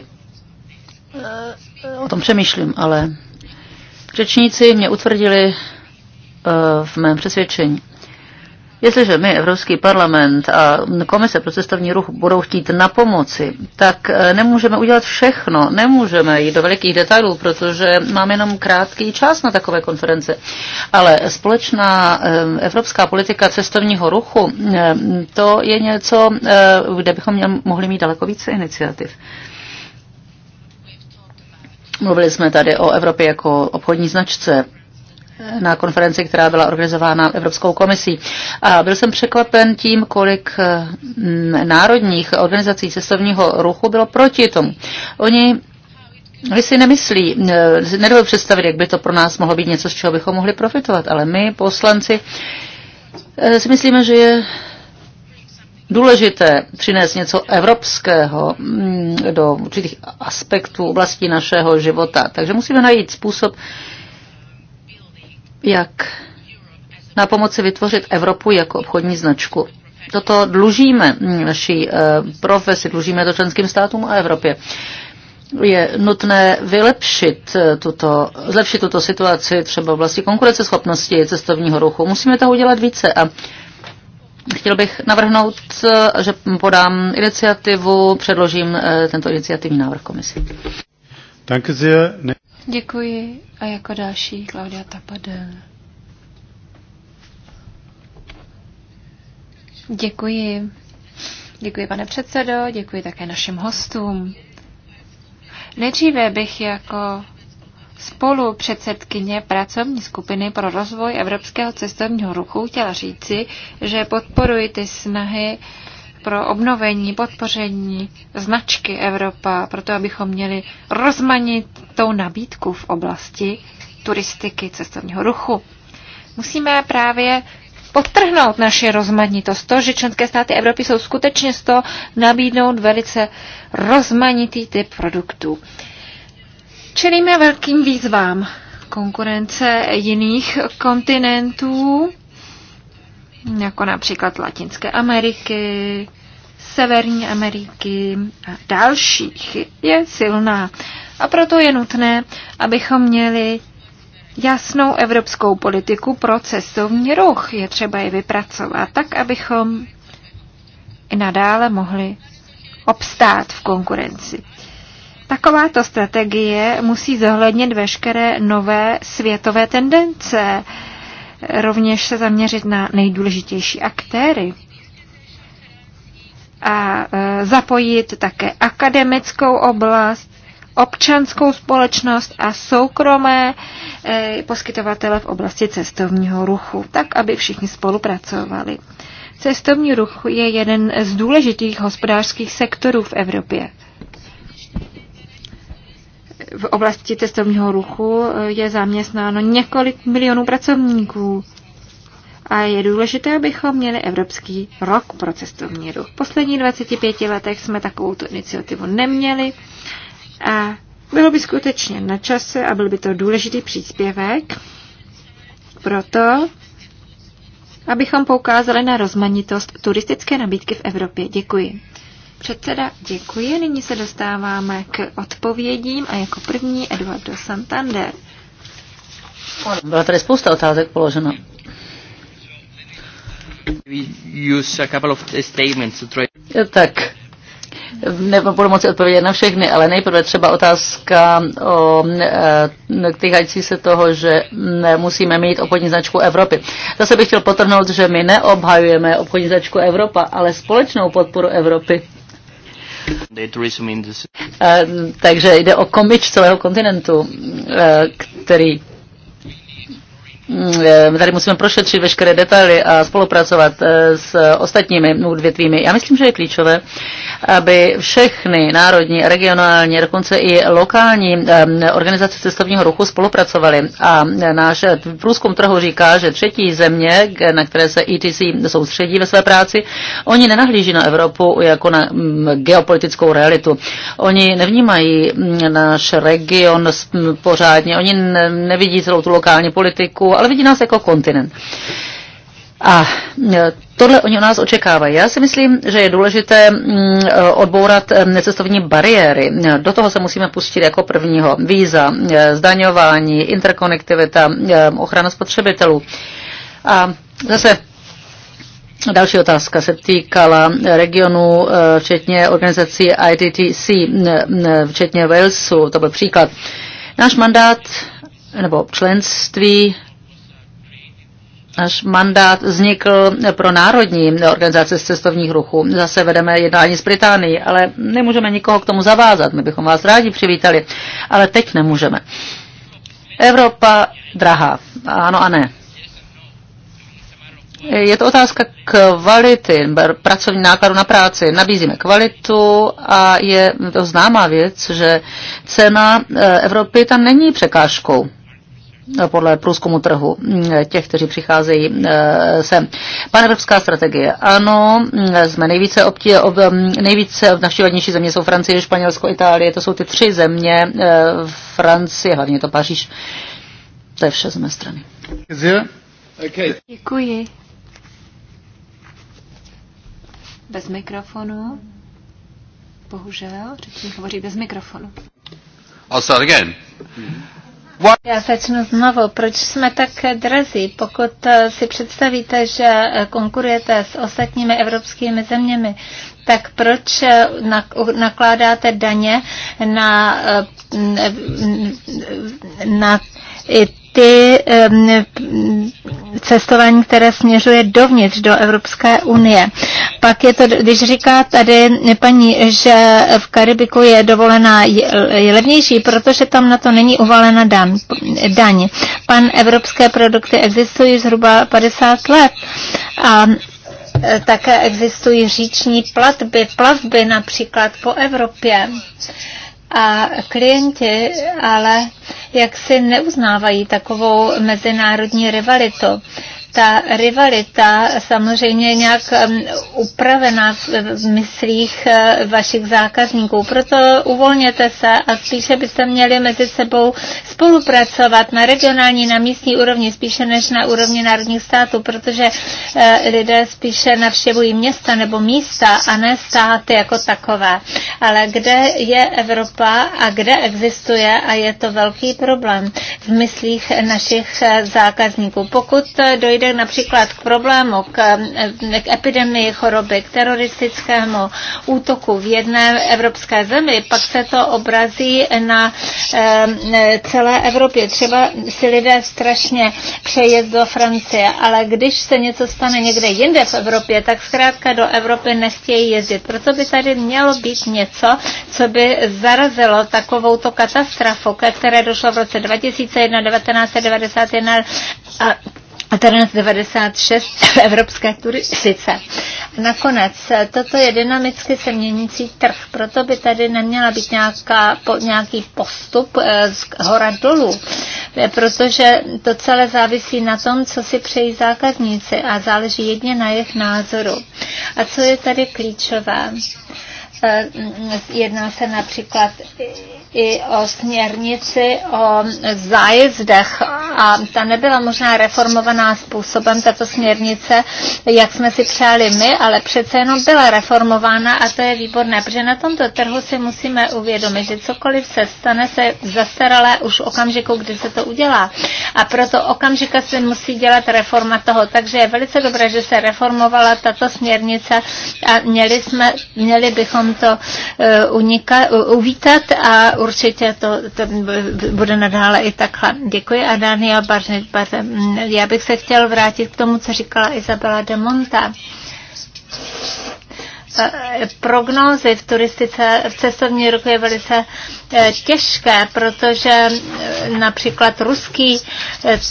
eh, o tom přemýšlím, ale řečníci mě utvrdili eh, v mém přesvědčení. Jestliže my, Evropský parlament a Komise pro cestovní ruch budou chtít na pomoci, tak eh, nemůžeme udělat všechno, nemůžeme jít do velikých detailů, protože máme jenom krátký čas na takové konference. Ale společná eh, evropská politika cestovního ruchu, eh, to je něco, kde bychom mohli mít daleko více iniciativ. Mluvili jsme tady o Evropě jako obchodní značce, na konferenci, která byla organizována Evropskou komisí. A byl jsem překvapen tím, kolik eh, národních organizací cestovního ruchu bylo proti tomu. Oni vy si nemyslí, eh, nedovedu představit, jak by to pro nás mohlo být něco, z čeho bychom mohli profitovat, ale my, poslanci, eh, si myslíme, že je důležité přinést něco evropského mm, do určitých aspektů oblasti našeho života. Takže musíme najít způsob, jak na pomoci vytvořit Evropu jako obchodní značku. Toto dlužíme naší eh, profesi, dlužíme to členským státům a Evropě je nutné vylepšit eh, tuto, zlepšit tuto situaci třeba vlastní konkurenceschopnosti cestovního ruchu. Musíme toho udělat více a chtěl bych navrhnout, eh, že podám iniciativu, předložím tento iniciativní návrh komisi. Danke sehr. Děkuji a jako další Klaudia Tapadel. Děkuji. Děkuji, pane předsedo, děkuji také našim hostům. Nejdříve bych jako spolu předsedkyně pracovní skupiny pro rozvoj evropského cestovního ruchu chtěla říci, že podporuji ty snahy pro obnovení, podpoření značky Evropa, proto abychom měli rozmanitou nabídku v oblasti turistiky, cestovního ruchu. Musíme právě podtrhnout naše rozmanitost, to, že členské státy Evropy jsou skutečně z toho nabídnout velice rozmanitý typ produktů. Čelíme velkým výzvám konkurence jiných kontinentů jako například Latinské Ameriky, Severní Ameriky a dalších, je silná. A proto je nutné, abychom měli jasnou evropskou politiku pro cestovní ruch. Je třeba ji vypracovat tak, abychom i nadále mohli obstát v konkurenci. Takováto strategie musí zohlednit veškeré nové světové tendence, rovněž se zaměřit na nejdůležitější aktéry a e, zapojit také akademickou oblast, občanskou společnost a soukromé e, poskytovatele v oblasti cestovního ruchu, tak aby všichni spolupracovali. Cestovní ruch je jeden z důležitých hospodářských sektorů v Evropě v oblasti cestovního ruchu eh, je zaměstnáno několik milionů pracovníků. A je důležité, abychom měli Evropský rok pro cestovní ruch. V posledních 25 letech jsme takovou iniciativu neměli a bylo by skutečně na čase a byl by to důležitý příspěvek pro to, abychom poukázali na rozmanitost turistické nabídky v Evropě. Děkuji. Předseda, děkuji. Nyní se dostáváme k odpovědím a jako první Eduardo Santander. Byla tady spousta otázek položena. Tak, nebudu moci odpovědět na všechny, ale nejprve třeba otázka o e, týkající se toho, že musíme mít obchodní značku Evropy. Zase bych chtěl potrhnout, že my neobhajujeme obchodní značku Evropa, ale společnou podporu Evropy Eh, takže jde o komič celého kontinentu, eh, který Mm, eh, tady musíme prošetřit veškeré detaily a spolupracovat eh, s ostatními odvětvími. Já myslím, že je klíčové, aby všechny národní, regionální, dokonce i lokální eh, organizace cestovního ruchu spolupracovaly. A náš průzkum trhu říká, že třetí země, na které se ETC soustředí ve své práci, oni nenahlíží na Evropu jako na mm, geopolitickou realitu. Oni nevnímají mm, náš region pořádně, oni nevidí celou tu lokální politiku ale vidí nás jako kontinent. A e, tohle oni u nás očekávají. Já si myslím, že je důležité mm, e, odbourat e, necestovní bariéry. Do toho se musíme pustit jako prvního. Víza, zdaňování, interkonektivita, ochrana spotřebitelů. A zase Další otázka se týkala regionu, včetně organizací ITTC, včetně Walesu, to byl příklad. Náš mandát nebo členství Náš mandát vznikl pro národní organizace z cestovních ruchů. Zase vedeme jednání s Británií, ale nemůžeme nikoho k tomu zavázat. My bychom vás rádi přivítali, ale teď nemůžeme. Evropa drahá. Ano a ne. Je to otázka kvality, pracovní nákladu na práci. Nabízíme kvalitu a je to známá věc, že cena eh, Evropy tam není překážkou podle průzkumu trhu mm, těch, kteří přicházejí eh, sem. Panevropská strategie. Ano, mm, jsme nejvíce, obtě, ob, mm, nejvíce navštěvovanější země jsou Francie, Španělsko, Itálie. To jsou ty tři země eh, Francie, hlavně to Paříž. To je vše z mé strany. Děkuji. Bez mikrofonu. Bohužel, řečník hovoří bez mikrofonu. I'll start again. Mm-hmm. Já začnu znovu. Proč jsme tak drazí? Pokud eh, si představíte, že eh, konkurujete s ostatními evropskými zeměmi, tak proč eh, nakládáte daně na, na, na ty cestování, které směřuje dovnitř do Evropské unie. Pak je to, když říká tady paní, že v Karibiku je dovolená je levnější, protože tam na to není uvalena dan, daň. Pan evropské produkty existují zhruba 50 let a e, také existují říční platby, plavby například po Evropě. A klienti ale jak neuznávají takovou mezinárodní rivalitu ta rivalita samozřejmě je nějak upravená v myslích eh, vašich zákazníků. Proto uvolněte se a spíše byste měli mezi sebou spolupracovat na regionální, na místní úrovni, spíše než na úrovni národních států, protože eh, lidé spíše navštěvují města nebo místa a ne státy jako takové. Ale kde je Evropa a kde existuje a je to velký problém v myslích našich eh, zákazníků. Pokud dojde dojde například k problému, k, k epidemii choroby, k teroristickému útoku v jedné evropské zemi, pak se to obrazí na eh, celé Evropě. Třeba si lidé strašně přejet do Francie, ale když se něco stane někde jinde v Evropě, tak zkrátka do Evropy nechtějí jezdit. Proto by tady mělo být něco, co by zarazilo takovou to katastrofu, ke které došlo v roce 2001, 1991 a Alternativ 96 evropské turistice. Nakonec, toto je dynamicky se měnící trh, proto by tady neměla být nějaká, po, nějaký postup eh, z hora dolů, eh, protože to celé závisí na tom, co si přejí zákazníci a záleží jedně na jejich názoru. A co je tady klíčové? Eh, mm, mm, jedná se například i o směrnici o zájezdech a ta nebyla možná reformovaná způsobem, tato směrnice, jak jsme si přáli my, ale přece jenom byla reformována a to je výborné, protože na tomto trhu si musíme uvědomit, že cokoliv se stane, se zastaralé už v okamžiku, kdy se to udělá. A proto okamžika se musí dělat reforma toho. Takže je velice dobré, že se reformovala tato směrnice a měli, jsme, měli bychom to uh, eh, unika, uh, uvítat a určitě to, to bude nadále i takhle. Děkuji a Daniel Barnet. Já bych se chtěl vrátit k tomu, co říkala Izabela de Monta Eh, prognózy v turistice v cestovní ruku je velice eh, těžké, protože eh, například ruský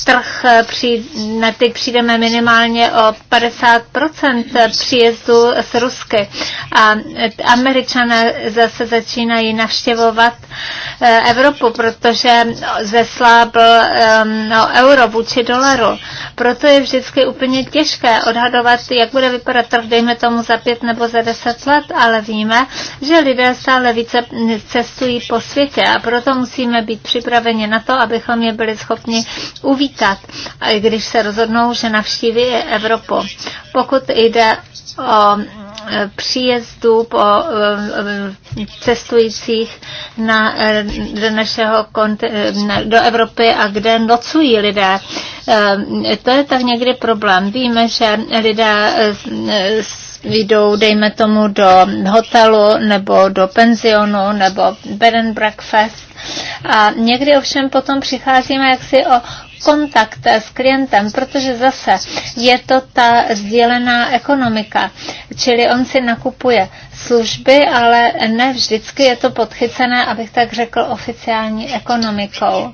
trh, na ty přijdeme minimálně o 50% příjezdu z Rusky. A američané zase začínají navštěvovat Evropu, protože zeslábl no, euro vůči dolaru. Proto je vždycky úplně těžké odhadovat, jak bude vypadat trh, dejme tomu za pět nebo za deset deset let, ale víme, že lidé stále více cestují po světě a proto musíme být připraveni na to, abychom je byli schopni uvítat, když se rozhodnou, že navštíví Evropu. Pokud jde o e, příjezdu po e, cestujících na, e, do, našeho, do Evropy a kde nocují lidé. To je tak někdy problém. Víme, že lidé jdou, dejme tomu, do hotelu nebo do penzionu nebo bed and breakfast. A někdy ovšem potom přicházíme jaksi o kontakt s klientem, protože zase je to ta sdílená ekonomika, čili on si nakupuje služby, ale ne vždycky je to podchycené, abych tak řekl, oficiální ekonomikou.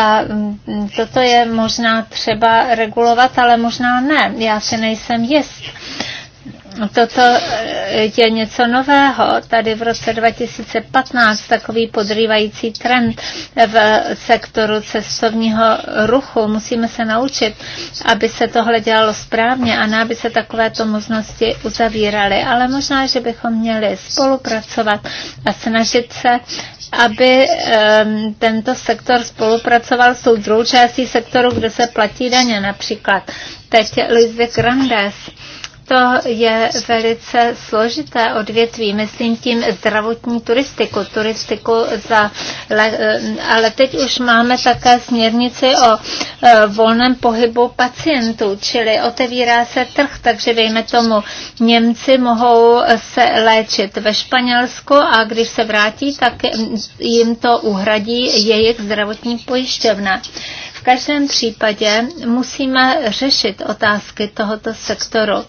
A mm, toto je možná třeba regulovat, ale možná ne. Já si nejsem jist. Toto je něco nového. Tady v roce 2015 takový podrývající trend v sektoru cestovního ruchu. Musíme se naučit, aby se tohle dělalo správně a ne, aby se takovéto možnosti uzavíraly. Ale možná, že bychom měli spolupracovat a snažit se aby um, tento sektor spolupracoval s tou druhou částí sektoru, kde se platí daně například. Teď Luis de Grandes to je velice složité odvětví, myslím tím zdravotní turistiku, turistiku za, eh, ale teď už máme také směrnici o eh, volném pohybu pacientů, čili otevírá se trh, takže dejme tomu, Němci mohou se léčit ve Španělsku a když se vrátí, tak jim to uhradí jejich zdravotní pojišťovna. V každém případě musíme řešit otázky tohoto sektoru.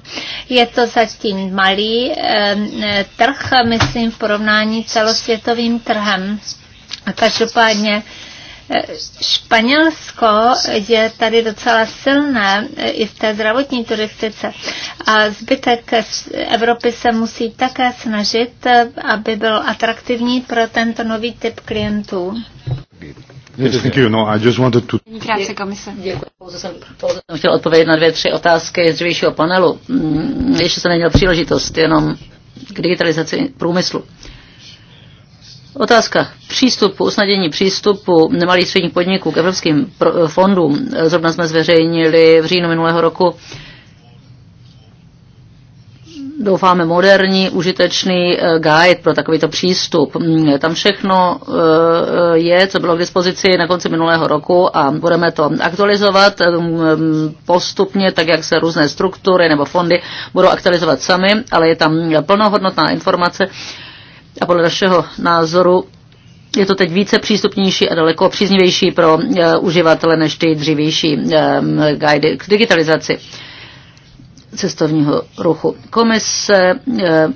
Je to zatím malý trh, myslím, v porovnání celosvětovým trhem. A každopádně e, Španělsko je tady docela silné e, i v té zdravotní turistice a zbytek Evropy se musí také snažit, e, aby byl atraktivní pro tento nový typ klientů thank you. No, I just wanted to... Krátce komise. Děkuji. Pouze jsem, jsem chtěl odpovědět na dvě, tři otázky z dřívějšího panelu. Mm, ještě jsem neměl příležitost, jenom k digitalizaci průmyslu. Otázka přístupu, usnadění přístupu nemalých středních podniků k evropským fondům. Zrovna jsme zveřejnili v říjnu minulého roku doufáme, moderní, užitečný eh, guide pro takovýto přístup. Mm, tam všechno eh, je, co bylo k dispozici na konci minulého roku a budeme to aktualizovat eh, mm, postupně, tak jak se různé struktury nebo fondy budou aktualizovat sami, ale je tam plnohodnotná informace a podle našeho názoru je to teď více přístupnější a daleko příznivější pro uživatele než ty dřívější guide k digitalizaci cestovního ruchu. Komise eh,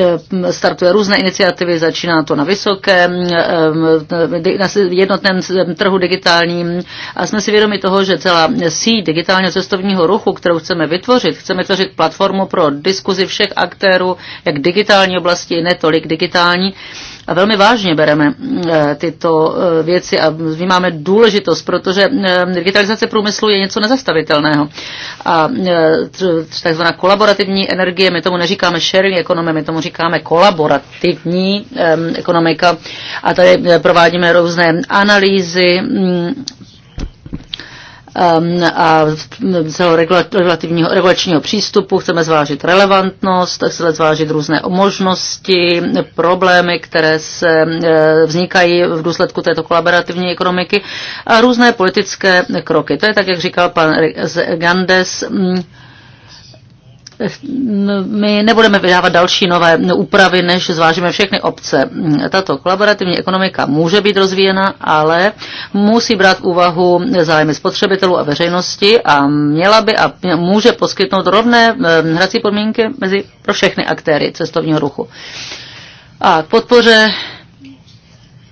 eh, startuje různé iniciativy, začíná to na vysokém, eh, na jednotném trhu digitálním a jsme si vědomi toho, že celá síť digitálního cestovního ruchu, kterou chceme vytvořit, chceme tvořit platformu pro diskuzi všech aktérů, jak digitální oblasti, netolik digitální, a velmi vážně bereme eh, tyto eh, věci a vnímáme důležitost, protože eh, digitalizace průmyslu je něco nezastavitelného. A takzvaná kolaborativní energie, my tomu neříkáme sharing ekonomie, my tomu říkáme kolaborativní ekonomika a tady provádíme různé analýzy mm, Um, a celého regulativního, regulačního přístupu, chceme zvážit relevantnost, chceme zvážit různé možnosti, problémy, které se eh, vznikají v důsledku této kolaborativní ekonomiky a různé politické kroky. To je tak, jak říkal pan Gandes, mm. No, my nebudeme vydávat další nové úpravy, než zvážíme všechny obce. Tato kolaborativní ekonomika může být rozvíjena, ale musí brát v úvahu zájmy spotřebitelů a veřejnosti a měla by a může poskytnout rovné eh, hrací podmínky mezi pro všechny aktéry cestovního ruchu. A k podpoře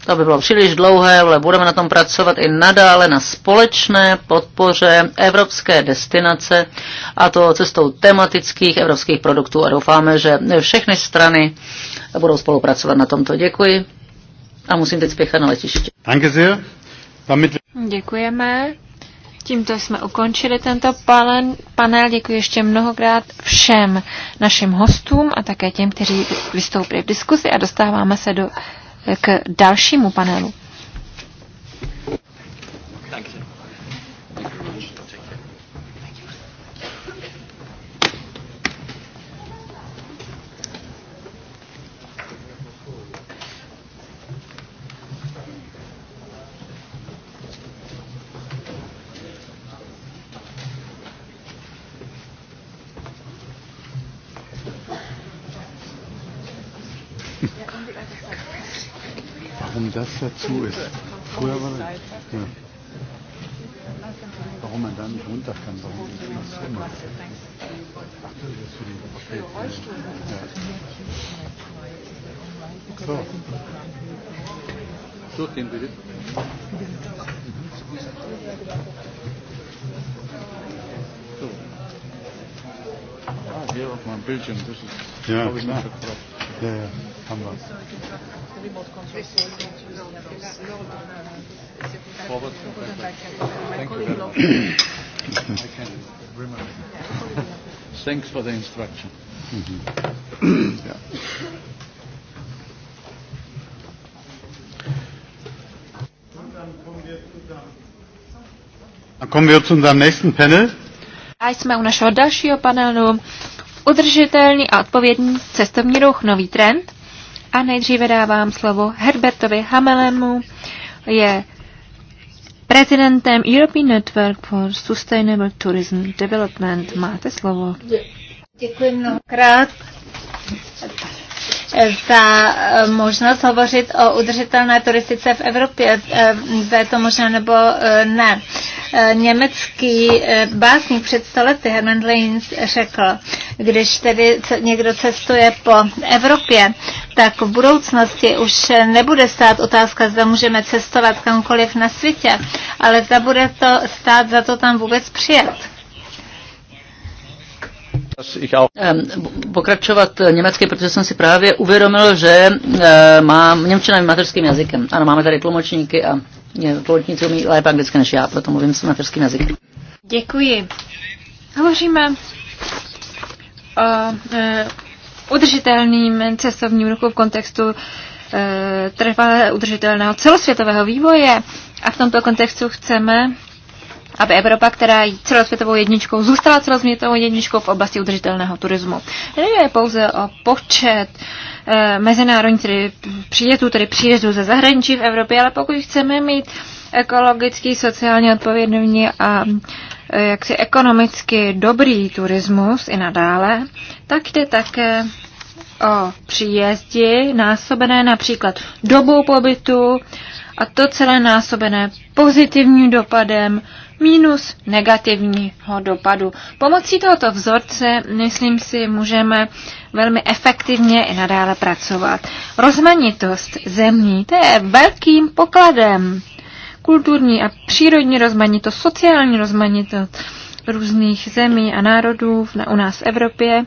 to by bylo příliš dlouhé, ale budeme na tom pracovat i nadále na společné podpoře evropské destinace a to cestou tematických evropských produktů a doufáme, že všechny strany budou spolupracovat na tomto. Děkuji a musím teď spěchat na letiště. Děkujeme. Tímto jsme ukončili tento panel. Děkuji ještě mnohokrát všem našim hostům a také těm, kteří vystoupili v diskusi a dostáváme se do k dalšímu panelu. dazu ist. Früher war das, er- ja. Warum man er da nicht runter kann, warum er das nicht so macht. Ach, Ja. So. Durchgehen bitte. So. Ah, hier auf meinem Bildschirm, das ist, ja, glaube ich, nicht verkauft. Ja, ja, haben wir. Thanks for the instruction. A kommen wir zu unserem nächsten Panel. A jsme u našeho dalšího panelu. Udržitelný a odpovědný cestovní ruch, nový trend. A nejdříve dávám slovo Herbertovi Hamelemu, je prezidentem European Network for Sustainable Tourism Development. Máte slovo. Děkuji mnohokrát za eh, možnost hovořit o udržitelné turistice v Evropě, zda eh, je to možné nebo eh, ne. Německý básník před stolety Hermann Leins řekl, když tedy někdo cestuje po Evropě, tak v budoucnosti už nebude stát otázka, zda můžeme cestovat kamkoliv na světě, ale zda bude to stát za to tam vůbec přijet. Ehm, pokračovat německy, protože jsem si právě uvědomil, že eh, mám němčina je mateřským jazykem. Ano, máme tady tlumočníky a tlumočníci umí lépe anglicky než já, proto mluvím s mateřským jazykem. Děkuji. Hovoříme o e, udržitelným cestovním ruchu v kontextu e, eh, trvalé udržitelného celosvětového vývoje a v tomto kontextu chceme aby Evropa, která je celosvětovou jedničkou, zůstala celosvětovou jedničkou v oblasti udržitelného turismu. Nejde pouze o počet e, mezinárodních tedy příjezdů, tedy příjezdů ze zahraničí v Evropě, ale pokud chceme mít ekologický, sociálně odpovědný a e, jaksi ekonomicky dobrý turismus i nadále, tak jde také o příjezdi násobené například dobou pobytu a to celé násobené pozitivním dopadem minus negativního dopadu. Pomocí tohoto vzorce, myslím si, můžeme velmi efektivně i nadále pracovat. Rozmanitost zemí, to je velkým pokladem. Kulturní a přírodní rozmanitost, sociální rozmanitost různých zemí a národů u nás v Evropě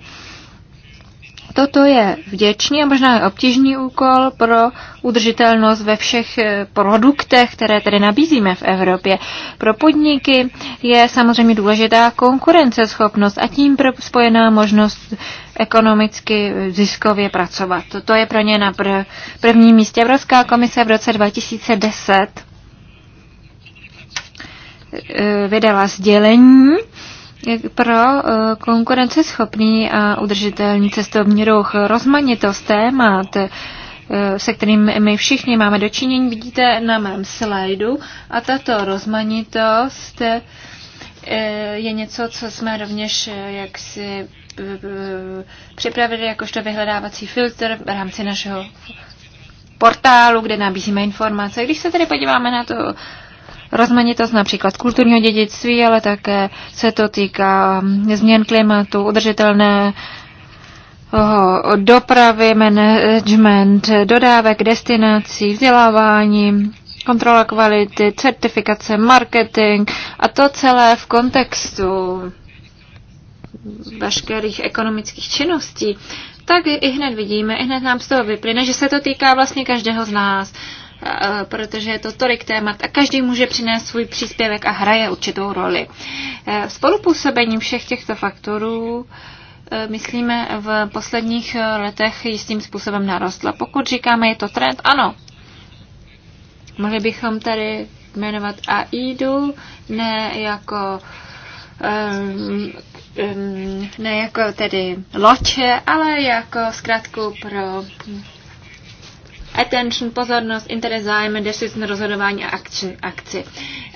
Toto je vděčný a možná obtížný úkol pro udržitelnost ve všech eh, produktech, které tedy nabízíme v Evropě. Pro podniky je samozřejmě důležitá konkurenceschopnost a tím spojená možnost ekonomicky eh, ziskově pracovat. To je pro ně na pr- prvním místě. Evropská komise v roce 2010 eh, vydala sdělení, pro eh, konkurenceschopný a udržitelný cestovní ruch. Rozmanitost témat, eh, se kterým my všichni máme dočinění, vidíte na mém slajdu. A tato rozmanitost eh, je něco, co jsme rovněž jak si připravili jakožto vyhledávací filtr v rámci našeho portálu, kde nabízíme informace. Když se tedy podíváme na to rozmanitost například kulturního dědictví, ale také se to týká mm, změn klimatu, udržitelné dopravy, management, dodávek, destinací, vzdělávání, kontrola kvality, certifikace, marketing a to celé v kontextu veškerých ekonomických činností, tak i hned vidíme, i hned nám z toho vyplyne, že se to týká vlastně každého z nás. Eh, protože je to tolik témat a každý může přinést svůj příspěvek a hraje určitou roli. Eh, spolupůsobením všech těchto faktorů eh, myslíme, v posledních letech jistým způsobem narostla. Pokud říkáme, je to trend, ano. Mohli bychom tady jmenovat AIDu, ne jako um, um, ne jako tedy loče, ale jako zkrátku pro attention, pozornost, interes, zájem, decision, rozhodování a akci. akci.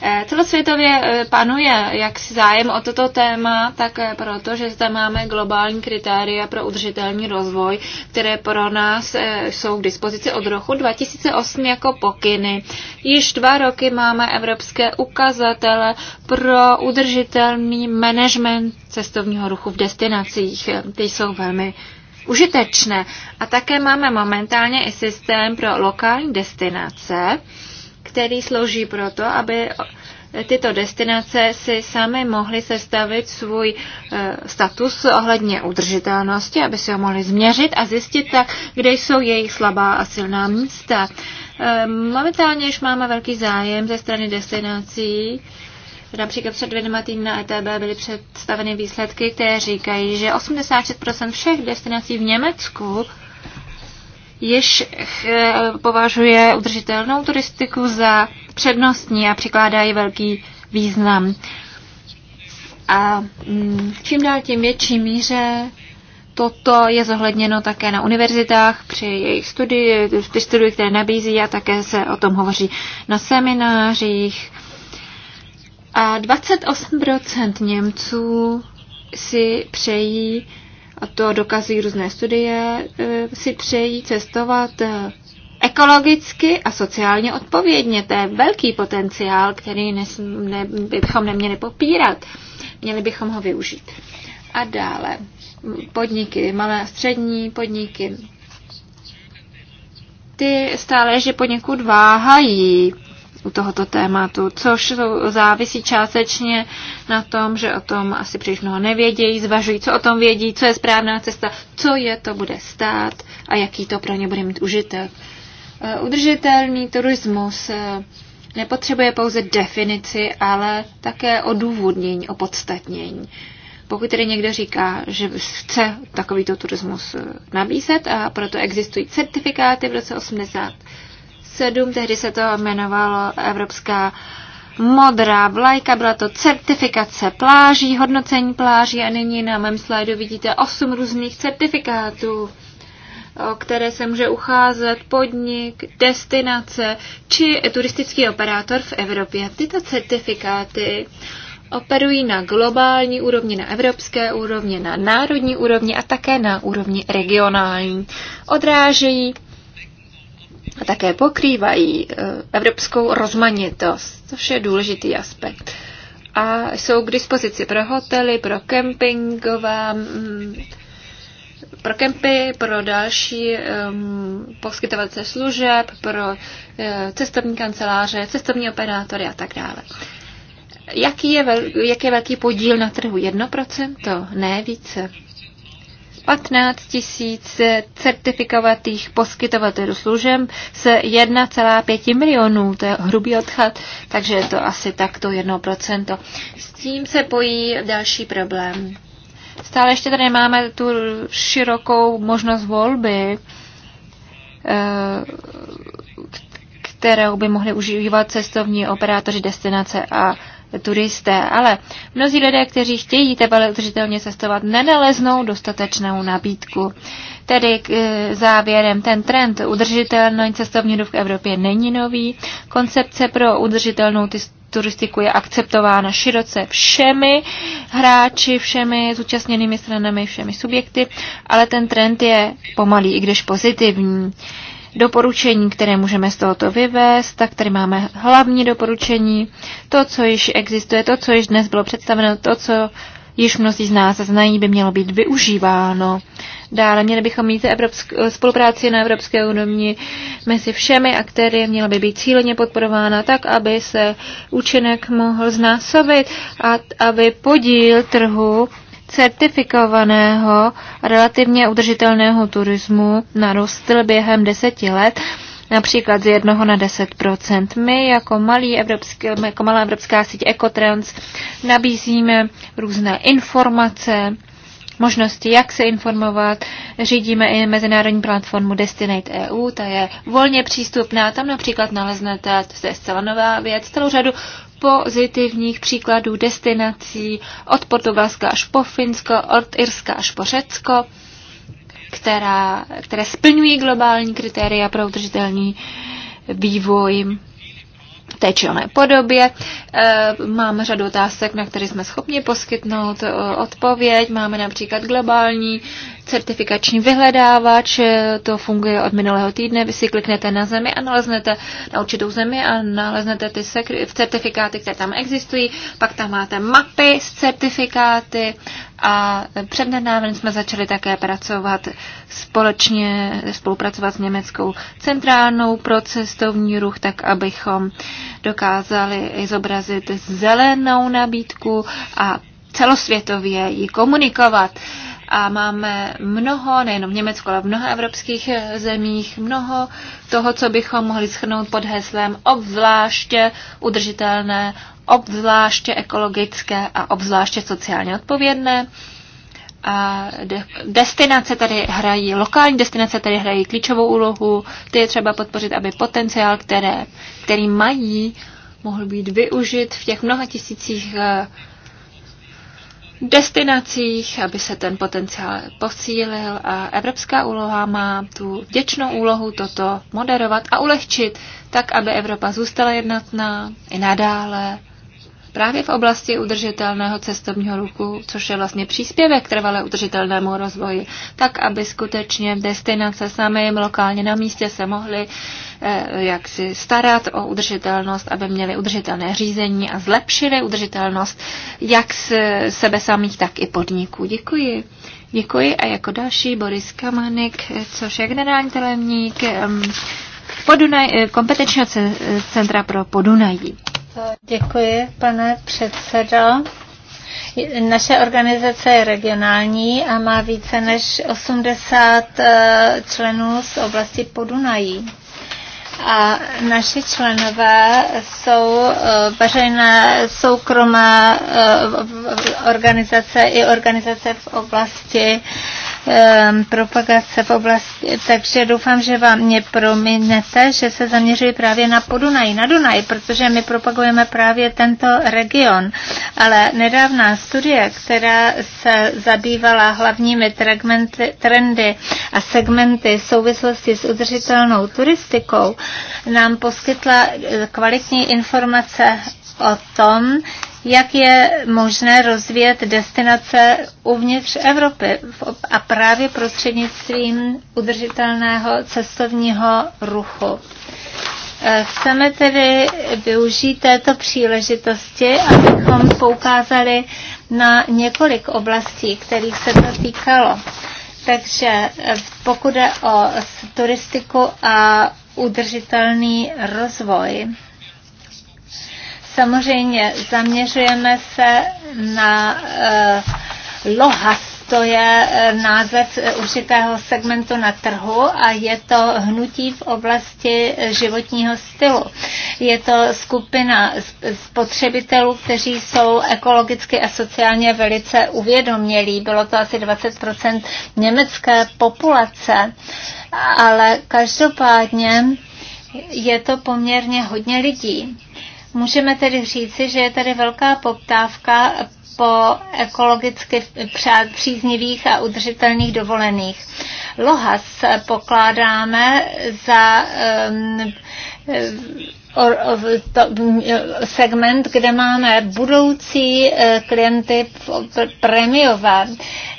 Eh, celosvětově eh, panuje jak zájem o toto téma, tak eh, proto, že zde máme globální kritéria pro udržitelný rozvoj, které pro nás jsou k dispozici od roku 2008 jako pokyny. Již dva roky máme evropské ukazatele pro udržitelný management cestovního ruchu v destinacích. Ty jsou velmi užitečné. A také máme momentálně i systém pro lokální destinace, který slouží pro to, aby tyto destinace si sami mohly sestavit svůj eh, status ohledně udržitelnosti, aby si ho mohli změřit a zjistit tak, kde jsou jejich slabá a silná místa. Eh, momentálně už máme velký zájem ze strany destinací Například před dvěma týdny na ETB byly představeny výsledky, které říkají, že 86% všech destinací v Německu již eh, považuje udržitelnou turistiku za přednostní a přikládají velký význam. A mm, čím dál tím větší míře toto je zohledněno také na univerzitách při jejich studii, ty studii, které nabízí a také se o tom hovoří na seminářích, a 28% Němců si přejí, a to dokazují různé studie, eh, si přejí cestovat eh, ekologicky a sociálně odpovědně. To je velký potenciál, který ne, bychom neměli popírat. Měli bychom ho využít. A dále podniky, malé a střední podniky. Ty stále že poněkud váhají u tohoto tématu, což závisí částečně na tom, že o tom asi příliš mnoho nevědějí, zvažují, co o tom vědí, co je správná cesta, co je to bude stát a jaký to pro ně bude mít užitek. E, udržitelný turismus e, nepotřebuje pouze definici, ale také odůvodnění, opodstatnění. Pokud tedy někdo říká, že chce takovýto turismus e, nabízet a proto existují certifikáty v roce 80 2007, tehdy se to jmenovalo Evropská modrá vlajka, byla to certifikace pláží, hodnocení pláží a nyní na mém slajdu vidíte 8 různých certifikátů, o které se může ucházet podnik, destinace či turistický operátor v Evropě. Tyto certifikáty operují na globální úrovni, na evropské úrovni, na národní úrovni a také na úrovni regionální. Odrážejí a také pokrývají eh, evropskou rozmanitost, což je důležitý aspekt. A jsou k dispozici pro hotely, pro kempingová, mm, pro kempy, pro další um, poskytovatele služeb, pro uh, cestovní kanceláře, cestovní operátory a tak dále. Jaký je, vel, jak je velký podíl na trhu? Jedno procento? Ne více. 15 tisíc certifikovatých poskytovatelů služeb s 1,5 milionů, to je hrubý odchod, takže je to asi takto 1%. S tím se pojí další problém. Stále ještě tady máme tu širokou možnost volby, eh, kterou by mohli užívat cestovní operátoři destinace a turisté, ale mnozí lidé, kteří chtějí tebele udržitelně cestovat, nenaleznou dostatečnou nabídku. Tedy k e, závěrem, ten trend udržitelný cestovní ruch v Evropě není nový. Koncepce pro udržitelnou turistiku je akceptována široce všemi hráči, všemi zúčastněnými stranami, všemi subjekty, ale ten trend je pomalý, i když pozitivní doporučení, které můžeme z tohoto vyvést, tak tady máme hlavní doporučení, to, co již existuje, to, co již dnes bylo představeno, to, co již mnozí z nás znají, by mělo být využíváno. Dále měli bychom mít evropsk- spolupráci na evropské úrovni mezi všemi aktéry, měla by být cíleně podporována tak, aby se účinek mohl znásobit a aby podíl trhu certifikovaného relativně udržitelného turismu narostl během deseti let například z jednoho na 10 My jako, malý evropský, jako malá evropská síť Ecotrans nabízíme různé informace, možnosti, jak se informovat. Řídíme i mezinárodní platformu Destinate EU, ta je volně přístupná. Tam například naleznete, to je zcela nová věc, celou řadu pozitivních příkladů destinací od Portugalska až po Finsko, od Irska až po Řecko, která, které splňují globální kritéria pro udržitelný vývoj té či oné podobě. E, Máme řadu otázek, na které jsme schopni poskytnout e, odpověď. Máme například globální certifikační vyhledávač, eh, to funguje od minulého týdne, vy si kliknete na zemi a naleznete na určitou zemi a naleznete ty certifikáty, které tam existují, pak tam máte mapy s certifikáty a před nedávnem jsme začali také pracovat společně, spolupracovat s německou centrálnou pro cestovní ruch, tak abychom dokázali zobrazit zelenou nabídku a celosvětově ji komunikovat a máme mnoho, nejenom v Německu, ale v mnoha evropských eh, zemích, mnoho toho, co bychom mohli schrnout pod heslem obzvláště udržitelné, obzvláště ekologické a obzvláště sociálně odpovědné. A destinace tady hrají, lokální destinace tady hrají klíčovou úlohu, ty je třeba podpořit, aby potenciál, které, který mají, mohl být využit v těch mnoha tisících eh, destinacích, aby se ten potenciál posílil a evropská úloha má tu vděčnou úlohu toto moderovat a ulehčit, tak aby Evropa zůstala jednotná i nadále právě v oblasti udržitelného cestovního ruchu, což je vlastně příspěvek k trvalé udržitelnému rozvoji, tak aby skutečně destinace samé lokálně na místě se mohly Eh, jak si starat o udržitelnost, aby měli udržitelné řízení a zlepšili udržitelnost jak z sebe samých, tak i podniků. Děkuji. Děkuji a jako další Boris Kamanik, což je generální telemník Podunaj, eh, kompetenčního centra pro Podunají. Děkuji, pane předsedo. Naše organizace je regionální a má více než 80 eh, členů z oblasti Podunají. A naši členové jsou eh, veřejné soukromé eh, organizace i organizace v oblasti Ehm, propagace v oblasti, takže doufám, že vám mě prominete, že se zaměřují právě na Podunaj, na Dunaj, protože my propagujeme právě tento region. Ale nedávná studie, která se zabývala hlavními trendy a segmenty v souvislosti s udržitelnou turistikou, nám poskytla kvalitní informace o tom, jak je možné rozvíjet destinace uvnitř Evropy a právě prostřednictvím udržitelného cestovního ruchu. E, chceme tedy využít této příležitosti, abychom poukázali na několik oblastí, kterých se to týkalo. Takže e, pokud je o turistiku a udržitelný rozvoj, Samozřejmě zaměřujeme se na uh, lohas to je eh, název eh, určitého segmentu na trhu a je to hnutí v oblasti životního stylu. Je to skupina spotřebitelů, kteří jsou ekologicky a sociálně velice uvědomělí. Bylo to asi 20% německé populace, ale každopádně je to poměrně hodně lidí. Můžeme tedy říci, že je tady velká poptávka po ekologicky příznivých a udržitelných dovolených. Lohas pokládáme za um, Mm, segment, kde máme budoucí eh, klienty premiová,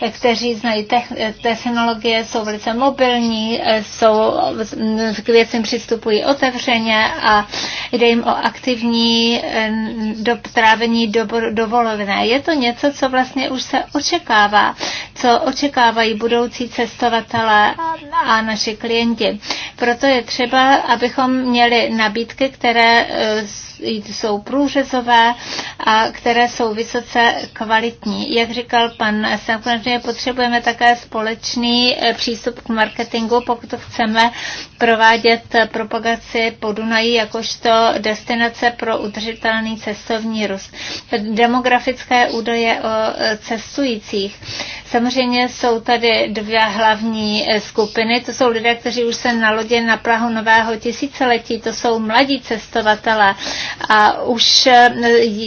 eh, kteří znají eh, technologie, jsou velice mobilní, jsou, k věcem přistupují otevřeně a jde jim o aktivní do, trávení do, dovolené. Je to něco, co vlastně už se očekává, co očekávají budoucí cestovatelé a naši klienti. Proto je třeba, abychom měli nabídky, které které eh, jsou průřezové a které jsou vysoce kvalitní. Jak říkal pan samozřejmě potřebujeme také společný eh, přístup k marketingu, pokud chceme provádět eh, propagaci Podunají jakožto destinace pro udržitelný cestovní růst. Demografické údaje o eh, cestujících. Samozřejmě jsou tady dvě hlavní skupiny. To jsou lidé, kteří už se na lodě na Prahu nového tisíciletí. To jsou mladí cestovatelé, a už eh,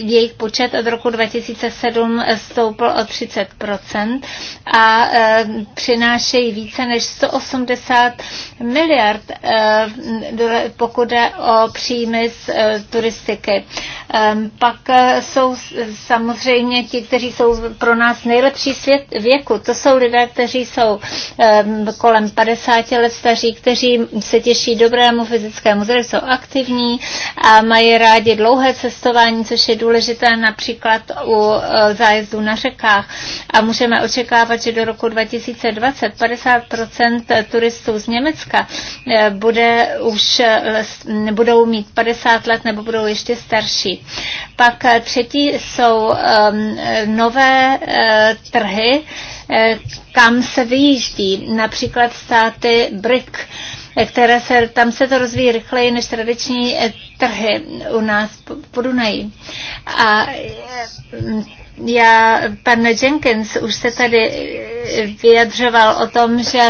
jejich počet od roku 2007 stoupl o 30% a eh, přinášejí více než 180 miliard, eh, pokud jde o příjmy z turistiky. Ehm, pak jsou samozřejmě ti, kteří jsou pro nás nejlepší svět věku. To jsou lidé, kteří jsou ehm, kolem 50 let staří, kteří se těší dobrému fyzickému zdraví, jsou aktivní a mají rád rádi dlouhé cestování, což je důležité například u eh, zájezdů na řekách. A můžeme očekávat, že do roku 2020 50 turistů z Německa eh, bude už, eh, budou mít 50 let nebo budou ještě starší. Pak třetí jsou ehm, nové trhy, Eh, kam se vyjíždí. Například státy BRIC, eh, které se, tam se to rozvíjí rychleji než tradiční eh, trhy u nás po Dunaji. A já, pan Jenkins už se tady vyjadřoval o tom, že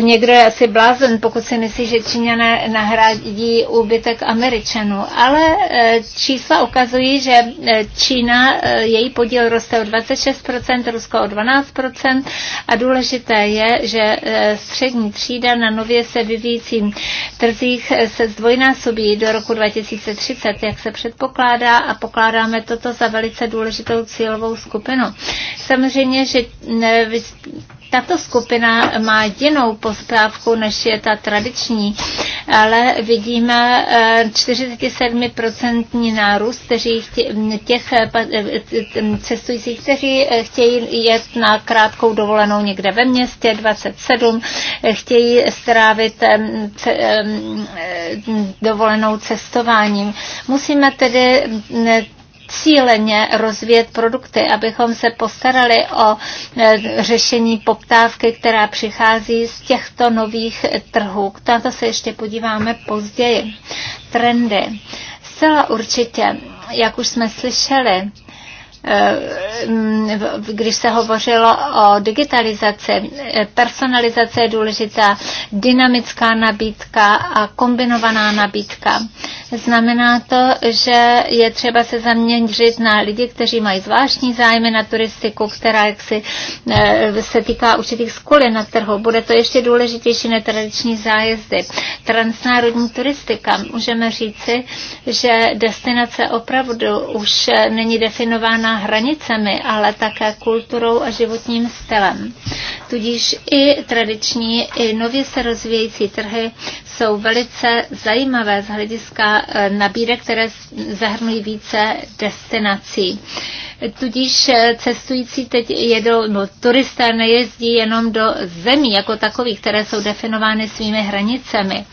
někdo je asi blázen, pokud si myslí, že Číňané nahradí úbytek Američanů. Ale e, čísla ukazují, že e, Čína, e, její podíl roste o 26%, Rusko o 12% a důležité je, že střední třída na nově se vyvíjícím trzích se zdvojnásobí do roku 2030, jak se předpokládá a pokládáme toto za velice důležitou cílovou skupinu. Samozřejmě, že tato skupina má jinou pospávku, než je ta tradiční, ale vidíme 47% eh, nárůst kteří chtě, těch eh, eh, cestujících, kteří chtějí jet na krátkou dovolenou někde ve městě, 27, chtějí strávit mm, dovolenou cestováním. Musíme tedy mm, cíleně rozvíjet produkty, abychom se postarali o e, řešení poptávky, která přichází z těchto nových trhů. K tomu se ještě podíváme později. Trendy. Zcela určitě, jak už jsme slyšeli, Eh, mm, když se hovořilo o digitalizaci, eh, personalizace je důležitá, dynamická nabídka a kombinovaná nabídka. Znamená to, že je třeba se zaměřit na lidi, kteří mají zvláštní zájmy na turistiku, která jaksi eh, se týká určitých skulin na trhu. Bude to ještě důležitější netradiční zájezdy. Transnárodní turistika. Můžeme říci, že destinace opravdu už není definována hranicemi, ale také kulturou a životním stylem. Tudíž i tradiční, i nově se rozvíjející trhy jsou velice zajímavé z hlediska eh, nabídek, které zahrnují více destinací tudíž eh, cestující teď jedou, no turisté nejezdí jenom do zemí jako takových, které jsou definovány svými hranicemi.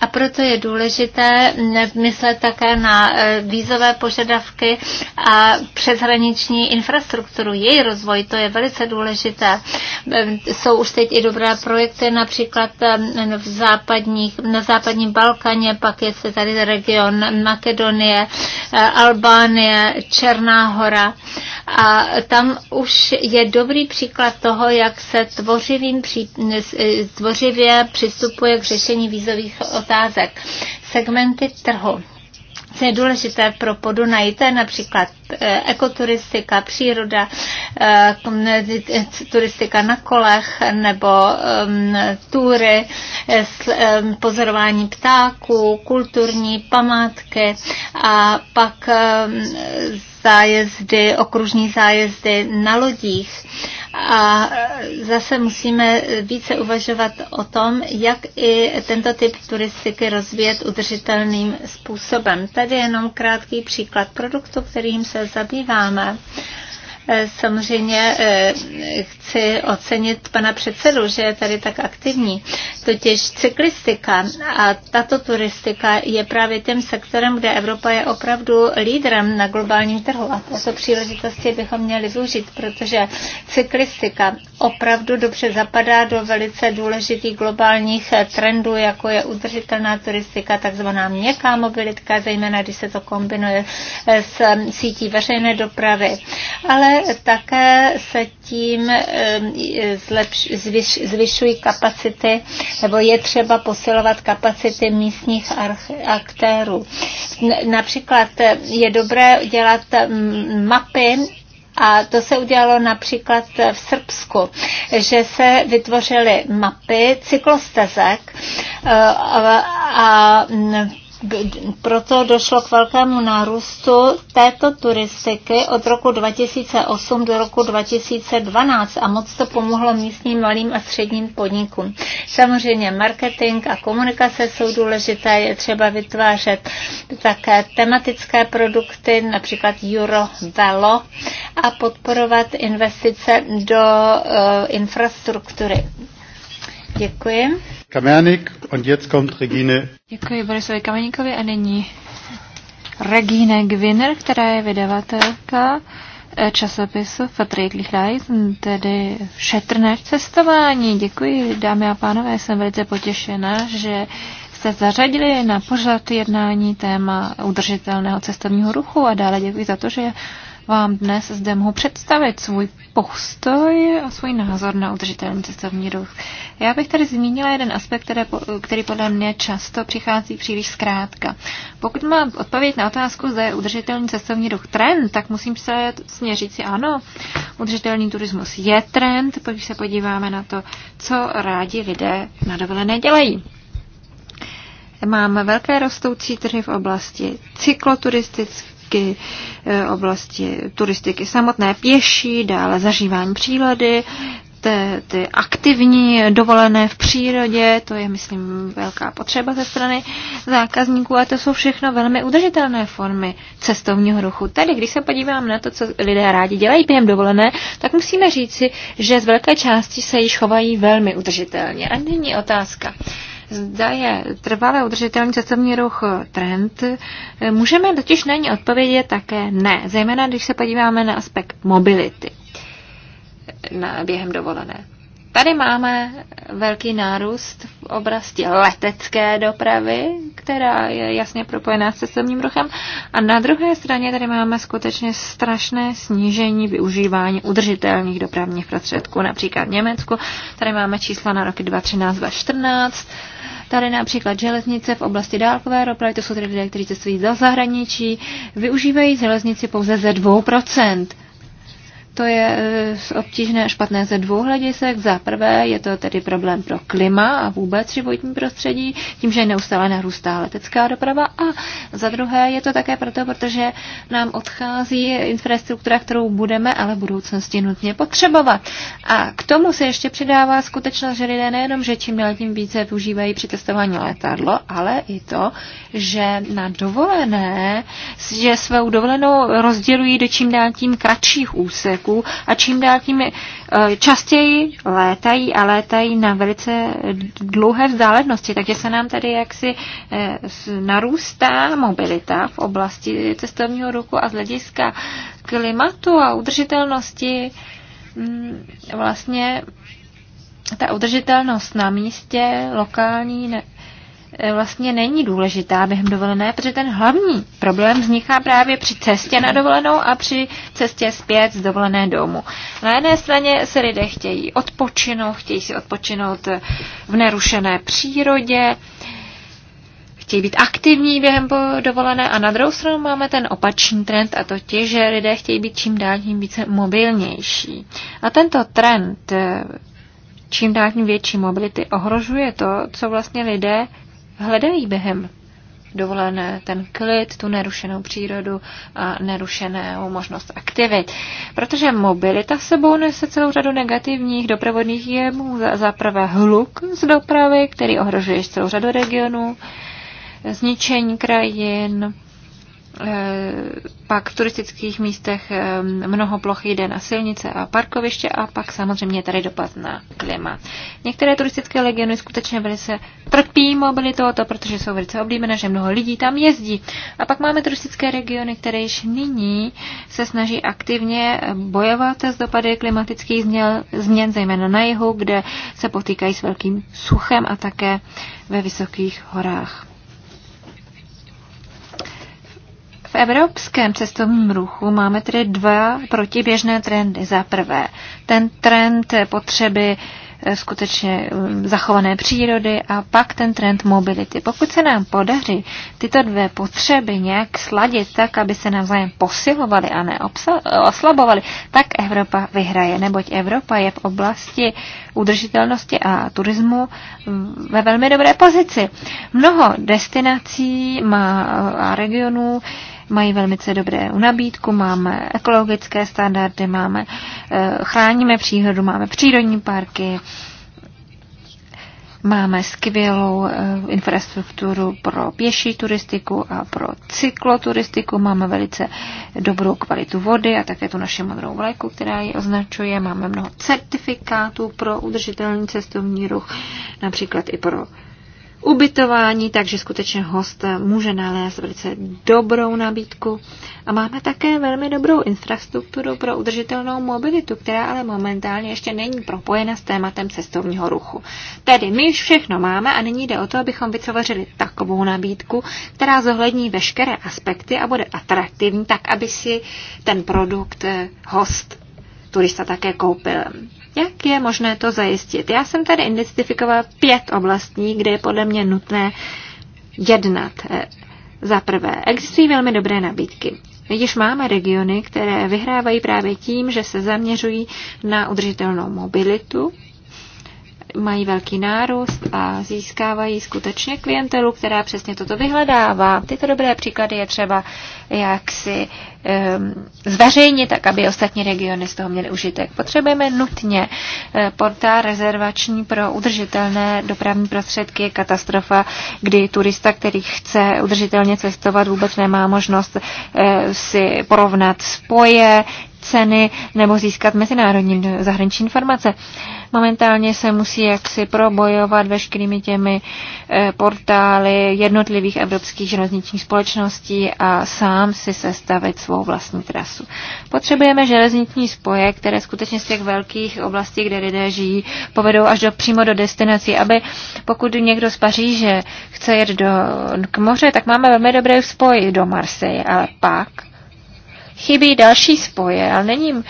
A proto je důležité mm, myslet také na eh, vízové požadavky a přeshraniční infrastrukturu, její rozvoj, to je velice důležité. Ehm, jsou už teď i dobré projekty, například ehm, v západních, na západním Balkaně, pak je se tady region Makedonie, eh, Albánie, Černá hora. A tam už je dobrý příklad toho, jak se tvořivým, e, tvořivě přistupuje k řešení vízových otázek segmenty trhu co je důležité pro Podunaj, to je například eh, ekoturistika, příroda, eh, turistika na kolech nebo ehm, tury, eh, ehm, pozorování ptáků, kulturní památky a pak ehm, zájezdy, okružní zájezdy na lodích a zase musíme více uvažovat o tom, jak i tento typ turistiky rozvíjet udržitelným způsobem. Tady jenom krátký příklad produktu, kterým se zabýváme. Uh, Eh, samozřejmě eh, chci ocenit pana předsedu, že je tady tak aktivní. Totiž cyklistika a tato turistika je právě tím sektorem, kde Evropa je opravdu lídrem na globálním trhu a této příležitosti bychom měli využít, protože cyklistika opravdu dobře zapadá do velice důležitých globálních eh, trendů, jako je udržitelná turistika, takzvaná měkká mobilitka, zejména když se to kombinuje s sítí veřejné dopravy. Ale také se tím eh, zlepš, zvyš, zvyšují kapacity, nebo je třeba posilovat kapacity místních aktérů. Například je dobré dělat mm, mapy a to se udělalo například v Srbsku, že se vytvořily mapy cyklostezek eh, a proto došlo k velkému nárůstu této turistiky od roku 2008 do roku 2012 a moc to pomohlo místním malým a středním podnikům. Samozřejmě marketing a komunikace jsou důležité, je třeba vytvářet také tematické produkty, například Eurovelo a podporovat investice do uh, infrastruktury. Děkuji. Kamernik und jetzt kommt Regine. Děkuji Borisovi Kameníkovi a nyní Regine Gwinner, která je vydavatelka eh, časopisu Verträglich Reisen, mm, tedy šetrné cestování. Děkuji, dámy a pánové, jsem velice potěšena, že jste zařadili na pořad jednání téma udržitelného cestovního ruchu a dále děkuji za to, že vám dnes zde mohu představit svůj postoj a svůj názor na udržitelný cestovní ruch. Já bych tady zmínila jeden aspekt, který, který podle mě často přichází příliš zkrátka. Pokud mám odpověď na otázku, zda je udržitelný cestovní ruch trend, tak musím se směřit si ano, udržitelný turismus je trend, když se podíváme na to, co rádi lidé na dovolené dělají. Máme velké rostoucí trhy v oblasti cykloturistické, turistiky, eh, oblasti turistiky samotné pěší, dále zažívání přírody, ty, ty aktivní dovolené v přírodě, to je, myslím, velká potřeba ze strany zákazníků a to jsou všechno velmi udržitelné formy cestovního ruchu. Tedy, když se podívám na to, co lidé rádi dělají během dovolené, tak musíme říci, že z velké části se již chovají velmi udržitelně. A není otázka. Uh, zda je trvalé udržitelný cestovní ruch trend, můžeme totiž na ní odpovědět také ne, zejména když se podíváme na aspekt mobility na, během dovolené. Tady máme velký nárůst v oblasti letecké dopravy, která je jasně propojená s cestovním ruchem. A na druhé straně tady máme skutečně strašné snížení využívání udržitelných dopravních prostředků, například v Německu. Tady máme čísla na roky 2013-2014 Tady například železnice v oblasti dálkové dopravy, to jsou tedy lidé, kteří cestují do zahraničí, využívají železnici pouze ze to je e, obtížné a špatné ze dvou hledisek. Za prvé je to tedy problém pro klima a vůbec životní prostředí, tím, že neustále narůstá letecká doprava. A za druhé je to také proto, protože nám odchází infrastruktura, kterou budeme ale v budoucnosti nutně potřebovat. A k tomu se ještě přidává skutečnost, že lidé nejenom, že čím dál tím více využívají při testování letadlo, ale i to, že na dovolené, že svou dovolenou rozdělují do čím dál tím kratších úsek podniků a čím dál tím eh, častěji létají a létají na velice dlouhé vzdálenosti, takže se nám tady jaksi eh, narůstá mobilita v oblasti cestovního ruchu a z hlediska klimatu a udržitelnosti mm, vlastně ta udržitelnost na místě, lokální, E, vlastně není důležitá během dovolené, protože ten hlavní problém vzniká právě při cestě na dovolenou a při cestě zpět z dovolené domu. Na jedné straně se lidé chtějí odpočinout, chtějí si odpočinout v nerušené přírodě, chtějí být aktivní během dovolené a na druhou stranu máme ten opačný trend a to tě, že lidé chtějí být čím dál tím více mobilnější. A tento trend e, čím dál tím větší mobility ohrožuje to, co vlastně lidé hledají během dovolené ten klid, tu nerušenou přírodu a nerušenou možnost aktivit. Protože mobilita sebou nese celou řadu negativních doprovodných Za, Za prvé hluk z dopravy, který ohrožuje celou řadu regionů, zničení krajin, Eh, pak v turistických místech eh, mnoho ploch jde na silnice a parkoviště a pak samozřejmě tady dopad na klima. Některé turistické regiony skutečně velice trpí mobilitou, to protože jsou velice oblíbené, že mnoho lidí tam jezdí. A pak máme turistické regiony, které již nyní se snaží aktivně bojovat s dopady klimatických změn, změn zejména na jihu, kde se potýkají s velkým suchem a také ve vysokých horách. evropském cestovním ruchu máme tedy dva protiběžné trendy. Za prvé, ten trend potřeby eh, skutečně mm, zachované přírody a pak ten trend mobility. Pokud se nám podaří tyto dvě potřeby nějak sladit tak, aby se navzájem posilovaly a ne oslabovaly, tak Evropa vyhraje, neboť Evropa je v oblasti udržitelnosti a turismu mm, ve velmi dobré pozici. Mnoho destinací má a regionů mají velmi dobré nabídku, máme ekologické standardy, máme, eh, chráníme přírodu, máme přírodní parky, Máme skvělou eh, infrastrukturu pro pěší turistiku a pro cykloturistiku. Máme velice dobrou kvalitu vody a také tu naše modrou vlajku, která ji označuje. Máme mnoho certifikátů pro udržitelný cestovní ruch, například i pro ubytování, takže skutečně host může nalézt velice dobrou nabídku. A máme také velmi dobrou infrastrukturu pro udržitelnou mobilitu, která ale momentálně ještě není propojena s tématem cestovního ruchu. Tedy my už všechno máme a nyní jde o to, abychom vytvořili takovou nabídku, která zohlední veškeré aspekty a bude atraktivní, tak aby si ten produkt eh, host turista také koupil. Jak je možné to zajistit? Já jsem tady identifikovala pět oblastí, kde je podle mě nutné jednat. Eh, za prvé, existují velmi dobré nabídky. Vidíš, máme regiony, které vyhrávají právě tím, že se zaměřují na udržitelnou mobilitu, mají velký nárůst a získávají skutečně klientelu, která přesně toto vyhledává. Tyto dobré příklady je třeba si um, zveřejnit, tak aby ostatní regiony z toho měly užitek. Potřebujeme nutně e, portál rezervační pro udržitelné dopravní prostředky. Je katastrofa, kdy turista, který chce udržitelně cestovat, vůbec nemá možnost uh, si porovnat spoje, ceny nebo získat mezinárodní zahraniční informace. Momentálně se musí jaksi probojovat veškerými těmi eh, portály jednotlivých evropských železničních společností a sám si sestavit svou vlastní trasu. Potřebujeme železniční spoje, které skutečně z těch velkých oblastí, kde lidé žijí, povedou až do, přímo do destinací, aby pokud někdo z Paříže chce jet do, k moře, tak máme velmi dobré spoj do Marseille, ale pak chybí další spoje, ale není,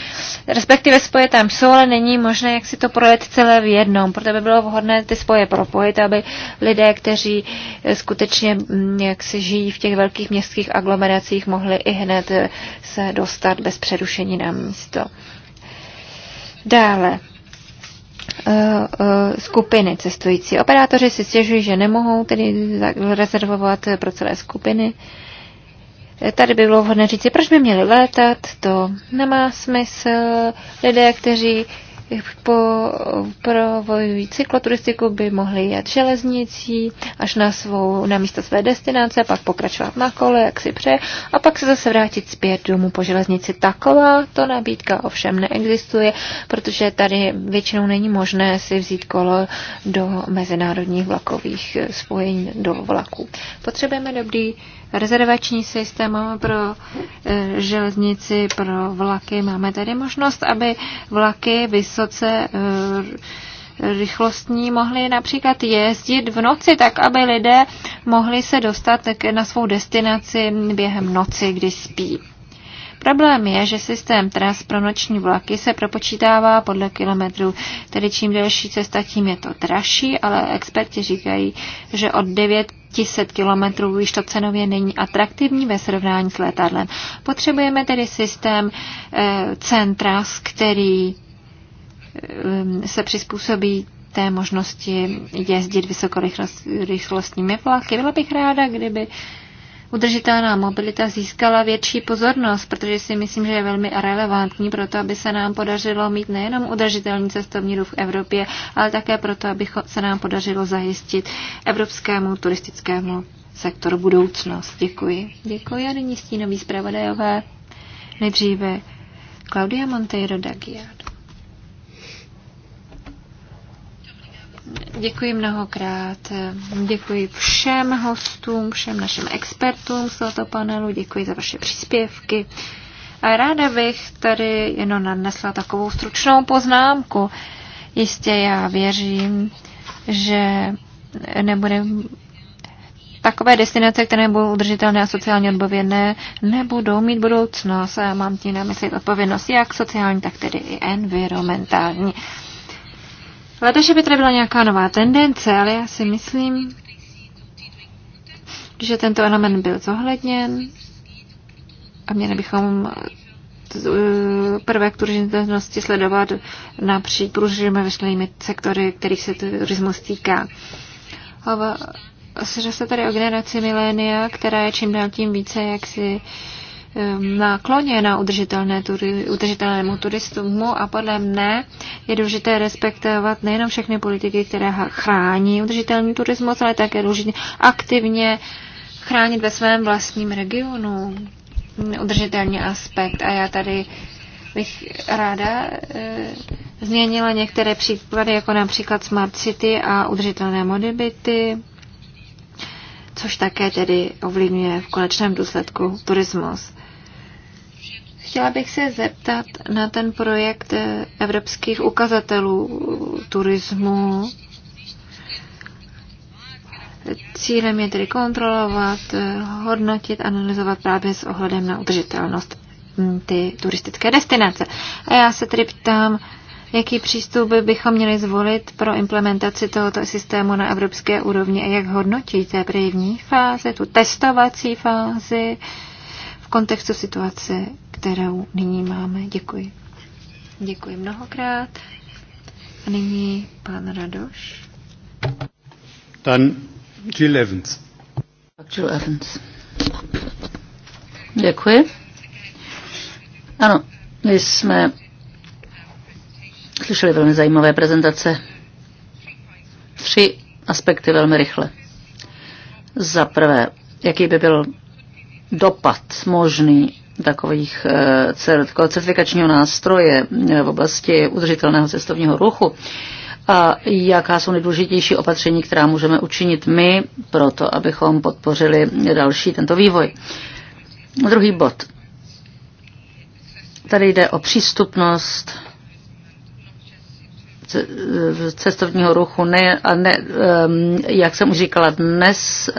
respektive spoje tam jsou, ale není možné, jak si to projet celé v jednom. Proto by bylo vhodné ty spoje propojit, aby lidé, kteří eh, skutečně mm, jak si žijí v těch velkých městských aglomeracích, mohli i hned eh, se dostat bez přerušení na místo. Dále, eh, skupiny cestující. Operátoři si stěžují, že nemohou tedy rezervovat pro celé skupiny. Tady by bylo vhodné říci, proč by měli létat, to nemá smysl. Lidé, kteří po, provojují cykloturistiku, by mohli jet železnicí až na, svou, na místo své destinace, pak pokračovat na kole, jak si pře, a pak se zase vrátit zpět domů po železnici. Taková to nabídka ovšem neexistuje, protože tady většinou není možné si vzít kolo do mezinárodních vlakových spojení do vlaků. Potřebujeme dobrý rezervační systém, máme pro eh, železnici, pro vlaky. Máme tady možnost, aby vlaky vysoce eh, rychlostní mohly například jezdit v noci, tak aby lidé mohli se dostat na svou destinaci během noci, kdy spí. Problém je, že systém tras pro noční vlaky se propočítává podle kilometrů, tedy čím delší cesta, tím je to dražší, ale experti říkají, že od 9 500 kilometrů, již to cenově není atraktivní ve srovnání s letadlem. Potřebujeme tedy systém eh, centra, který eh, se přizpůsobí té možnosti jezdit vysokorychlostními vlaky. Byla bych ráda, kdyby udržitelná mobilita získala větší pozornost, protože si myslím, že je velmi relevantní pro to, aby se nám podařilo mít nejenom udržitelný cestovní ruch v Evropě, ale také proto, aby se nám podařilo zajistit evropskému turistickému sektoru budoucnost. Děkuji. Děkuji a nyní stínový zpravodajové. Nejdříve Claudia Monteiro Dagiado. Děkuji mnohokrát. Děkuji všem hostům, všem našim expertům z tohoto panelu. Děkuji za vaše příspěvky. A ráda bych tady jenom nadnesla takovou stručnou poznámku. Jistě já věřím, že nebude takové destinace, které budou udržitelné a sociálně odpovědné, nebudou mít budoucnost. Já mám tím na mysli odpovědnost jak sociální, tak tedy i environmentální. Leda, že by tady byla nějaká nová tendence, ale já si myslím, že tento element byl zohledněn a měli bychom eh, prvek turistnosti sledovat napříč průřezovými veškerými sektory, kterých se turismus týká. že se tady o generaci milénia, která je čím dál tím více jaksi uh, nakloněna udržitelné turi, udržitelnému turismu a podle mne je důležité respektovat nejenom všechny politiky, které chrání udržitelný turismus, ale také důležité aktivně chránit ve svém vlastním regionu udržitelný aspekt. A já tady bych ráda e, změnila některé příklady, jako například Smart City a udržitelné modibity, což také tedy ovlivňuje v konečném důsledku turismus. Chtěla bych se zeptat na ten projekt eh, evropských ukazatelů turismu. Cílem je tedy kontrolovat, eh, hodnotit, analyzovat právě s ohledem na udržitelnost hm, ty turistické destinace. A já se tedy ptám, jaký přístup bychom měli zvolit pro implementaci tohoto systému na evropské úrovni a jak hodnotíte první fázi, tu testovací fázi v kontextu situace kterou nyní máme. Děkuji. Děkuji mnohokrát. A nyní pan Radoš. Dan Jill Evans. Jill Evans. Děkuji. Ano, my jsme slyšeli velmi zajímavé prezentace. Tři aspekty velmi rychle. Za prvé, jaký by byl dopad možný takových eh, certifikačního nástroje eh, v oblasti udržitelného cestovního ruchu a jaká jsou nejdůležitější opatření, která můžeme učinit my pro to, abychom podpořili další tento vývoj. Druhý bod. Tady jde o přístupnost eh, cestovního ruchu, ne, a ne, ehm, jak jsem už říkala dnes,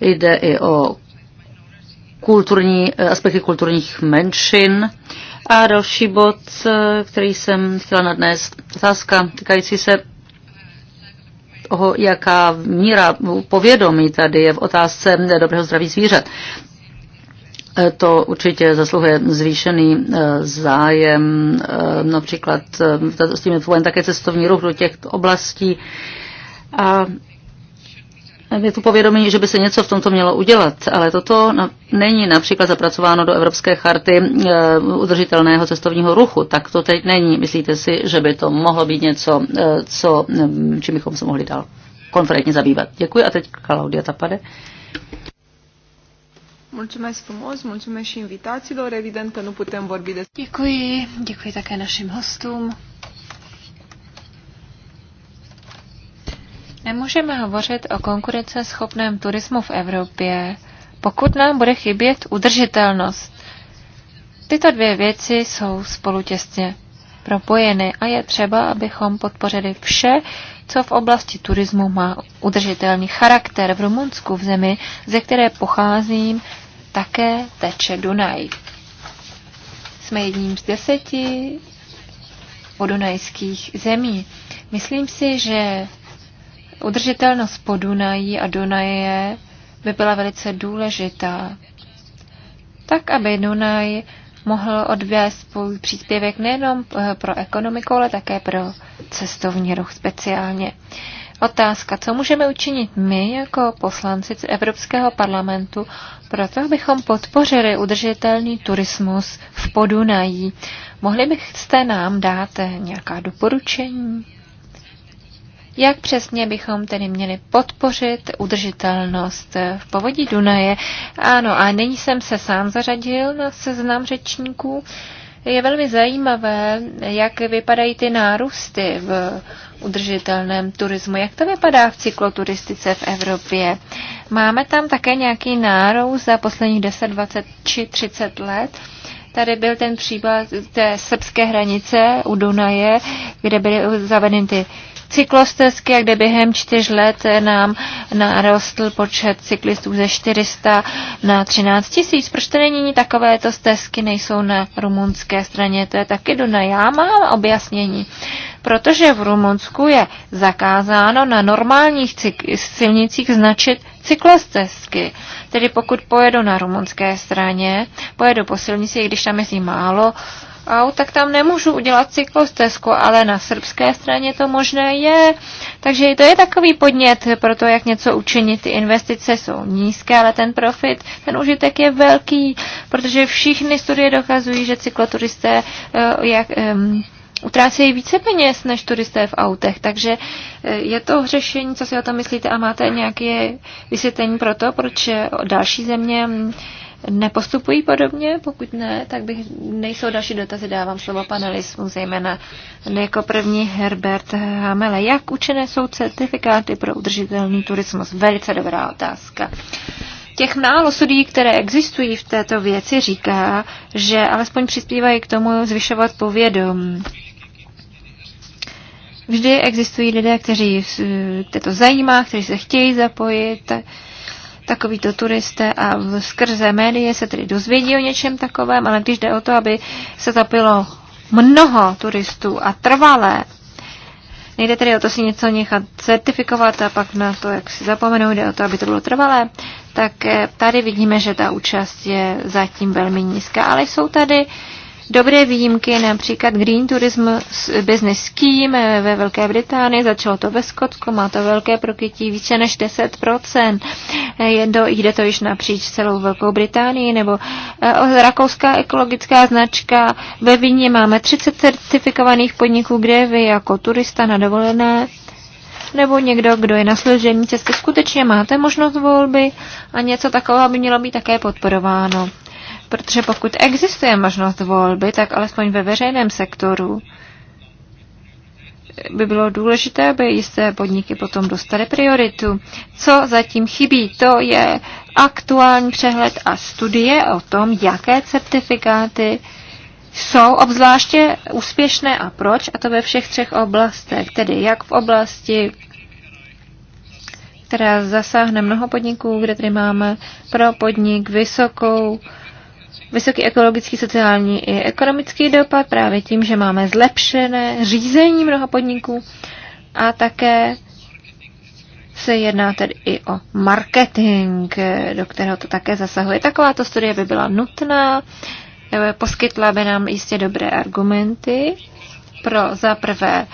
jde i o kulturní, eh, aspekty kulturních menšin. A další bod, eh, který jsem chtěla nadnést, otázka týkající se toho, jaká míra povědomí tady je v otázce dobrého zdraví zvířat. Eh, to určitě zasluhuje zvýšený zájem, například s tím je také cestovní ruch do těchto oblastí. A je tu povědomí, že by se něco v tomto mělo udělat, ale toto není například zapracováno do Evropské charty eh, udržitelného cestovního ruchu. Tak to teď není. Myslíte si, že by to mohlo být něco, eh, co, mm, čím bychom se mohli dál konferentně zabývat? Děkuji a teď Klaudia Tapade. Mulțumesc frumos, mulțumesc și invitațiilor. Evident că nu putem vorbi despre... Děkuji, děkuji také našim hostům. Nemůžeme hovořit o konkurenceschopném turismu v Evropě, pokud nám bude chybět udržitelnost. Tyto dvě věci jsou spolu těsně propojeny a je třeba, abychom podpořili vše, co v oblasti turismu má udržitelný charakter. V Rumunsku, v zemi, ze které pocházím, také teče Dunaj. Jsme jedním z deseti podunajských zemí. Myslím si, že Udržitelnost Dunaji a Dunaje by byla velice důležitá, tak aby Dunaj mohl odvést svůj příspěvek nejenom pro ekonomiku, ale také pro cestovní ruch speciálně. Otázka, co můžeme učinit my jako poslanci z Evropského parlamentu, proto abychom podpořili udržitelný turismus v Podunají. Mohli byste nám dát nějaká doporučení? Jak přesně bychom tedy měli podpořit udržitelnost v povodí Dunaje? Ano, a nyní jsem se sám zařadil na seznam řečníků. Je velmi zajímavé, jak vypadají ty nárůsty v udržitelném turismu. Jak to vypadá v cykloturistice v Evropě? Máme tam také nějaký nárůst za posledních 10, 20 či 30 let? Tady byl ten příběh té srbské hranice u Dunaje, kde byly zavedeny ty cyklostezky a kde během čtyř let nám narostl počet cyklistů ze 400 na 13 tisíc. Proč to není takovéto stezky, nejsou na rumunské straně? To je taky Duna. Já mám objasnění. Protože v Rumunsku je zakázáno na normálních silnicích značit cyklostezky. Tedy pokud pojedu na rumunské straně, pojedu po silnici, i když tam jezdí málo, aut, tak tam nemůžu udělat cyklostezku, ale na srbské straně to možné je. Takže to je takový podnět pro to, jak něco učinit. Ty investice jsou nízké, ale ten profit, ten užitek je velký, protože všichni studie dokazují, že cykloturisté eh, jak, um, utrácejí více peněz než turisté v autech. Takže eh, je to řešení, co si o tom myslíte a máte nějaké vysvětlení pro to, proč eh, další země nepostupují podobně? Pokud ne, tak bych, nejsou další dotazy, dávám slovo panelistům, zejména jako první Herbert Hamele. Jak učené jsou certifikáty pro udržitelný turismus? Velice dobrá otázka. Těch málo studií, které existují v této věci, říká, že alespoň přispívají k tomu zvyšovat povědomí. Vždy existují lidé, kteří e, to zajímá, kteří se chtějí zapojit, takovýto turisté a skrze médie se tedy dozvědí o něčem takovém, ale když jde o to, aby se zapilo mnoho turistů a trvalé, nejde tedy o to si něco nechat certifikovat a pak na to, jak si zapomenou, jde o to, aby to bylo trvalé, tak eh, tady vidíme, že ta účast je zatím velmi nízká, ale jsou tady dobré výjimky, například Green Tourism Business Scheme ve Velké Británii, začalo to ve Skotsku, má to velké prokytí více než 10%. do, jde to již napříč celou Velkou Británii, nebo eh, rakouská ekologická značka. Ve Víně máme 30 certifikovaných podniků, kde vy jako turista na dovolené nebo někdo, kdo je na služební cestě, skutečně máte možnost volby a něco takového by mělo být také podporováno. Protože pokud existuje možnost volby, tak alespoň ve veřejném sektoru by bylo důležité, aby jisté podniky potom dostaly prioritu. Co zatím chybí, to je aktuální přehled a studie o tom, jaké certifikáty jsou obzvláště úspěšné a proč, a to ve všech třech oblastech, tedy jak v oblasti která zasáhne mnoho podniků, kde tady máme pro podnik vysokou vysoký ekologický, sociální i ekonomický dopad právě tím, že máme zlepšené řízení mnoha podniků a také se jedná tedy i o marketing, do kterého to také zasahuje. Takováto studie by byla nutná, eh, poskytla by nám jistě dobré argumenty pro za prvé,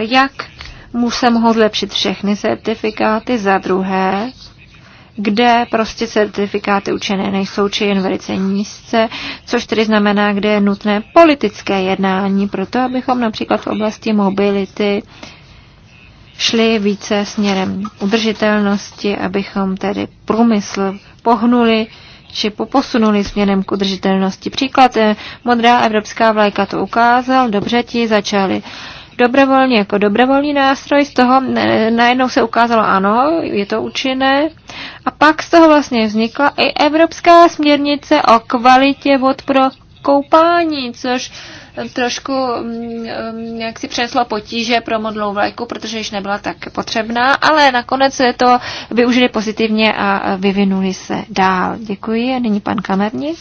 jak mu se mohou zlepšit všechny certifikáty, za druhé, kde prostě certifikáty učené nejsou, či jen velice nízce, což tedy znamená, kde je nutné politické jednání, proto abychom například v oblasti mobility šli více směrem udržitelnosti, abychom tedy průmysl pohnuli či posunuli směrem k udržitelnosti. Příklad eh, modrá evropská vlajka to ukázal, dobře ti začali dobrovolně jako dobrovolný nástroj, z toho eh, najednou se ukázalo ano, je to účinné, a pak z toho vlastně vznikla i Evropská směrnice o kvalitě vod pro koupání, což trošku mm, mm, jak si přineslo potíže pro modlou vlajku, protože již nebyla tak potřebná, ale nakonec se to využili pozitivně a vyvinuli se dál. Děkuji. A nyní pan kamerník.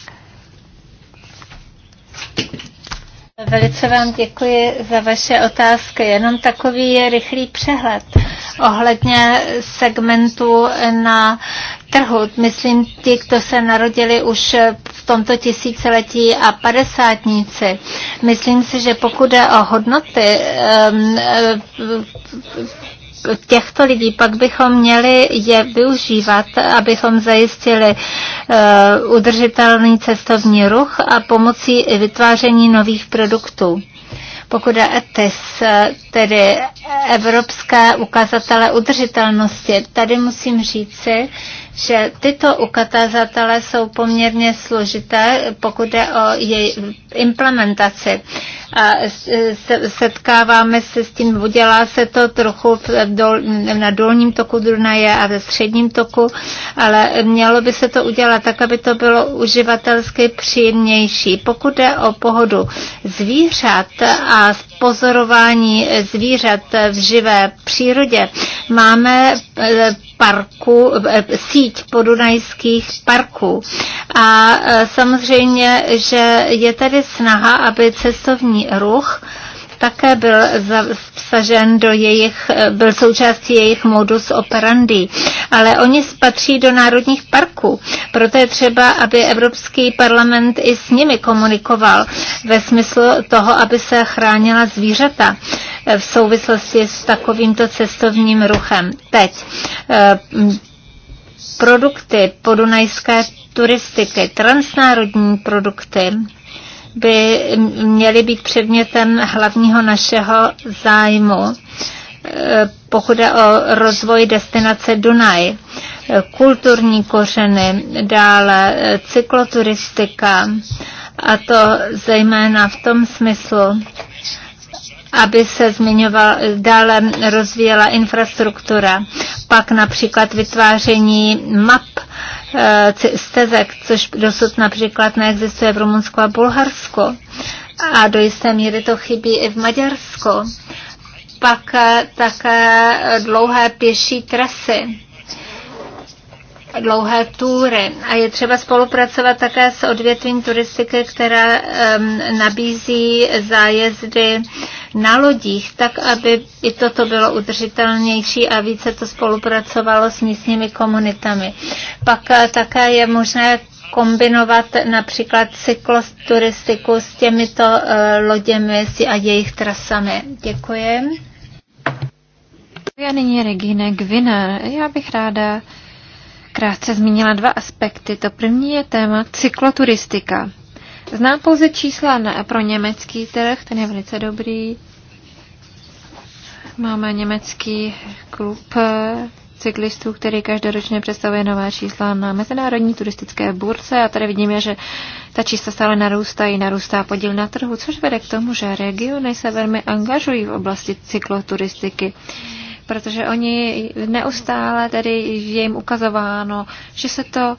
Velice vám děkuji za vaše otázky. Jenom takový je rychlý přehled ohledně segmentu na trhu. Myslím, ti, kdo se narodili už v tomto tisíciletí a padesátníci. Myslím si, že pokud jde o hodnoty, těchto lidí pak bychom měli je využívat, abychom zajistili eh, udržitelný cestovní ruch a pomocí vytváření nových produktů. Pokud je ETIS, eh, tedy Evropské ukazatele udržitelnosti, tady musím říci, že tyto ukazatele jsou poměrně složité, pokud je o její implementaci a setkáváme se s tím, udělá se to trochu dol, na dolním toku Dunaje a ve středním toku, ale mělo by se to udělat tak, aby to bylo uživatelsky příjemnější. Pokud jde o pohodu zvířat a pozorování zvířat v živé přírodě, máme e, parku, e, síť podunajských parků. A e, samozřejmě, že je tady snaha, aby cestovní ruch také byl vsažen do jejich, byl součástí jejich modus operandi. Ale oni spatří do národních parků, proto je třeba, aby Evropský parlament i s nimi komunikoval ve smyslu toho, aby se chránila zvířata v souvislosti s takovýmto cestovním ruchem. Teď eh, produkty podunajské turistiky, transnárodní produkty, by měly být předmětem hlavního našeho zájmu, e, pokud je o rozvoj destinace Dunaj. Kulturní kořeny, dále cykloturistika, a to zejména v tom smyslu, aby se zmiňoval, dále rozvíjela infrastruktura, pak například vytváření map, Eh, stezek, což dosud například neexistuje v Rumunsku a Bulharsku. A do jisté míry to chybí i v Maďarsku. Pak eh, také eh, dlouhé pěší trasy dlouhé túry. A je třeba spolupracovat také s odvětvím turistiky, která um, nabízí zájezdy na lodích, tak aby i toto bylo udržitelnější a více to spolupracovalo s místními komunitami. Pak eh, také je možné kombinovat například cyklosturistiku s těmito eh, loděmi a jejich trasami. Děkuji. Já nyní Regine Gwiner. Já bych ráda krátce zmínila dva aspekty. To první je téma cykloturistika. Znám pouze čísla na, pro německý trh, ten je velice dobrý. Máme německý klub eh, cyklistů, který každoročně představuje nová čísla na mezinárodní turistické burce a tady vidíme, že ta čísla stále narůstají, narůstá podíl na trhu, což vede k tomu, že regiony se velmi angažují v oblasti cykloturistiky protože oni neustále tedy je jim ukazováno, že se to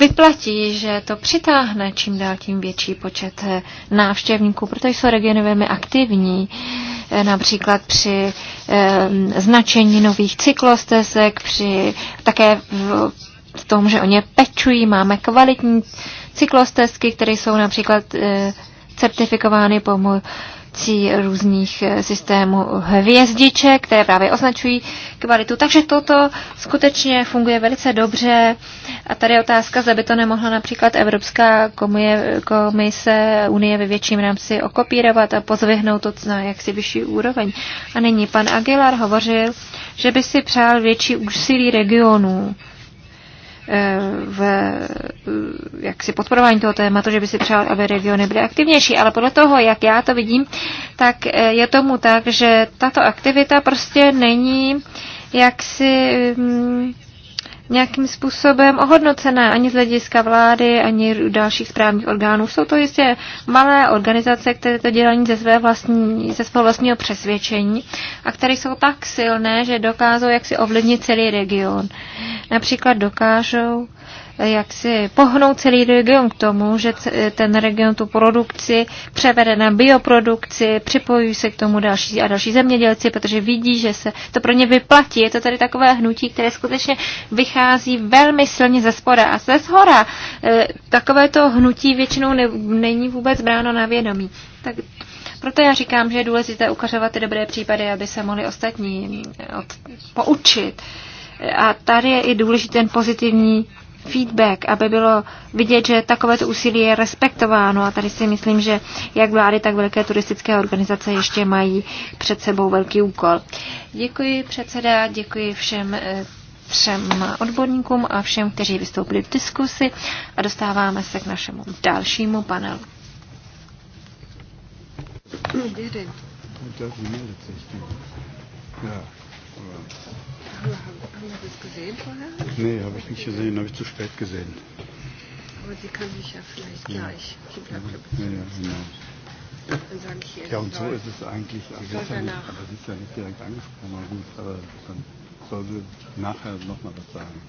vyplatí, že to přitáhne čím dál tím větší počet eh, návštěvníků, protože jsou regiony velmi aktivní, eh, například při eh, značení nových cyklostezek, při také v, v tom, že o ně pečují, máme kvalitní cyklostezky, které jsou například certifikovány eh, pomocí různých eh, systémů hvězdiček, které právě označují kvalitu. Takže toto skutečně funguje velice dobře. A tady je otázka, zda by to nemohla například Evropská komise, komise Unie ve větším rámci okopírovat a pozvihnout to na jaksi vyšší úroveň. A nyní pan Aguilar hovořil, že by si přál větší úsilí regionů Eh, v eh, jaksi podporování toho tématu, že by si přál, aby regiony byly aktivnější, ale podle toho, jak já to vidím, tak eh, je tomu tak, že tato aktivita prostě není jaksi mm, nějakým způsobem ohodnocené ani z hlediska vlády, ani dalších správních orgánů. Jsou to jistě malé organizace, které to dělají ze, své vlastní, ze svého vlastního přesvědčení a které jsou tak silné, že dokážou jaksi ovlivnit celý region. Například dokážou jak si pohnout celý region k tomu, že ten region tu produkci převede na bioprodukci, připojují se k tomu další a další zemědělci, protože vidí, že se to pro ně vyplatí. Je to tady takové hnutí, které skutečně vychází velmi silně ze spora a ze zhora. E, takové to hnutí většinou ne, není vůbec bráno na vědomí. Tak proto já říkám, že je důležité ukazovat ty dobré případy, aby se mohli ostatní od, poučit. E, a tady je i důležitý ten pozitivní feedback, aby bylo vidět, že takovéto úsilí je respektováno. A tady si myslím, že jak vlády, tak velké turistické organizace ještě mají před sebou velký úkol. Děkuji předseda, děkuji všem eh, třem odborníkům a všem, kteří vystoupili v diskusi a dostáváme se k našemu dalšímu panelu. Ja das gesehen vorher? Nee, habe ich nicht gesehen, habe ich zu spät gesehen. Aber sie kann sich ja vielleicht ja. gleich. Ja, ja, ja, genau. Dann sage ich ihr, ja, und so ist es eigentlich. Sie also soll ja aber sie ist ja nicht direkt angesprochen, aber gut, aber dann soll sie nachher nochmal was sagen.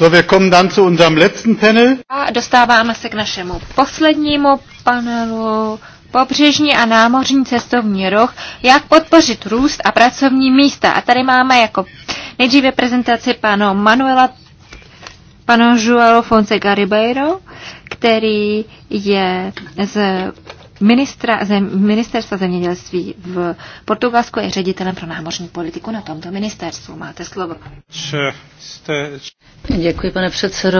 So, wir kommen dann zu unserem letzten panel. A dostáváme se k našemu poslednímu panelu pobřežní a námořní cestovní ruch, jak podpořit růst a pracovní místa. A tady máme jako nejdříve prezentaci pana Manuela, pana Joao Fonseca Ribeiro, který je z ministra, zem, ministerstva zemědělství v Portugalsku je ředitelem pro námořní politiku na tomto ministerstvu. Máte slovo. Děkuji, pane předsedo.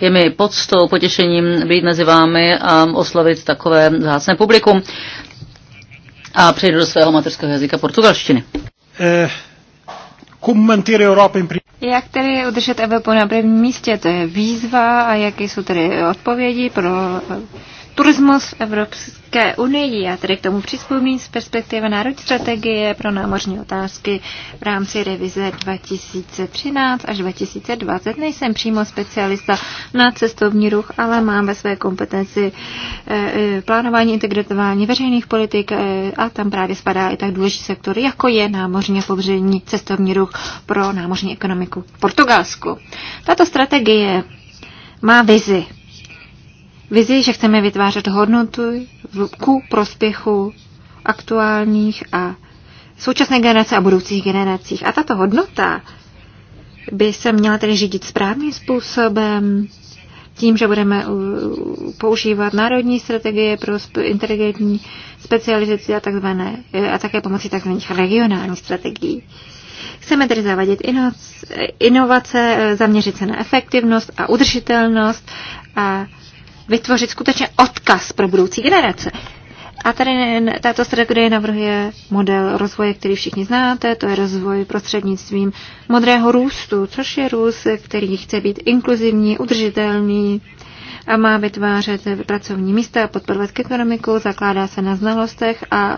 Je mi podstou potěšením být mezi vámi a oslavit takové zácné publikum. A přejdu do svého materského jazyka portugalštiny. jak tedy udržet Evropu na prvním místě? To je výzva a jaké jsou tedy odpovědi pro Turismus v Evropské unii. a tedy k tomu přizpomín z perspektivy národní strategie pro námořní otázky v rámci revize 2013 až 2020. Nejsem přímo specialista na cestovní ruch, ale mám ve své kompetenci eh, eh, plánování, integrování veřejných politik eh, a tam právě spadá i tak důležitý sektor, jako je námořní pobřežní cestovní ruch pro námořní ekonomiku v Portugalsku. Tato strategie má vizi vizi, že chceme vytvářet hodnotu ku prospěchu aktuálních a současné generace a budoucích generacích. A tato hodnota by se měla tedy řídit správným způsobem, tím, že budeme používat národní strategie pro inteligentní specializaci a, takzvané, a také pomocí tzv. regionálních strategií. Chceme tedy zavadit inovace, zaměřit se na efektivnost a udržitelnost a vytvořit skutečně odkaz pro budoucí generace. A tady tato strategie navrhuje model rozvoje, který všichni znáte, to je rozvoj prostřednictvím modrého růstu, což je růst, který chce být inkluzivní, udržitelný a má vytvářet pracovní místa a podporovat ekonomiku, zakládá se na znalostech a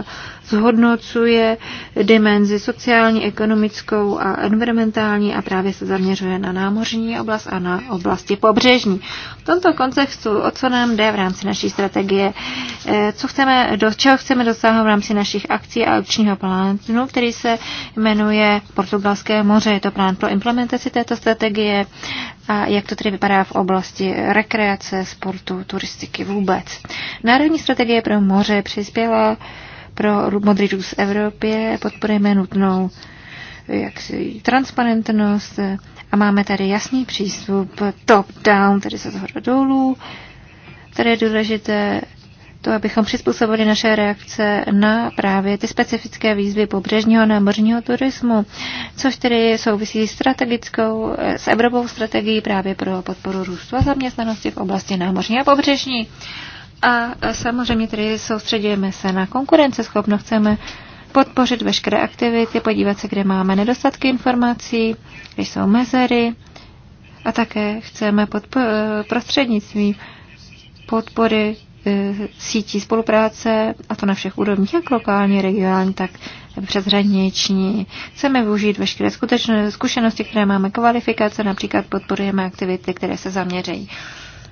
zhodnocuje dimenzi sociální, ekonomickou a environmentální a právě se zaměřuje na námořní oblast a na oblasti pobřežní. V tomto kontextu, o co nám jde v rámci naší strategie, eh, co chceme, do čeho chceme dosáhnout v rámci našich akcí a akčního plánu, který se jmenuje Portugalské moře. Je to plán pro implementaci této strategie a jak to tedy vypadá v oblasti rekreace, sportu, turistiky vůbec. Národní strategie pro moře přispěla pro modrý růst Evropě, podporujeme nutnou eh, jaksi, transparentnost eh, a máme tady jasný přístup top-down, tedy se zhora dolů, které je důležité to, abychom přizpůsobili naše reakce na právě ty specifické výzvy pobřežního a námořního turismu, což tedy souvisí strategickou, eh, s Evropou strategií právě pro podporu růstu a zaměstnanosti v oblasti námořní a pobřežní. A samozřejmě tedy soustředujeme se na konkurenceschopnost, chceme podpořit veškeré aktivity, podívat se, kde máme nedostatky informací, kde jsou mezery a také chceme podpo- prostřednictvím podpory eh, sítí spolupráce, a to na všech úrovních, jak lokální, regionální, tak přeshraniční. Chceme využít veškeré skutečné zkušenosti, které máme kvalifikace, například podporujeme aktivity, které se zaměřejí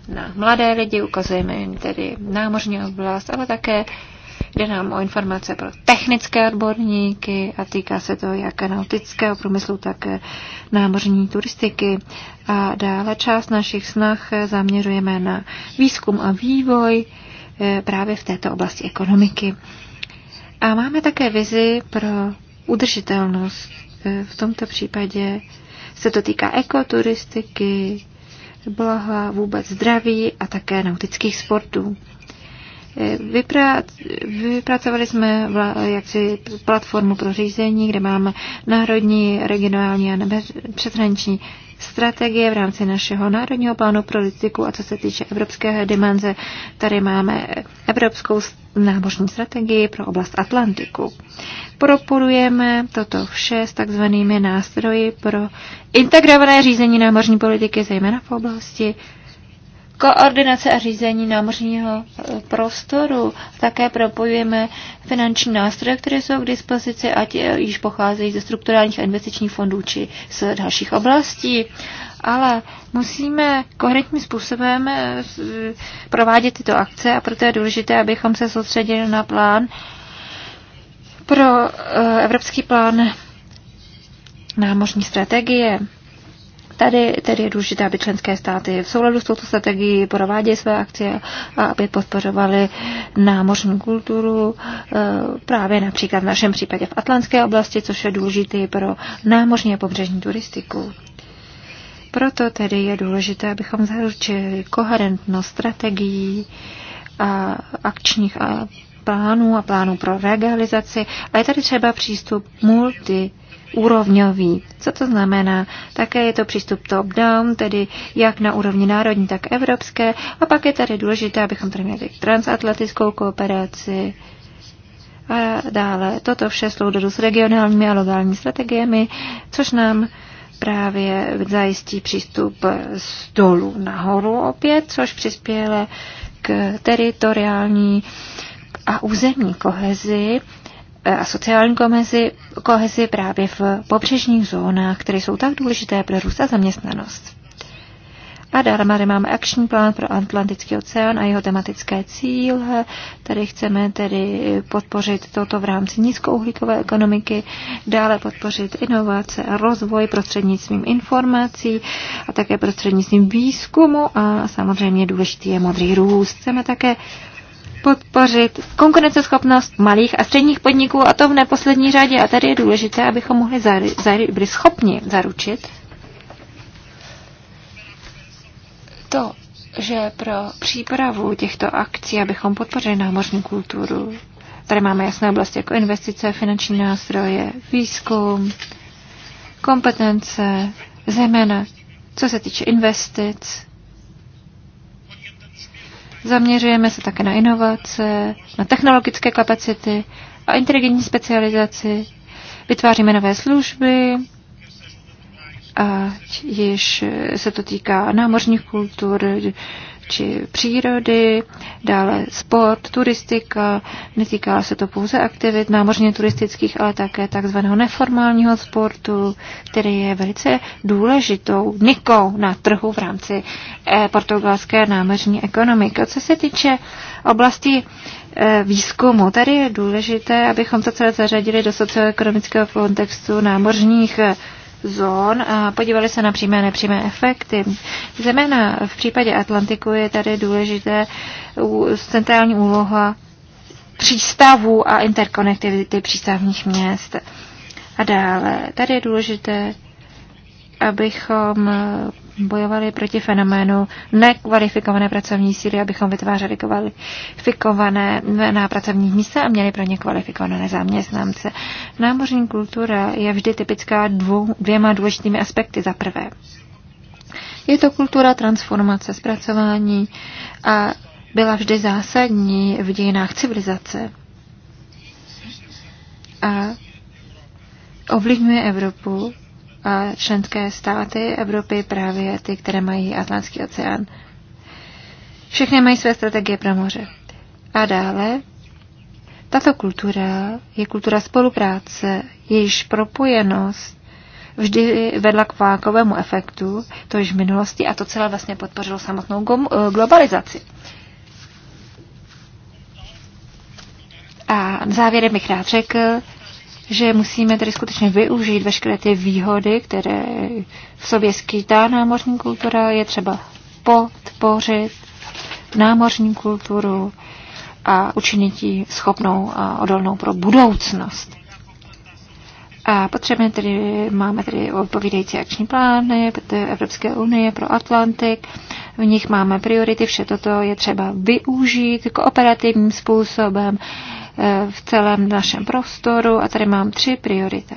na mladé lidi, ukazujeme jim tedy námořní oblast, ale také jde nám o informace pro technické odborníky a týká se to jak nautického průmyslu, tak námořní turistiky. A dále část našich snah zaměřujeme na výzkum a vývoj eh, právě v této oblasti ekonomiky. A máme také vizi pro udržitelnost. Eh, v tomto případě se to týká ekoturistiky, blaha, vůbec zdraví a také nautických sportů. Eh, vypracovali jsme jaksi platformu pro řízení, kde máme národní, regionální a přeshraniční strategie v rámci našeho národního plánu pro politiku a co se týče evropské dimenze, tady máme evropskou námořní strategii pro oblast Atlantiku. Proporujeme toto vše s takzvanými nástroji pro integrované řízení námořní politiky, zejména v oblasti koordinace a řízení námořního e, prostoru. Také propojujeme finanční nástroje, které jsou k dispozici, ať e, již pocházejí ze strukturálních a investičních fondů či z dalších oblastí. Ale musíme koherentním způsobem e, provádět tyto akce a proto je důležité, abychom se soustředili na plán pro evropský plán námořní strategie. Tady tedy je důležité, aby členské státy v souladu s touto strategií provádějí své akce a aby podpořovaly námořní kulturu eh, právě například v našem případě v Atlantské oblasti, což je důležité pro námořní a pobřežní turistiku. Proto tedy je důležité, abychom zaručili koherentnost strategií a akčních a plánů a plánů pro realizaci, ale je tady třeba přístup multi úrovňový. Co to znamená? Také je to přístup top-down, tedy jak na úrovni národní, tak evropské. A pak je tady důležité, abychom tady měli transatlantickou kooperaci, a dále toto vše sloudu s regionálními a lokálními strategiemi, což nám právě zajistí přístup z dolů nahoru opět, což přispěje k teritoriální a územní kohezi Eh, a sociální komezi, kohezi právě v pobřežních zónách, které jsou tak důležité pro růst a zaměstnanost. A dále máme akční plán pro Atlantický oceán a jeho tematické cíle. Tady chceme tedy podpořit toto v rámci nízkouhlíkové ekonomiky, dále podpořit inovace a rozvoj prostřednictvím informací a také prostřednictvím výzkumu a samozřejmě důležitý je modrý růst. Chceme také podpořit konkurenceschopnost malých a středních podniků a to v neposlední řadě. A tady je důležité, abychom mohli zary, zary, byli schopni zaručit to, že pro přípravu těchto akcí, abychom podpořili námořní kulturu, tady máme jasné oblasti jako investice, finanční nástroje, výzkum, kompetence, zejména co se týče investic, Zaměřujeme se také na inovace, na technologické kapacity a inteligentní specializaci. Vytváříme nové služby, ať již se to týká námořních kultur, či přírody, dále sport, turistika, netýká se to pouze aktivit námořně turistických, ale také takzvaného neformálního sportu, který je velice důležitou nikou na trhu v rámci eh, portugalské námořní ekonomiky. Co se týče oblasti eh, výzkumu. Tady je důležité, abychom to celé zařadili do socioekonomického kontextu námořních eh, zón a podívali se na přímé a nepřímé efekty. Zeměna v případě Atlantiku je tady důležité centrální úloha přístavů a interkonektivity přístavních měst. A dále, tady je důležité, abychom bojovali proti fenoménu nekvalifikované pracovní síly, abychom vytvářeli kvalifikované na pracovní místa a měli pro ně kvalifikované zaměstnance. Námořní kultura je vždy typická dvou, dvěma důležitými aspekty. Za prvé, je to kultura transformace, zpracování a byla vždy zásadní v dějinách civilizace. A ovlivňuje Evropu a členské státy Evropy, právě ty, které mají Atlantský oceán, všechny mají své strategie pro moře. A dále, tato kultura je kultura spolupráce, jejíž propojenost vždy vedla k vákovému efektu, to již v minulosti, a to celé vlastně podpořilo samotnou eh, globalizaci. A závěrem bych rád řekl, že musíme tedy skutečně využít veškeré ty výhody, které v sobě skýtá námořní kultura, je třeba podpořit námořní kulturu a učinit ji schopnou a odolnou pro budoucnost. A potřebujeme tedy, máme tedy odpovídající akční plány Evropské unie pro Atlantik, v nich máme priority, vše toto je třeba využít kooperativním způsobem, Eh, v celém našem prostoru a tady mám tři priority.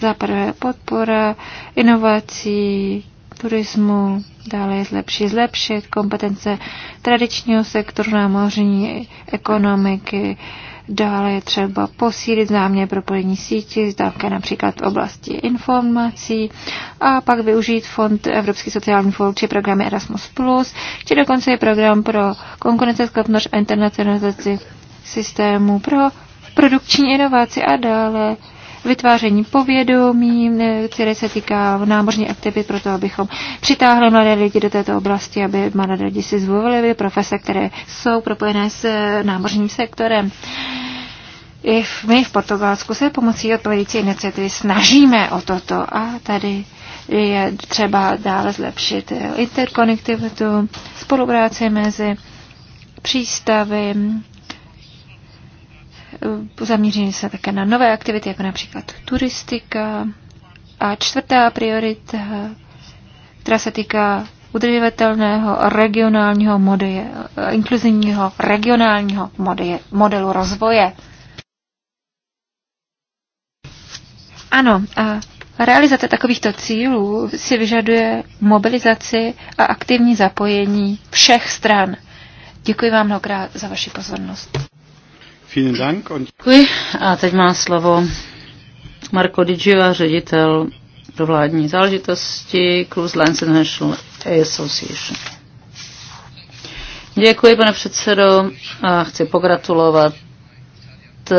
Za prvé podpora inovací, turismu, dále je zlepší, zlepšit kompetence tradičního sektoru námořní ekonomiky, dále je třeba posílit záměr propojení sítí, zdávka například v oblasti informací a pak využít fond Evropský sociální fond či programy Erasmus+, či dokonce je program pro konkurenceschopnost a internacionalizaci systému pro produkční inovaci a dále vytváření povědomí, eh, které se týká námořní aktivit, proto abychom přitáhli mladé lidi do této oblasti, aby mladé lidi si zvolili profese, které jsou propojené s eh, námořním sektorem. I my v Portugalsku se pomocí odpovědící iniciativy snažíme o toto a tady je třeba dále zlepšit eh, interkonektivitu, spolupráci mezi přístavy, Eh, zaměření se také na nové aktivity, jako například turistika. A čtvrtá priorita, eh, která se týká udržitelného regionálního modelu, eh, inkluzivního regionálního modelu, modelu rozvoje. Ano, a realizace takovýchto cílů si vyžaduje mobilizaci a aktivní zapojení všech stran. Děkuji vám mnohokrát za vaši pozornost. Děkuji. A teď má slovo Marko Digiva, ředitel pro vládní záležitosti Cruise Lines International Association. Děkuji, pane předsedo, a chci pogratulovat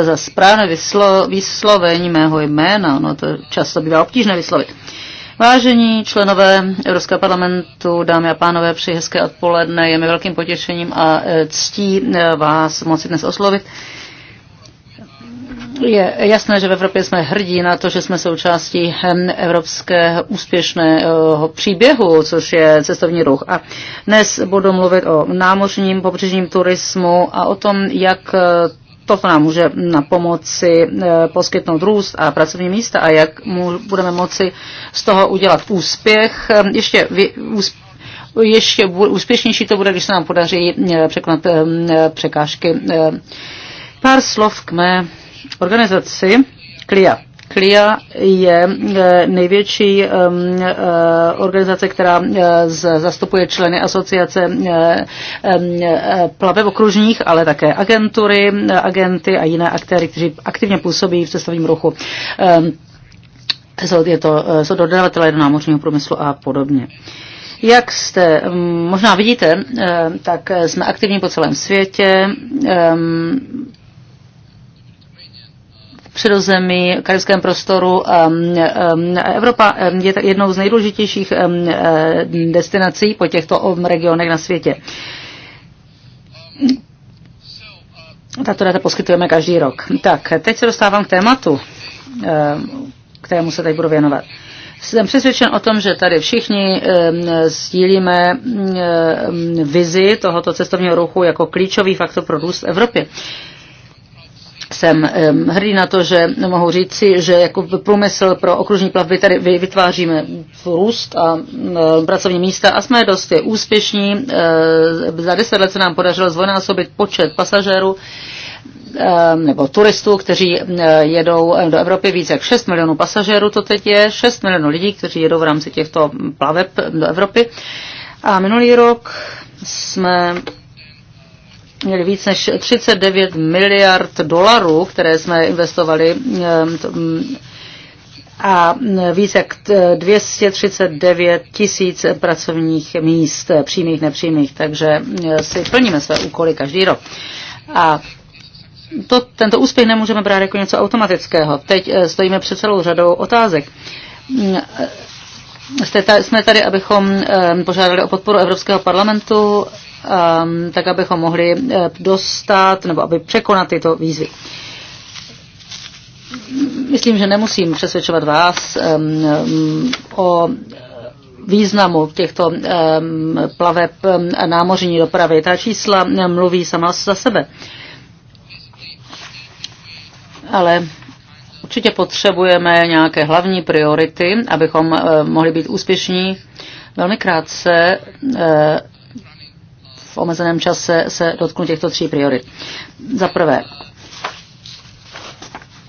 za správné vyslo- vyslovení mého jména. No to často bývá obtížné vyslovit. Vážení členové Evropského parlamentu, dámy a pánové, při hezké odpoledne. Je mi velkým potěšením a e, ctí e, vás moci dnes oslovit. Je jasné, že v Evropě jsme hrdí na to, že jsme součástí ehm, evropského úspěšného příběhu, což je cestovní ruch. A dnes budu mluvit o námořním pobřežním turismu a o tom, jak eh, toto nám může na pomoci eh, poskytnout růst a pracovní místa a jak mu budeme moci z toho udělat úspěch. Ehm, ještě vy, úspěch ještě úspěšnější to bude, když se nám podaří eh, překonat ehm, překážky. Pár slov k mé organizaci CLIA. CLIA je e, největší e, e, organizace, která zastupuje členy asociace plaveb okružních, ale také agentury, agenty a jiné aktéry, kteří aktivně působí v cestovním ruchu. je to, jsou dodavatelé do námořního průmyslu a podobně. Jak jste možná vidíte, tak jsme aktivní po celém světě přirozemí, karibském prostoru. Evropa je jednou z nejdůležitějších eh, destinací po těchto regionech na světě. Tato data poskytujeme každý rok. Tak, teď se dostávám k tématu, eh, kterému se teď budu věnovat. Jsem přesvědčen o tom, že tady všichni sdílíme vizi tohoto cestovního ruchu jako klíčový faktor pro růst v Evropě. Jsem hrdý na to, že mohu říci, že jako průmysl pro okružní plavby tady vytváříme růst a pracovní místa a jsme dost úspěšní. E, za deset let se nám podařilo zvojnásobit počet pasažérů nebo turistů, kteří jedou do Evropy více jak 6 milionů pasažérů, to teď je 6 milionů lidí, kteří jedou v rámci těchto plaveb do Evropy. A minulý rok jsme měli víc než 39 miliard dolarů, které jsme investovali ehm, mm, a mm, víc jak 239 tisíc pracovních míst, eh, přímých, nepřímých, takže eh, si plníme své úkoly každý rok. A to, tento úspěch nemůžeme brát jako něco automatického. Teď eh, stojíme před celou řadou otázek. Mm, jste jsme tady, abychom ehm, požádali o podporu Evropského parlamentu Um, tak abychom mohli eh, dostat nebo aby překonat tyto výzvy. Myslím, že nemusím přesvědčovat vás o významu těchto plaveb námořní dopravy. Ta čísla mluví sama za sebe. Ale určitě potřebujeme nějaké hlavní priority, abychom eh, mohli být úspěšní. Velmi krátce eh, omezeném čase se dotknu těchto tří priorit. Za prvé,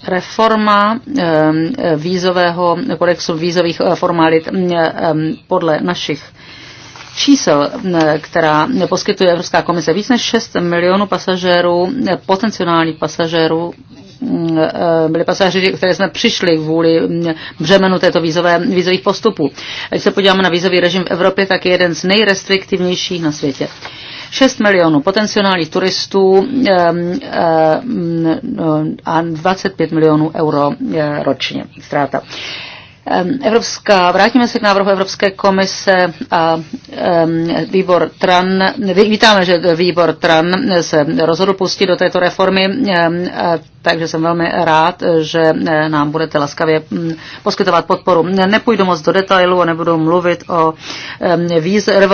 reforma ehm, vízového kodexu vízových eh, formálit ehm, ehm, podle našich čísel, která poskytuje Evropská komise, víc než 6 milionů pasažérů, eh, potenciálních pasažérů, mm, eh, byli pasažéři, které jsme přišli kvůli mm, břemenu této vízové, vízových postupů. Když se podíváme na vízový režim v Evropě, tak je jeden z nejrestriktivnějších na světě. 6 milionů potenciálních turistů a 25 milionů euro ročně ztráta. Evropská, vrátíme se k návrhu Evropské komise a výbor TRAN, vítáme, že výbor TRAN se rozhodl pustit do této reformy takže jsem velmi rád, že eh, nám budete laskavě mm, poskytovat podporu. Nepůjdu moc do detailu a nebudu mluvit o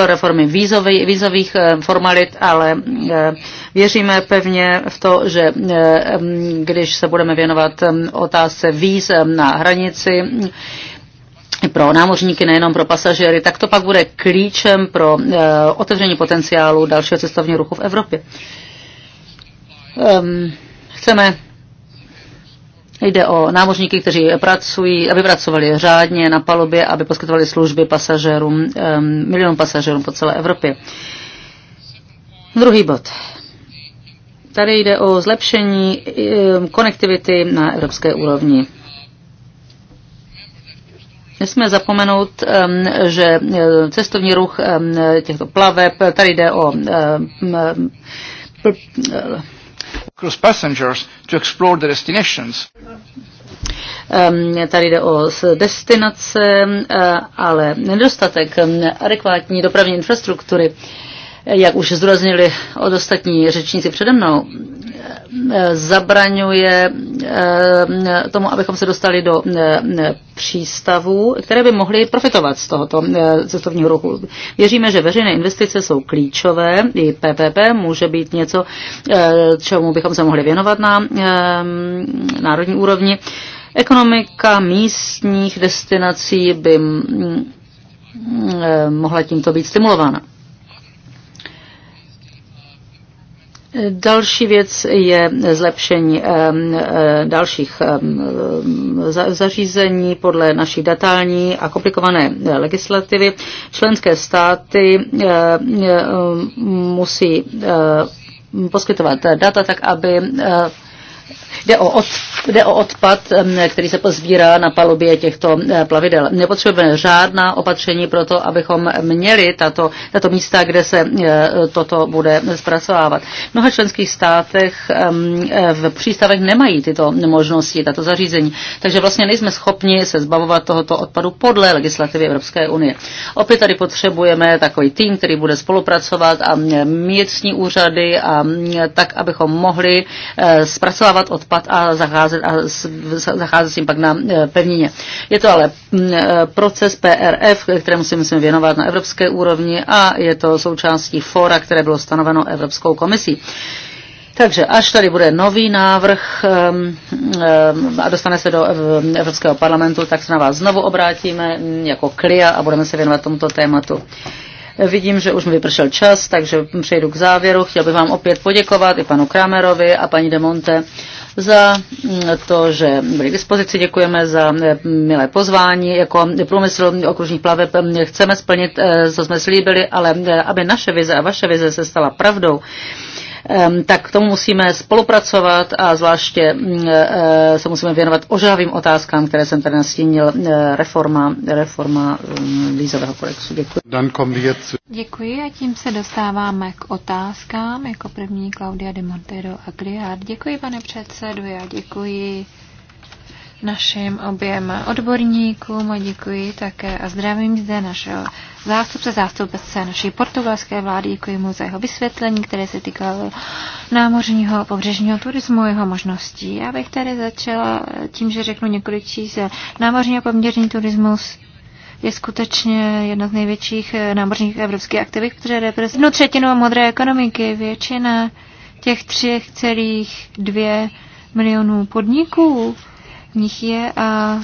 reformy vízových eh, formalit, ale eh, věříme pevně v to, že když se budeme věnovat otázce víz na hranici, pro námořníky, nejenom pro pasažéry, tak to pak bude klíčem pro e, otevření potenciálu dalšího cestovního ruchu v Evropě. Um, chceme Jde o námořníky, kteří pracují, aby pracovali řádně na palubě, aby poskytovali služby pasažérům, milionům pasažérům po celé Evropě. Druhý bod. Tady jde o zlepšení konektivity na evropské úrovni. Nesmíme zapomenout, že e, cestovní ruch těchto plaveb, tady jde o Cruise passengers to explore the destinations. Ehm, tady jde o destinace, eh, ale nedostatek ehm, adekvátní dopravní infrastruktury, jak už zdůraznili od ostatní řečníci přede mnou, zabraňuje eh, tomu, abychom se dostali do eh, přístavů, které by mohly profitovat z tohoto eh, cestovního ruchu. Věříme, že veřejné investice jsou klíčové, i PPP může být něco, čemu bychom se mohli věnovat na národní úrovni. Ekonomika místních destinací by mm, mohla tímto být stimulována. Další věc je zlepšení dalších zařízení podle naší datální a komplikované legislativy. Členské státy musí poskytovat data tak, aby Jde o, od, jde o odpad, který se pozbírá na palubě těchto plavidel. Nepotřebujeme žádná opatření pro to, abychom měli tato, tato místa, kde se toto bude zpracovávat. V mnoha členských státech v přístavech nemají tyto možnosti, tato zařízení. Takže vlastně nejsme schopni se zbavovat tohoto odpadu podle legislativy Evropské unie. Opět tady potřebujeme takový tým, který bude spolupracovat a místní úřady a tak, abychom mohli eh, zpracovat zpracovávat odpad a zacházet, a zacházet s tím pak na e, pevnině. Je to ale e, proces PRF, kterému se musíme věnovat na evropské úrovni a je to součástí fora, které bylo stanoveno Evropskou komisí. Takže až tady bude nový návrh a dostane se do Evropského parlamentu, tak se na vás znovu obrátíme jako KLIA a budeme se věnovat tomuto tématu. Vidím, že už mi vypršel čas, takže přejdu k závěru. Chtěl bych vám opět poděkovat i panu Kramerovi a paní Demonte za mm, to, že byli k dispozici. Děkujeme za mm, milé pozvání. Jako průmysl okružních plaveb mm, chceme splnit, eh, co jsme slíbili, ale eh, aby naše vize a vaše vize se stala pravdou, tak k tomu musíme spolupracovat a zvláště mm, e, e, se musíme věnovat ožávým otázkám, které jsem tady nastínil, e, reforma, reforma mm, vízového kodexu. Děkuji. Děkuji a tím se dostáváme k otázkám. Jako první Claudia de Montero Agliar. Děkuji, pane předsedu, já děkuji našim oběma odborníkům a děkuji také a zdravím zde našeho zástupce, zástupce naší portugalské vlády, děkuji mu za jeho vysvětlení, které se týkalo námořního pobřežního turismu, jeho možností. Já bych tady začala tím, že řeknu několik čísel. Námořní a pobřežní turismus je skutečně jedna z největších eh, námořních evropských aktivit, které reprezentuje jednu třetinu modré ekonomiky. Většina těch 3,2 milionů podniků nich je a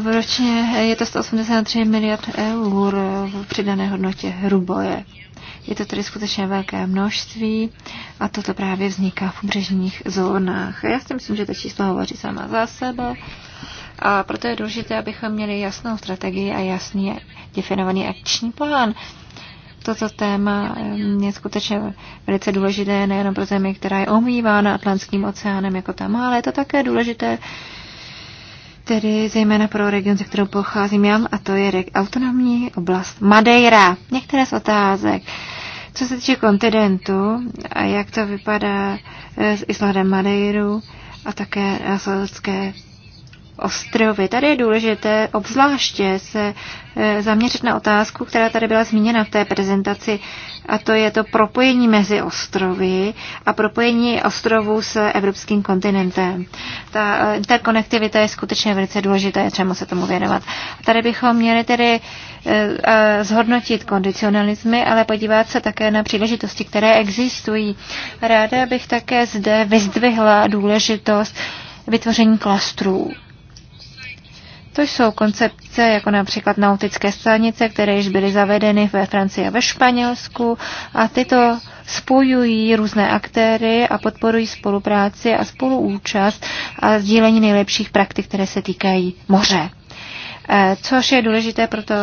v ročně je to 183 miliard eur v přidané hodnotě hruboje. Je to tedy skutečně velké množství a toto právě vzniká v pobřežních zónách. Já si myslím, že to číslo hovoří sama za sebe a proto je důležité, abychom měli jasnou strategii a jasný definovaný akční plán toto téma je skutečně velice důležité nejenom pro zemi, která je omývána Atlantským oceánem jako tam, ale je to také důležité tedy zejména pro region, ze kterého pocházím já, a to je autonomní oblast Madeira. Některé z otázek. Co se týče kontinentu a jak to vypadá eh, s Islandem Madeiru a také azorské ostrovy. Tady je důležité obzvláště se e, zaměřit na otázku, která tady byla zmíněna v té prezentaci, a to je to propojení mezi ostrovy a propojení ostrovů s evropským kontinentem. Ta e, interkonektivita je skutečně velice důležitá, je třeba se tomu věnovat. Tady bychom měli tedy e, zhodnotit kondicionalismy, ale podívat se také na příležitosti, které existují. Ráda bych také zde vyzdvihla důležitost vytvoření klastrů. To jsou koncepce jako například nautické stanice, které již byly zavedeny ve Francii a ve Španělsku a tyto spojují různé aktéry a podporují spolupráci a spoluúčast a sdílení nejlepších praktik, které se týkají moře eh, což je důležité pro to,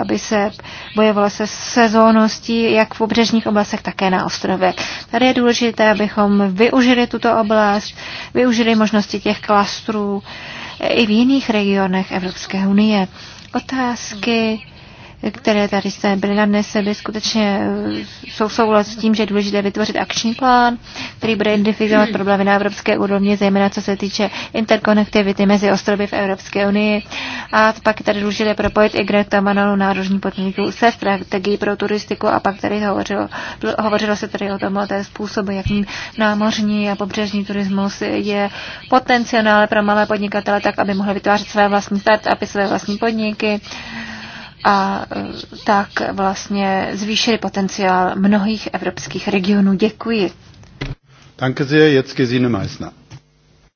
aby se bojovalo se sezóností jak v pobřežních oblastech, také na ostrovech. Tady je důležité, abychom využili tuto oblast, využili možnosti těch klastrů, i v jiných regionech Evropské unie. Otázky které tady se byly nadneseny, skutečně eh, jsou souhlas s tím, že je důležité vytvořit akční plán, který bude identifikovat problémy na evropské úrovni, zejména co se týče interkonektivity mezi ostrovy v Evropské unii. A pak je tady důležité propojit i Greta Manolu národní podmínku se strategií pro turistiku a pak tady hovořilo, hovořilo se tady o tom, o té způsobu, jakým námořní a pobřežní turismus je potenciál pro malé podnikatele, tak aby mohli vytvářet své vlastní startupy, své vlastní podniky a e, tak vlastně zvýšili potenciál mnohých evropských regionů. Děkuji. Danke sehr, jetzt Gesine Meissner.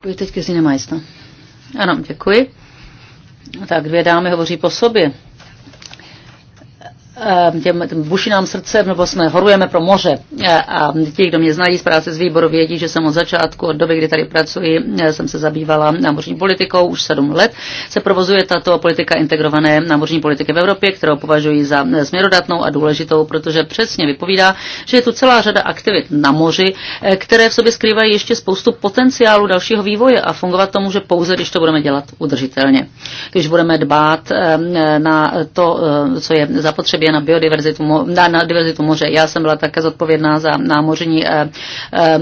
Děkuji teď Gesine Meissner. Ano, děkuji. Tak dvě dámy hovoří po sobě. Ehm, těm, těm nám srdce, nebo jsme horujeme pro moře. E, a ti, kdo mě znají z práce z výboru, vědí, že jsem od začátku, od doby, kdy tady pracuji, e, jsem se zabývala námořní politikou, už sedm let se provozuje tato politika integrované námořní politiky v Evropě, kterou považuji za e, směrodatnou a důležitou, protože přesně vypovídá, že je tu celá řada aktivit na moři, které v sobě skrývají ještě spoustu potenciálu dalšího vývoje a fungovat to může pouze, když to budeme dělat udržitelně. Když budeme dbát na to, co je zapotřebí na biodiverzitu, na, na diverzitu moře. Já jsem byla také zodpovědná za námořní eh, eh,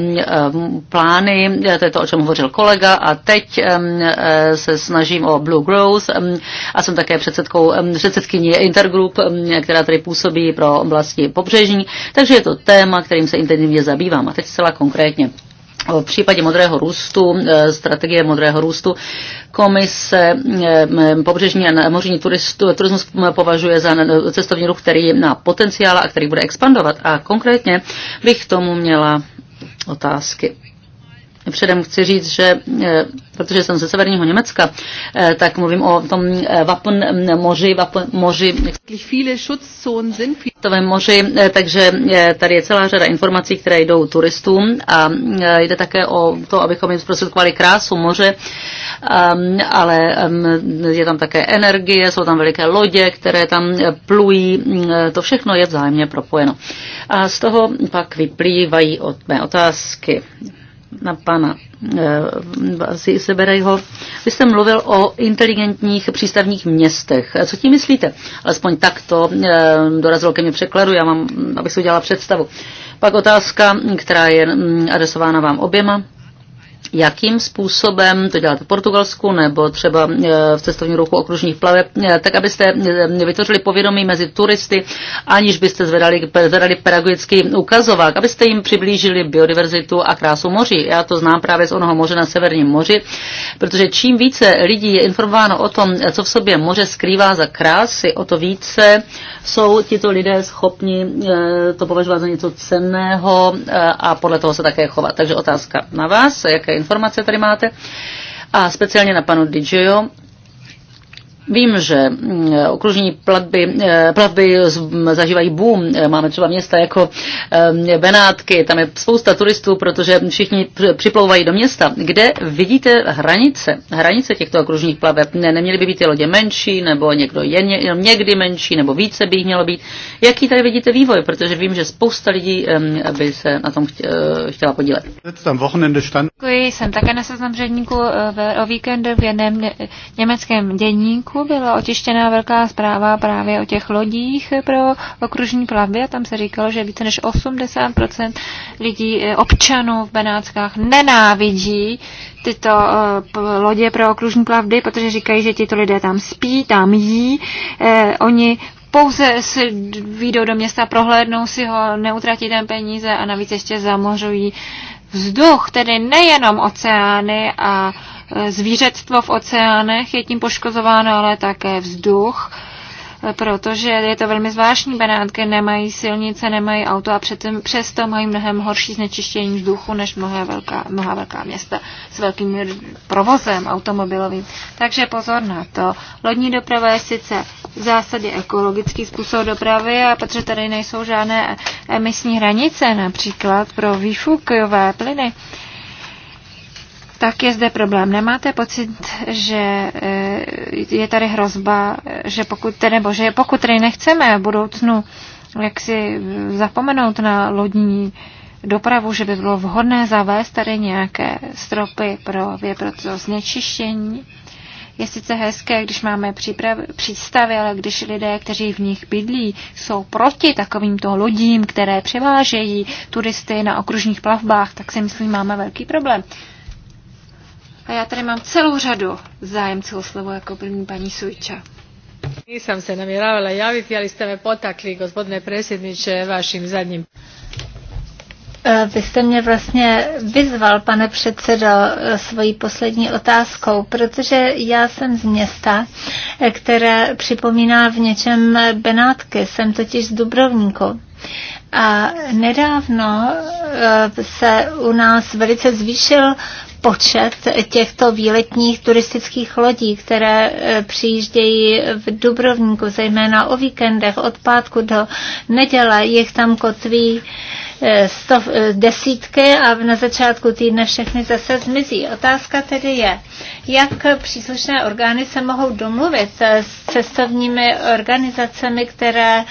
plány, to je to, o čem hovořil kolega, a teď eh, se snažím o Blue Growth eh, a jsem také předsedkou, eh, předsedkyní Intergroup, eh, která tady působí pro oblasti pobřežní, takže je to téma, kterým se intenzivně zabývám. A teď zcela konkrétně v případě modrého růstu, e, strategie modrého růstu, komise e, pobřežní a mořní turistu, turismus považuje za cestovní ruch, který má potenciál a který bude expandovat. A konkrétně bych tomu měla otázky. Předem chci říct, že eh, protože jsem ze severního Německa, eh, tak mluvím o tom eh, Vapen moři, Vapen moři, Vapen moři, takže tady je celá řada informací, které jdou turistům a jde také o to, abychom jim zprostředkovali krásu moře, ehm, ale ehm, je tam také energie, jsou tam veliké lodě, které tam plují, mm, to všechno je vzájemně propojeno. A z toho pak vyplývají od mé otázky na pana eh, e, ho. Vy jste mluvil o inteligentních přístavních městech. Co tím myslíte? Alespoň tak to eh, dorazilo ke mně překladu, já mám, abych si udělala představu. Pak otázka, která je mm, adresována vám oběma jakým způsobem to děláte v Portugalsku nebo třeba e, v cestovním ruchu okružních plaveb, e, tak abyste e, vytvořili povědomí mezi turisty, aniž byste zvedali, zvedali pedagogický ukazovák, abyste jim přiblížili biodiverzitu a krásu moří. Já to znám právě z onoho moře na Severním moři, protože čím více lidí je informováno o tom, co v sobě moře skrývá za krásy, o to více jsou tito lidé schopni to považovat za něco cenného a podle toho se také chovat. Takže otázka na vás, jaké informace tady máte. A speciálně na panu DJO, Vím, že mm, okružní platby, eh, platby mm, zažívají boom. Eh, máme třeba města jako eh, Benátky, tam je spousta turistů, protože všichni připlouvají do města. Kde vidíte hranice, hranice těchto okružních plaveb? Ne, neměly by být ty lodě menší, nebo někdo je někdy menší, nebo více by jich mělo být. Jaký tady vidíte vývoj? Protože vím, že spousta lidí by se na tom chtěla podílet. Děkuji, jsem také na seznam ředníku o víkendu v jednom německém děníku roku byla otištěná velká zpráva právě o těch lodích pro okružní plavby a tam se říkalo, že více než 80% lidí, eh, občanů v Benátskách nenávidí tyto eh, lodě pro okružní plavby, protože říkají, že tito lidé tam spí, tam jí, eh, oni pouze si výjdou do města, prohlédnou si ho, neutratí tam peníze a navíc ještě zamořují vzduch, tedy nejenom oceány a uh, zvířectvo v oceánech je tím poškozováno, ale také vzduch, protože je to velmi zvláštní. Benátky nemají silnice, nemají auto a předtím, přesto mají mnohem horší znečištění vzduchu než mnohá velká, mnoha velká města s velkým provozem automobilovým. Takže pozor na to. Lodní doprava je sice v zásadě ekologický způsob dopravy, a protože tady nejsou žádné emisní hranice například pro výfukové plyny, tak je zde problém. Nemáte pocit, že eh, je tady hrozba, že pokud nebo že pokud tady nechceme v budoucnu jak si zapomenout na lodní dopravu, že by bylo vhodné zavést tady nějaké stropy pro, pro to znečištění. Je sice hezké, když máme příprav, přístavy, ale když lidé, kteří v nich bydlí, jsou proti takovýmto lodím, které převážejí turisty na okružních plavbách, tak si myslím, máme velký problém. A já tady mám celou řadu zájemců o slovo jako první paní Sujča. Nisam se namjeravala javiti, ali ste me potakli, gospodine predsjedniče, vašim zadnjim. E, vy jste mě vlastně vyzval, pane předsedo, svojí poslední otázkou, protože já jsem z města, e, které připomíná v něčem Benátky, jsem totiž z Dubrovníku. A nedávno eh, se u nás velice zvýšil počet těchto výletních turistických lodí, které eh, přijíždějí v Dubrovníku, zejména o víkendech, od pátku do neděle. Jich tam kotví eh, stov, desítky a na začátku týdne všechny zase zmizí. Otázka tedy je, jak příslušné orgány se mohou domluvit s cestovními organizacemi, které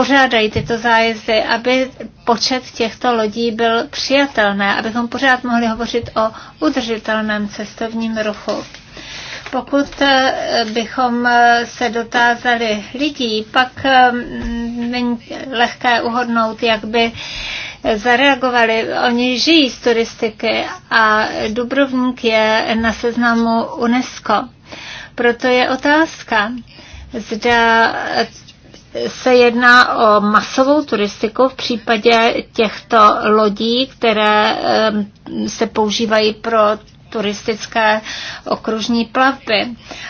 pořádají tyto zájezdy, aby počet těchto lodí byl přijatelné, abychom pořád mohli hovořit o udržitelném cestovním ruchu. Pokud eh, bychom eh, se dotázali lidí, pak eh, není lehké uhodnout, jak by zareagovali. Oni žijí z turistiky a Dubrovník je na seznamu UNESCO. Proto je otázka, zda se jedná o masovou turistiku v případě těchto lodí, které se používají pro turistické okružní plavby.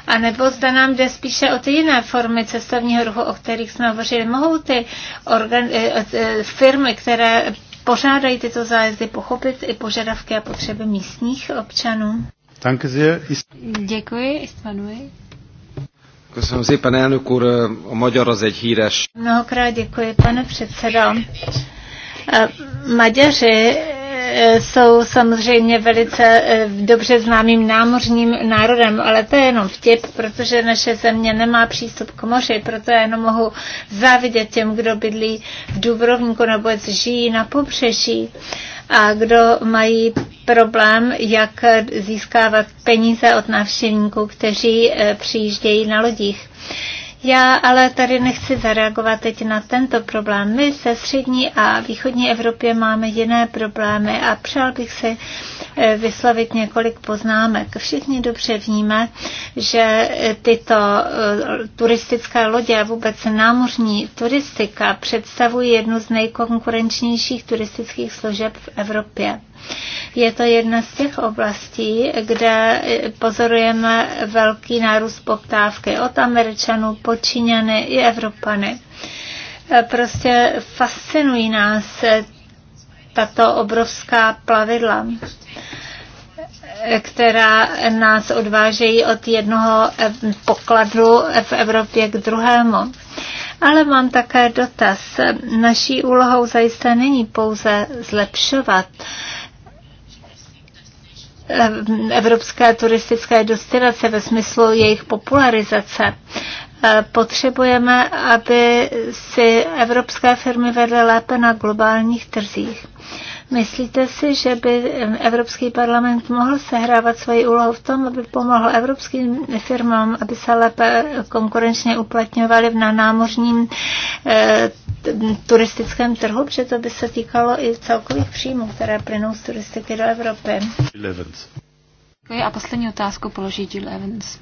A nebo zda nám jde spíše o ty jiné formy cestovního ruchu, o kterých jsme hovořili. Mohou ty organ- e, e, e, firmy, které pořádají tyto zájezdy, pochopit i požadavky a potřeby místních občanů? Děkuji, Istvanuji. Köszönöm szépen, elnök úr, a magyar az egy híres. Mnohokrát děkuji, pane předsedo. Maďaři e, jsou samozřejmě velice e, dobře známým námořním národem, ale to je jenom vtip, protože naše země nemá přístup k moři, proto já jenom mohu závidět těm, kdo bydlí v Dubrovníku nebo žijí na pobřeží a kdo mají problém, jak získávat peníze od návštěvníků, kteří eh, přijíždějí na lodích. Já ale tady nechci zareagovat teď na tento problém. My se střední a východní Evropě máme jiné problémy a přál bych si, Eh, vyslovit několik poznámek. Všichni dobře víme, že eh, tyto eh, turistické lodě a vůbec námořní turistika představují jednu z nejkonkurenčnějších turistických služeb v Evropě. Je to jedna z těch oblastí, kde pozorujeme velký nárůst poptávky od Američanů, počíňany i Evropany. Prostě fascinují nás tato obrovská plavidla která nás odvážejí od jednoho pokladu v Evropě k druhému. Ale mám také dotaz. Naší úlohou zajisté není pouze zlepšovat eh, evropské turistické destinace ve smyslu jejich popularizace, Eh, potřebujeme, aby si evropské firmy vedly lépe na globálních trzích. Myslíte si, že by eh, Evropský parlament mohl sehrávat svoji úlohu v tom, aby pomohl evropským firmám, aby se lépe konkurenčně uplatňovali na námořním e, turistickém trhu, protože to by se týkalo i celkových příjmů, které plynou z turistiky do Evropy? Děkuji a poslední otázku položí Jill Evans.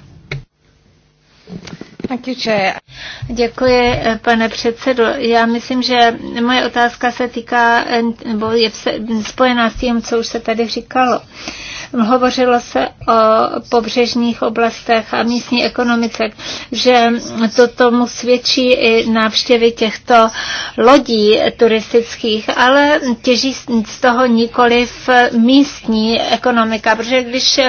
Děkuji, pane předsedo. Já myslím, že moje otázka se týká, nebo je spojená s tím, co už se tady říkalo. Hovořilo se o pobřežních oblastech a místní ekonomice, že to tomu svědčí i návštěvy těchto lodí turistických, ale těží z toho nikoli v místní ekonomika, protože když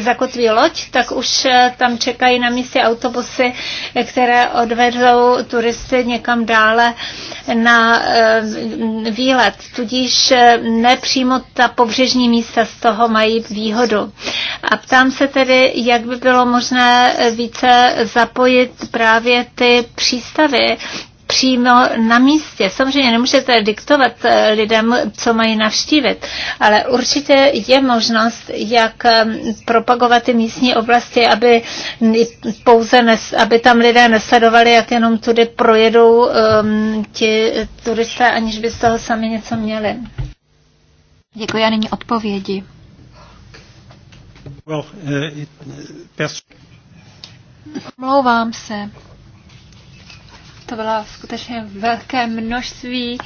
zakotví loď, tak už tam čekají na místě autobusy které odvedou turisty někam dále na eh, výlet. Tudíž eh, nepřímo ta pobřežní místa z toho mají výhodu. A ptám se tedy, jak by bylo možné eh, více zapojit právě ty přístavy přímo na místě. Samozřejmě nemůžete diktovat eh, lidem, co mají navštívit, ale určitě je možnost, jak eh, propagovat ty místní oblasti, aby pouze nes, aby tam lidé nesledovali, jak jenom tudy projedou um, ti turisté, aniž by z toho sami něco měli. Děkuji a nyní odpovědi. Well, uh, it, se. To bylo skutečně velké množství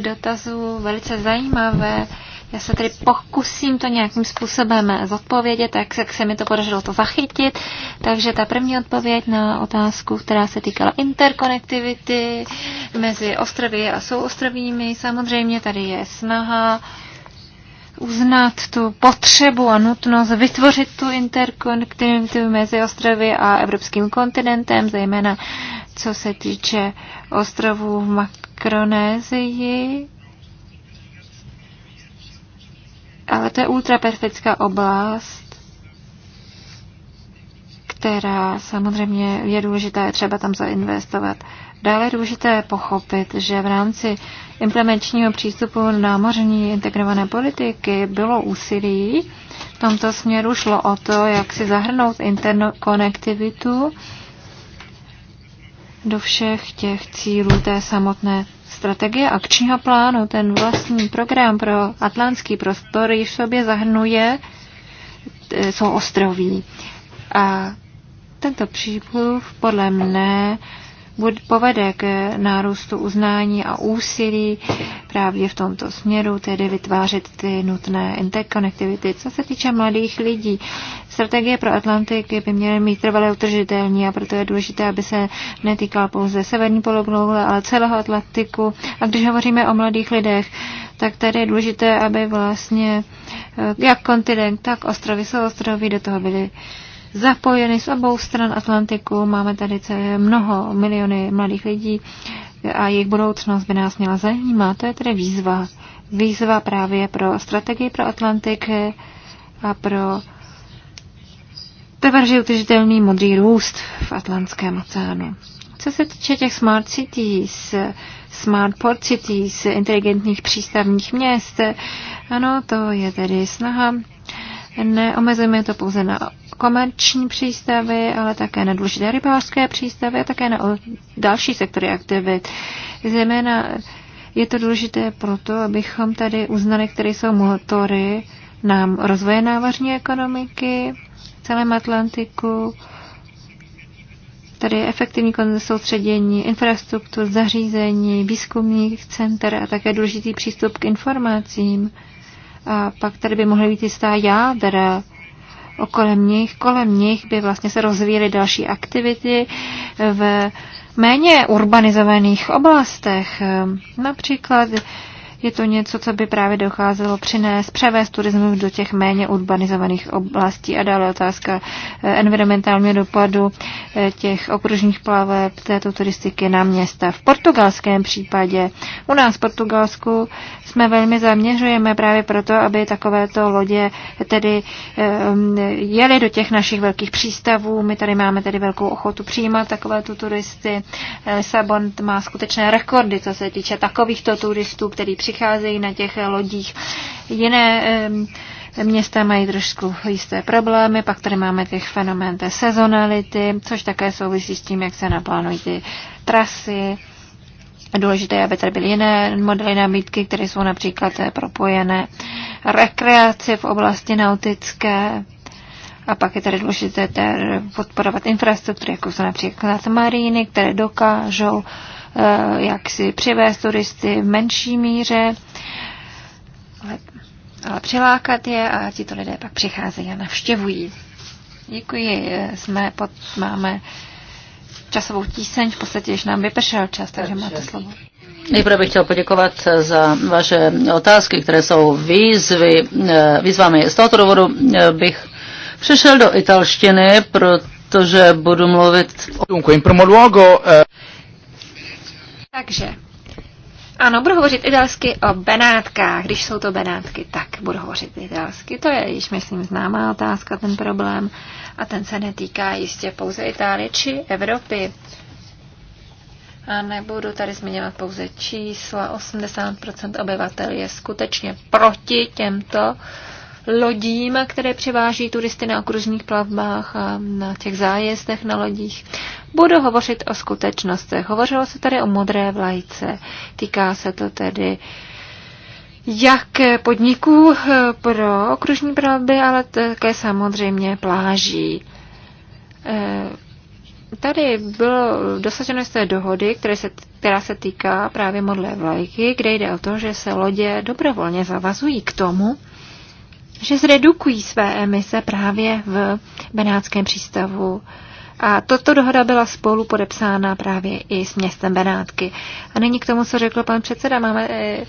dotazů, velice zajímavé. Já se tedy pokusím to nějakým způsobem zodpovědět, jak se, jak se mi to podařilo to zachytit. Takže ta první odpověď na otázku, která se týkala interkonektivity mezi ostrovy a souostrovími, samozřejmě tady je snaha uh, uznat tu potřebu a nutnost vytvořit tu interkonektivitu mezi ostrovy a evropským kontinentem, zejména co se týče ostrovů v Makronézii. Ale to je ultraperfická oblast, která samozřejmě je důležitá, je třeba tam zainvestovat. Uh, Dále je důležité pochopit, že v rámci implementačního přístupu námořní integrované politiky bylo úsilí. V tomto směru šlo o to, jak si zahrnout interkonektivitu do všech těch cílů té samotné strategie akčního plánu. Ten vlastní program pro atlantský prostor již v sobě zahrnuje, e, souostroví. A tento přípluv podle mne povede k nárůstu uznání a úsilí právě v tomto směru, tedy vytvářet ty nutné interkonektivity. Co se týče mladých lidí, strategie pro Atlantik by měly mít trvalé utržitelní a proto je důležité, aby se netýkal pouze severní polokoule, ale celého Atlantiku. A když hovoříme o mladých lidech, tak tady je důležité, aby vlastně eh, jak kontinent, tak ostrovy, jsou ostrovy, do toho byly zapojeny z obou stran Atlantiku. Máme tady celé mnoho miliony mladých lidí a jejich budoucnost by nás měla zajímat. To je tedy výzva. Výzva právě pro strategii pro Atlantik a pro trvalý utržitelný modrý růst v Atlantském oceánu. Co se týče těch smart cities, smart port cities, inteligentních přístavních měst, ano, to je tedy snaha. Neomezujeme to pouze na komerční přístavy, ale také na důležité rybářské přístavy a také na další sektory aktivit. Zejména je to důležité proto, abychom tady uznali, které jsou motory nám rozvoje návařní ekonomiky v celém Atlantiku, tady je efektivní soustředění, infrastruktur, zařízení, výzkumných center a také důležitý přístup k informacím. A pak tady by mohly být jistá jádra kolem nich, kolem nich by vlastně se rozvíjely další aktivity v méně urbanizovaných oblastech. Například je to něco, co by právě docházelo přinést, převést turismus do těch méně urbanizovaných oblastí. A dále otázka eh, environmentálního dopadu eh, těch okružních plaveb této turistiky na města. V portugalském případě u nás v Portugalsku jsme velmi zaměřujeme právě proto, aby takovéto lodě tedy jeli do těch našich velkých přístavů. My tady máme tedy velkou ochotu přijímat takovéto turisty. Lisabon má skutečné rekordy, co se týče takovýchto turistů, který přicházejí na těch lodích. Jiné města mají trošku jisté problémy, pak tady máme těch fenomén té sezonality, což také souvisí s tím, jak se naplánují ty trasy Důležité je, aby tady byly jiné modely nabídky, které jsou například eh, propojené rekreaci v oblasti nautické. A pak je tady důležité eh, podporovat infrastruktury, jako jsou například maríny, které dokážou eh, jak si přivést turisty v menší míře, ale, ale přilákat je a tito lidé pak přicházejí a navštěvují. Děkuji, jsme pod, máme časovou tíseň, v podstatě již nám vypršel čas, takže máte slovo. Nejprve bych chtěl poděkovat za vaše otázky, které jsou výzvy, eh, výzvami. Z tohoto důvodu eh, bych přišel do italštiny, protože budu mluvit... o... primo luogo... Eh, takže ano, budu hovořit italsky o Benátkách. Když jsou to Benátky, tak budu hovořit italsky. To je již, myslím, známá otázka, ten problém. A ten se netýká jistě pouze Itálie či Evropy. A nebudu tady zmiňovat pouze čísla. 80% obyvatel je skutečně proti těmto uh, lodím, které převáží turisty na okružních plavbách a na těch zájezdech na lodích. Budu hovořit o skutečnostech. Hovořilo se tady o modré vlajce. Týká se to tedy jak podniků eh, pro okružní plavby, ale také samozřejmě pláží. Eh, tady bylo dosaženo z té dohody, které se, která se týká právě modlé vlajky, kde jde o to, že se lodě dobrovolně zavazují k tomu, že zredukují své emise právě v Benátském přístavu. A toto dohoda byla spolu podepsána právě i s městem Benátky. A není k tomu, co řekl pan předseda. Máme, eh,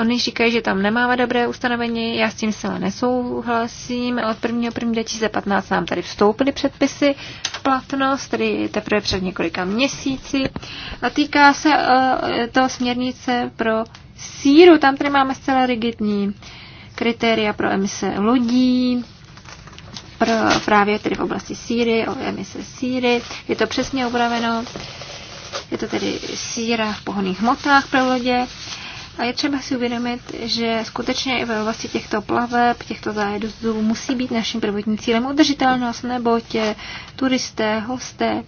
oni říkají, že tam nemáme dobré ustanovení, já s tím se nesouhlasím. Od 1.1.2015 nám tady vstoupily předpisy v platnost, tedy teprve před několika měsíci. A týká se eh, to směrnice pro síru, tam tady máme zcela rigidní eh, kritéria pro emise lodí, pro, právě tedy v oblasti síry, o emise síry. Je to přesně upraveno, je to tedy síra v pohoných hmotách pro lodě. A je třeba si uvědomit, že skutečně i ve oblasti těchto plaveb, těchto zájezdů musí být naším prvotním cílem udržitelnost, neboť turisté, hosté,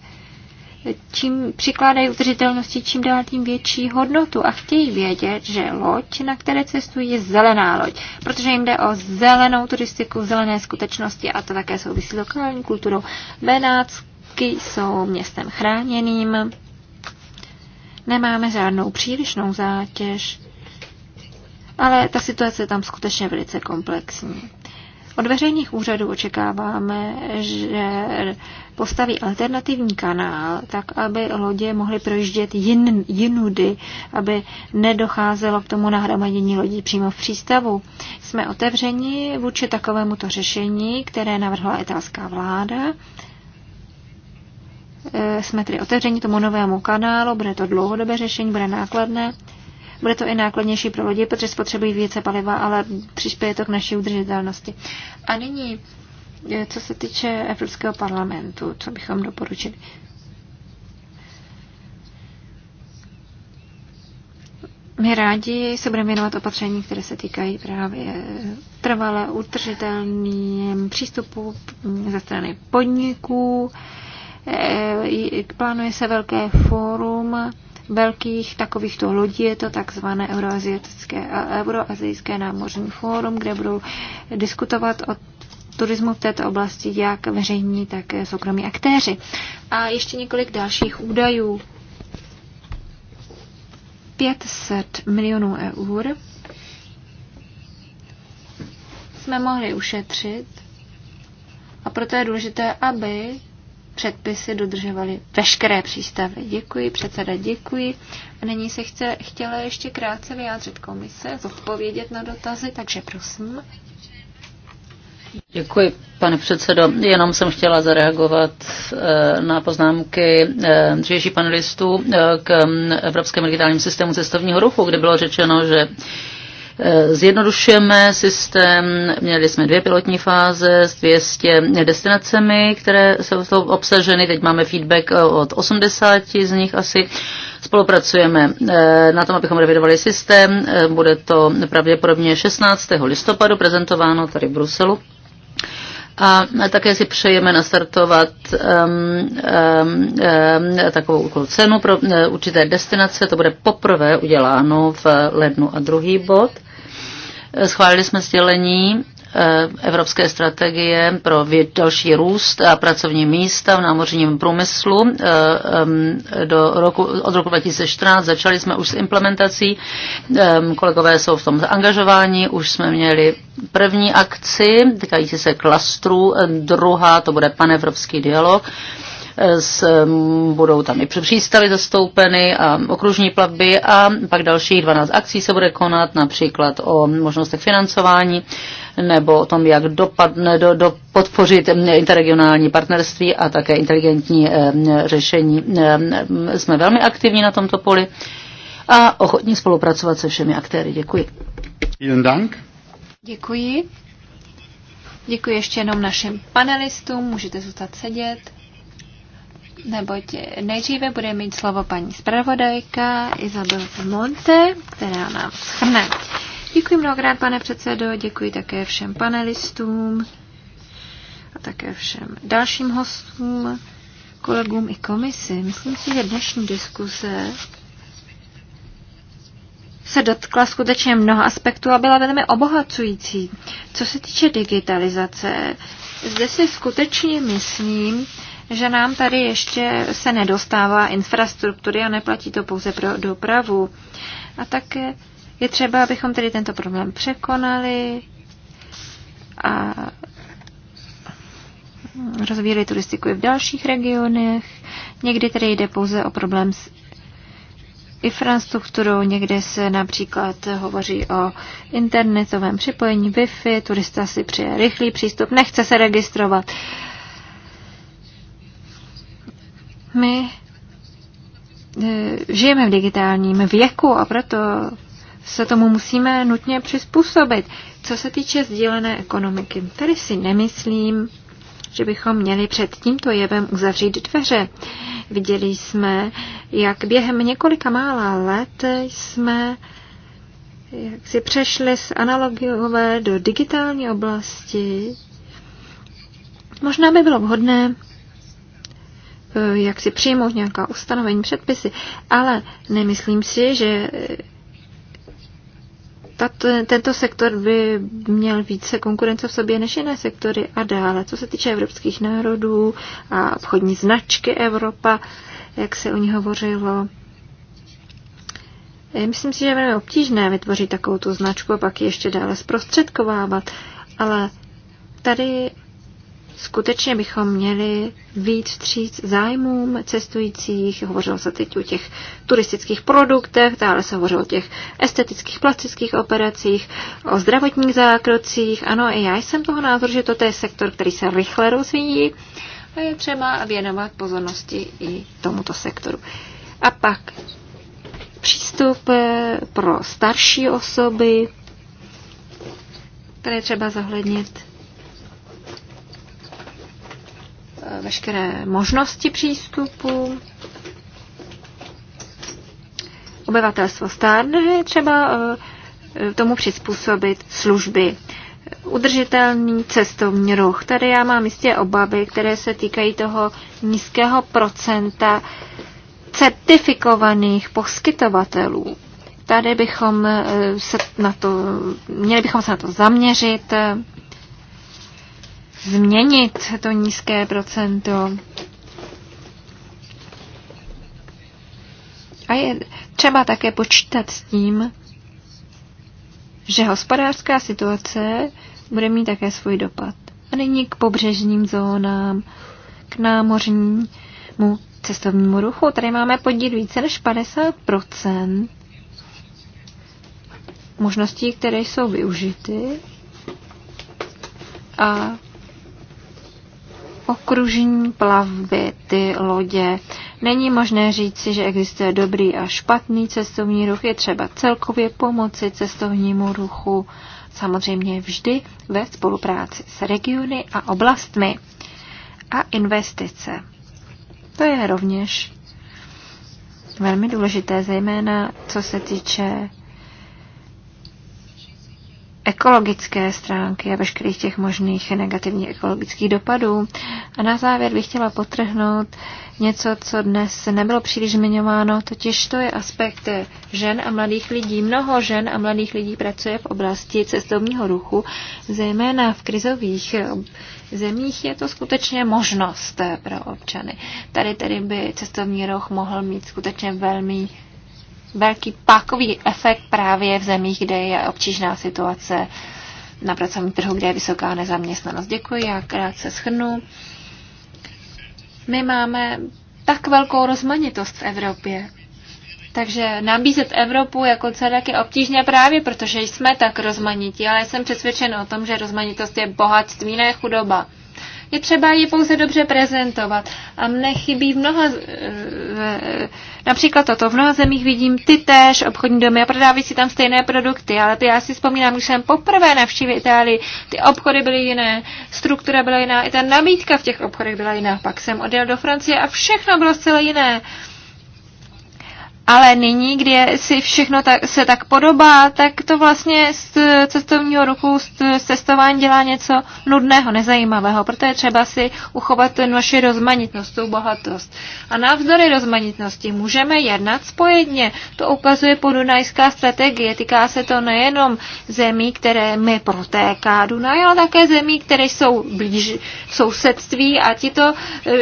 čím přikládají udržitelnosti čím dál tím větší hodnotu a chtějí vědět, že loď, na které cestují, je zelená loď, protože jim jde o zelenou turistiku, zelené skutečnosti a to také souvisí s lokální kulturou. Benátsky jsou městem chráněným, nemáme žádnou přílišnou zátěž, ale ta situace je tam skutečně velice komplexní. Od veřejných úřadů očekáváme, že postaví alternativní kanál, tak aby lodě mohly projíždět jin, jinudy, aby nedocházelo k tomu nahromadění lodí přímo v přístavu. Jsme otevřeni vůči takovémuto řešení, které navrhla italská vláda e, jsme tedy otevření tomu novému kanálu, bude to dlouhodobé řešení, bude nákladné, bude to i nákladnější pro lodi, protože spotřebují více paliva, ale přispěje to k naší udržitelnosti. A nyní, eh, co se týče Evropského parlamentu, co bychom doporučili. My rádi se budeme věnovat opatření, které se týkají právě trvalé udržitelným přístupu ze strany podniků. Eh, plánuje se velké fórum velkých takovýchto lodí, je to takzvané euroazijské, euroazijské námořní fórum, kde budou diskutovat o turismu v této oblasti jak veřejní, tak soukromí aktéři. A ještě několik dalších údajů. 500 milionů eur jsme mohli ušetřit a proto je důležité, aby předpisy dodržovali veškeré přístavy. Děkuji, předseda, děkuji. A nyní se chce, chtěla ještě krátce vyjádřit komise, zodpovědět na dotazy, takže prosím. Děkuji, pane předsedo. Jenom jsem chtěla zareagovat eh, na poznámky eh, dřívějších panelistů eh, k mm, Evropskému digitálním systému cestovního ruchu, kde bylo řečeno, že Eh, zjednodušujeme systém, měli jsme dvě pilotní fáze s 200 destinacemi, které jsou to obsaženy, teď máme feedback eh, od 80 z nich asi. Spolupracujeme eh, na tom, abychom revidovali systém, bude to pravděpodobně 16. listopadu prezentováno tady v Bruselu. A také si přejeme nastartovat um, um, um, takovou cenu pro určité destinace. To bude poprvé uděláno v lednu. A druhý bod Schválili jsme sdělení eh, Evropské strategie pro další růst a pracovní místa v námořním průmyslu. Eh, do roku, od roku 2014 začali jsme už s implementací, kolegové jsou v tom zaangažováni, už jsme měli první akci týkající se klastru, druhá to bude panevropský dialog s, budou tam i přístavy zastoupeny a okružní plavby a pak dalších 12 akcí se bude konat, například o možnostech financování nebo o tom, jak dopadne, do, do podpořit interregionální partnerství a také inteligentní eh, řešení. Eh, jsme velmi aktivní na tomto poli a ochotní spolupracovat se všemi aktéry. Děkuji. jeden Dank. Děkuji. Děkuji ještě jenom našim panelistům. Můžete zůstat sedět neboť nejdříve bude mít slovo paní zpravodajka Izabel Monte, která nám schrne. Děkuji mnohokrát, pane předsedo, děkuji také všem panelistům a také všem dalším hostům, kolegům i komisi. Myslím si, že dnešní diskuse se dotkla skutečně mnoha aspektů a byla velmi obohacující. Co se týče digitalizace, zde si skutečně myslím, že nám tady ještě se nedostává infrastruktury a neplatí to pouze pro dopravu. A také je třeba, abychom tedy tento problém překonali a rozvíjeli turistiku i v dalších regionech. Někdy tedy jde pouze o problém s infrastrukturou, někde se například hovoří o internetovém připojení Wi-Fi, turista si přeje rychlý přístup, nechce se registrovat. Uh, my e, žijeme v digitálním věku a proto se tomu musíme nutně přizpůsobit. Co se týče sdílené ekonomiky, tady si nemyslím, že bychom měli před tímto jevem uzavřít dveře. Viděli jsme, jak během několika mála let jsme jak si přešli z analogové do digitální oblasti. Možná by bylo vhodné Eh, jak si přijmout nějaká ustanovení, předpisy, ale nemyslím si, že eh, tato, tento sektor by měl více konkurence v sobě než jiné sektory a dále. Co se týče evropských národů a obchodní značky Evropa, jak se o ní hovořilo, eh, myslím si, že je velmi obtížné vytvořit takovou tu značku a pak ji ještě dále zprostředkovávat, ale tady skutečně bychom měli víc vstříc zájmům cestujících. Hovořilo se teď o těch turistických produktech, dále se hovořilo o těch estetických plastických operacích, o zdravotních zákrocích. Ano, i já jsem toho názoru, že toto je sektor, který se rychle rozvíjí a je třeba věnovat pozornosti i tomuto sektoru. A pak přístup eh, pro starší osoby, které třeba zahlednit. Eh, veškeré možnosti přístupu. Obyvatelstvo stárne, je třeba eh, tomu přizpůsobit služby. Udržitelný cestovní ruch. Tady já mám jistě obavy, které se týkají toho nízkého procenta certifikovaných poskytovatelů. Tady bychom eh, se na to, měli bychom se na to zaměřit, změnit to nízké procento. A je třeba také počítat s tím, že hospodářská situace bude mít také svůj dopad. A nyní k pobřežním zónám, k námořnímu cestovnímu ruchu. Tady máme podíl více než 50 možností, které jsou využity. A okružní plavby, ty lodě. Není možné říci, že existuje dobrý a špatný cestovní ruch, je třeba celkově pomoci cestovnímu ruchu, samozřejmě vždy ve spolupráci s regiony a oblastmi. A investice. To je rovněž velmi důležité, zejména co se týče ekologické stránky a veškerých těch možných negativních ekologických dopadů. A na závěr bych chtěla potrhnout něco, co dnes nebylo příliš zmiňováno, totiž to je aspekt žen a mladých lidí. Mnoho žen a mladých lidí pracuje v oblasti cestovního ruchu, zejména v krizových zemích je to skutečně možnost pro občany. Tady tedy by cestovní ruch mohl mít skutečně velmi velký pákový efekt právě v zemích, kde je obtížná situace na pracovním trhu, kde je vysoká nezaměstnanost. Děkuji, já krátce schrnu. My máme tak velkou rozmanitost v Evropě. Takže nabízet Evropu jako celek je obtížně právě, protože jsme tak rozmanití, ale jsem přesvědčen o tom, že rozmanitost je bohatství, ne chudoba. Je třeba ji pouze dobře prezentovat. A mne chybí v mnoha, například toto, v mnoha zemích vidím ty též obchodní domy a prodávají si tam stejné produkty, ale ty já si vzpomínám, když jsem poprvé navštívil Itálii, ty obchody byly jiné, struktura byla jiná, i ta nabídka v těch obchodech byla jiná. Pak jsem odjel do Francie a všechno bylo zcela jiné. Ale nyní, kdy si všechno tak, se tak podobá, tak to vlastně z cestovního ruchu, z cestování dělá něco nudného, nezajímavého. Proto je třeba si uchovat tu naši rozmanitnost, tu bohatost. A navzdory rozmanitnosti můžeme jednat spojedně. To ukazuje podunajská strategie. Týká se to nejenom zemí, které mi protéká Dunaj, ale také zemí, které jsou blíž v sousedství a tyto,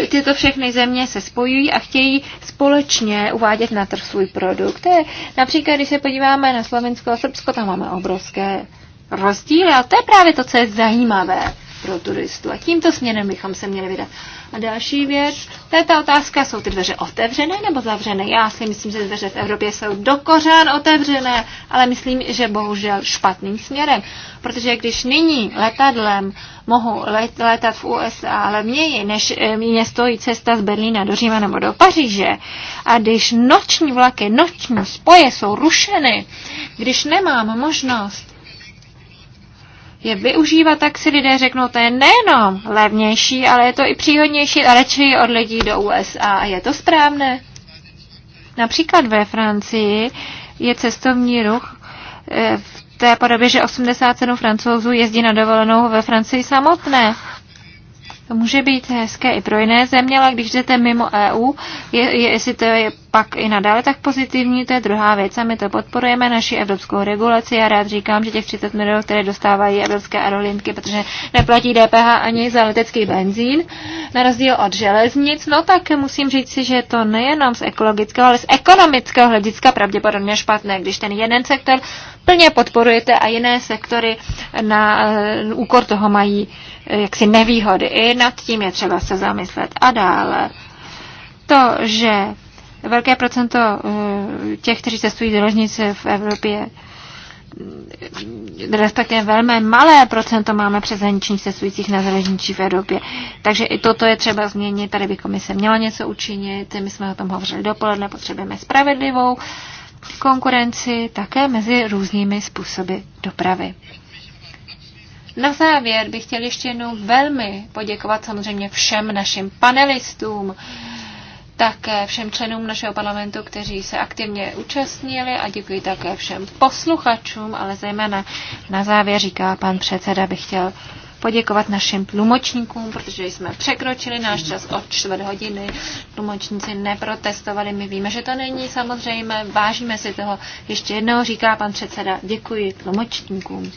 tyto všechny země se spojují a chtějí společně uvádět na trh svůj produkt. To je, například, když se podíváme na Slovensko a Srbsko, tam máme obrovské rozdíly a to je právě to, co je zajímavé pro turistu. A tímto směrem bychom se měli vydat. A další věc, to je ta otázka, jsou ty dveře otevřené nebo zavřené? Já si myslím, že dveře v Evropě jsou dokořán otevřené, ale myslím, že bohužel špatným směrem. Protože když nyní letadlem mohu let, letat v USA levněji, než eh, mě stojí cesta z Berlína do Říma nebo do Paříže, a když noční vlaky, noční spoje jsou rušeny, když nemám možnost je využívat, tak si lidé řeknou, to je nejenom levnější, ale je to i příhodnější a radši od lidí do USA. A je to správné? Například ve Francii je cestovní ruch eh, v té podobě, že 87 francouzů jezdí na dovolenou ve Francii samotné. To může být hezké i pro jiné země, ale když jdete mimo EU, je, je, jestli to je pak i nadále tak pozitivní, to je druhá věc a my to podporujeme, naši evropskou regulaci. Já rád říkám, že těch 30 milionů, které dostávají evropské aerolinky, protože neplatí DPH ani za letecký benzín, na rozdíl od železnic, no tak musím říct si, že to nejenom z ekologického, ale z ekonomického hlediska pravděpodobně špatné, když ten jeden sektor plně podporujete a jiné sektory na uh, úkor toho mají eh, jaksi nevýhody. I nad tím je třeba se zamyslet. A dále to, že velké procento eh, těch, kteří cestují do ložnice v Evropě, mm, respektive velmi malé procento máme přeshraničních cestujících na železničí v Evropě. Takže i toto je třeba změnit, tady by komise měla něco učinit, my jsme o tom hovořili dopoledne, potřebujeme spravedlivou konkurenci také mezi různými způsoby dopravy. Na závěr bych chtěl ještě jednou velmi poděkovat samozřejmě všem našim panelistům, také všem členům našeho parlamentu, kteří se aktivně účastnili a děkuji také všem posluchačům, ale zejména na závěr říká pan předseda, bych chtěl poděkovat našim tlumočníkům, protože jsme překročili náš čas o čtvrt hodiny. Tlumočníci neprotestovali, my víme, že to není samozřejmé, vážíme si toho. Ještě jednou říká pan předseda, děkuji tlumočníkům.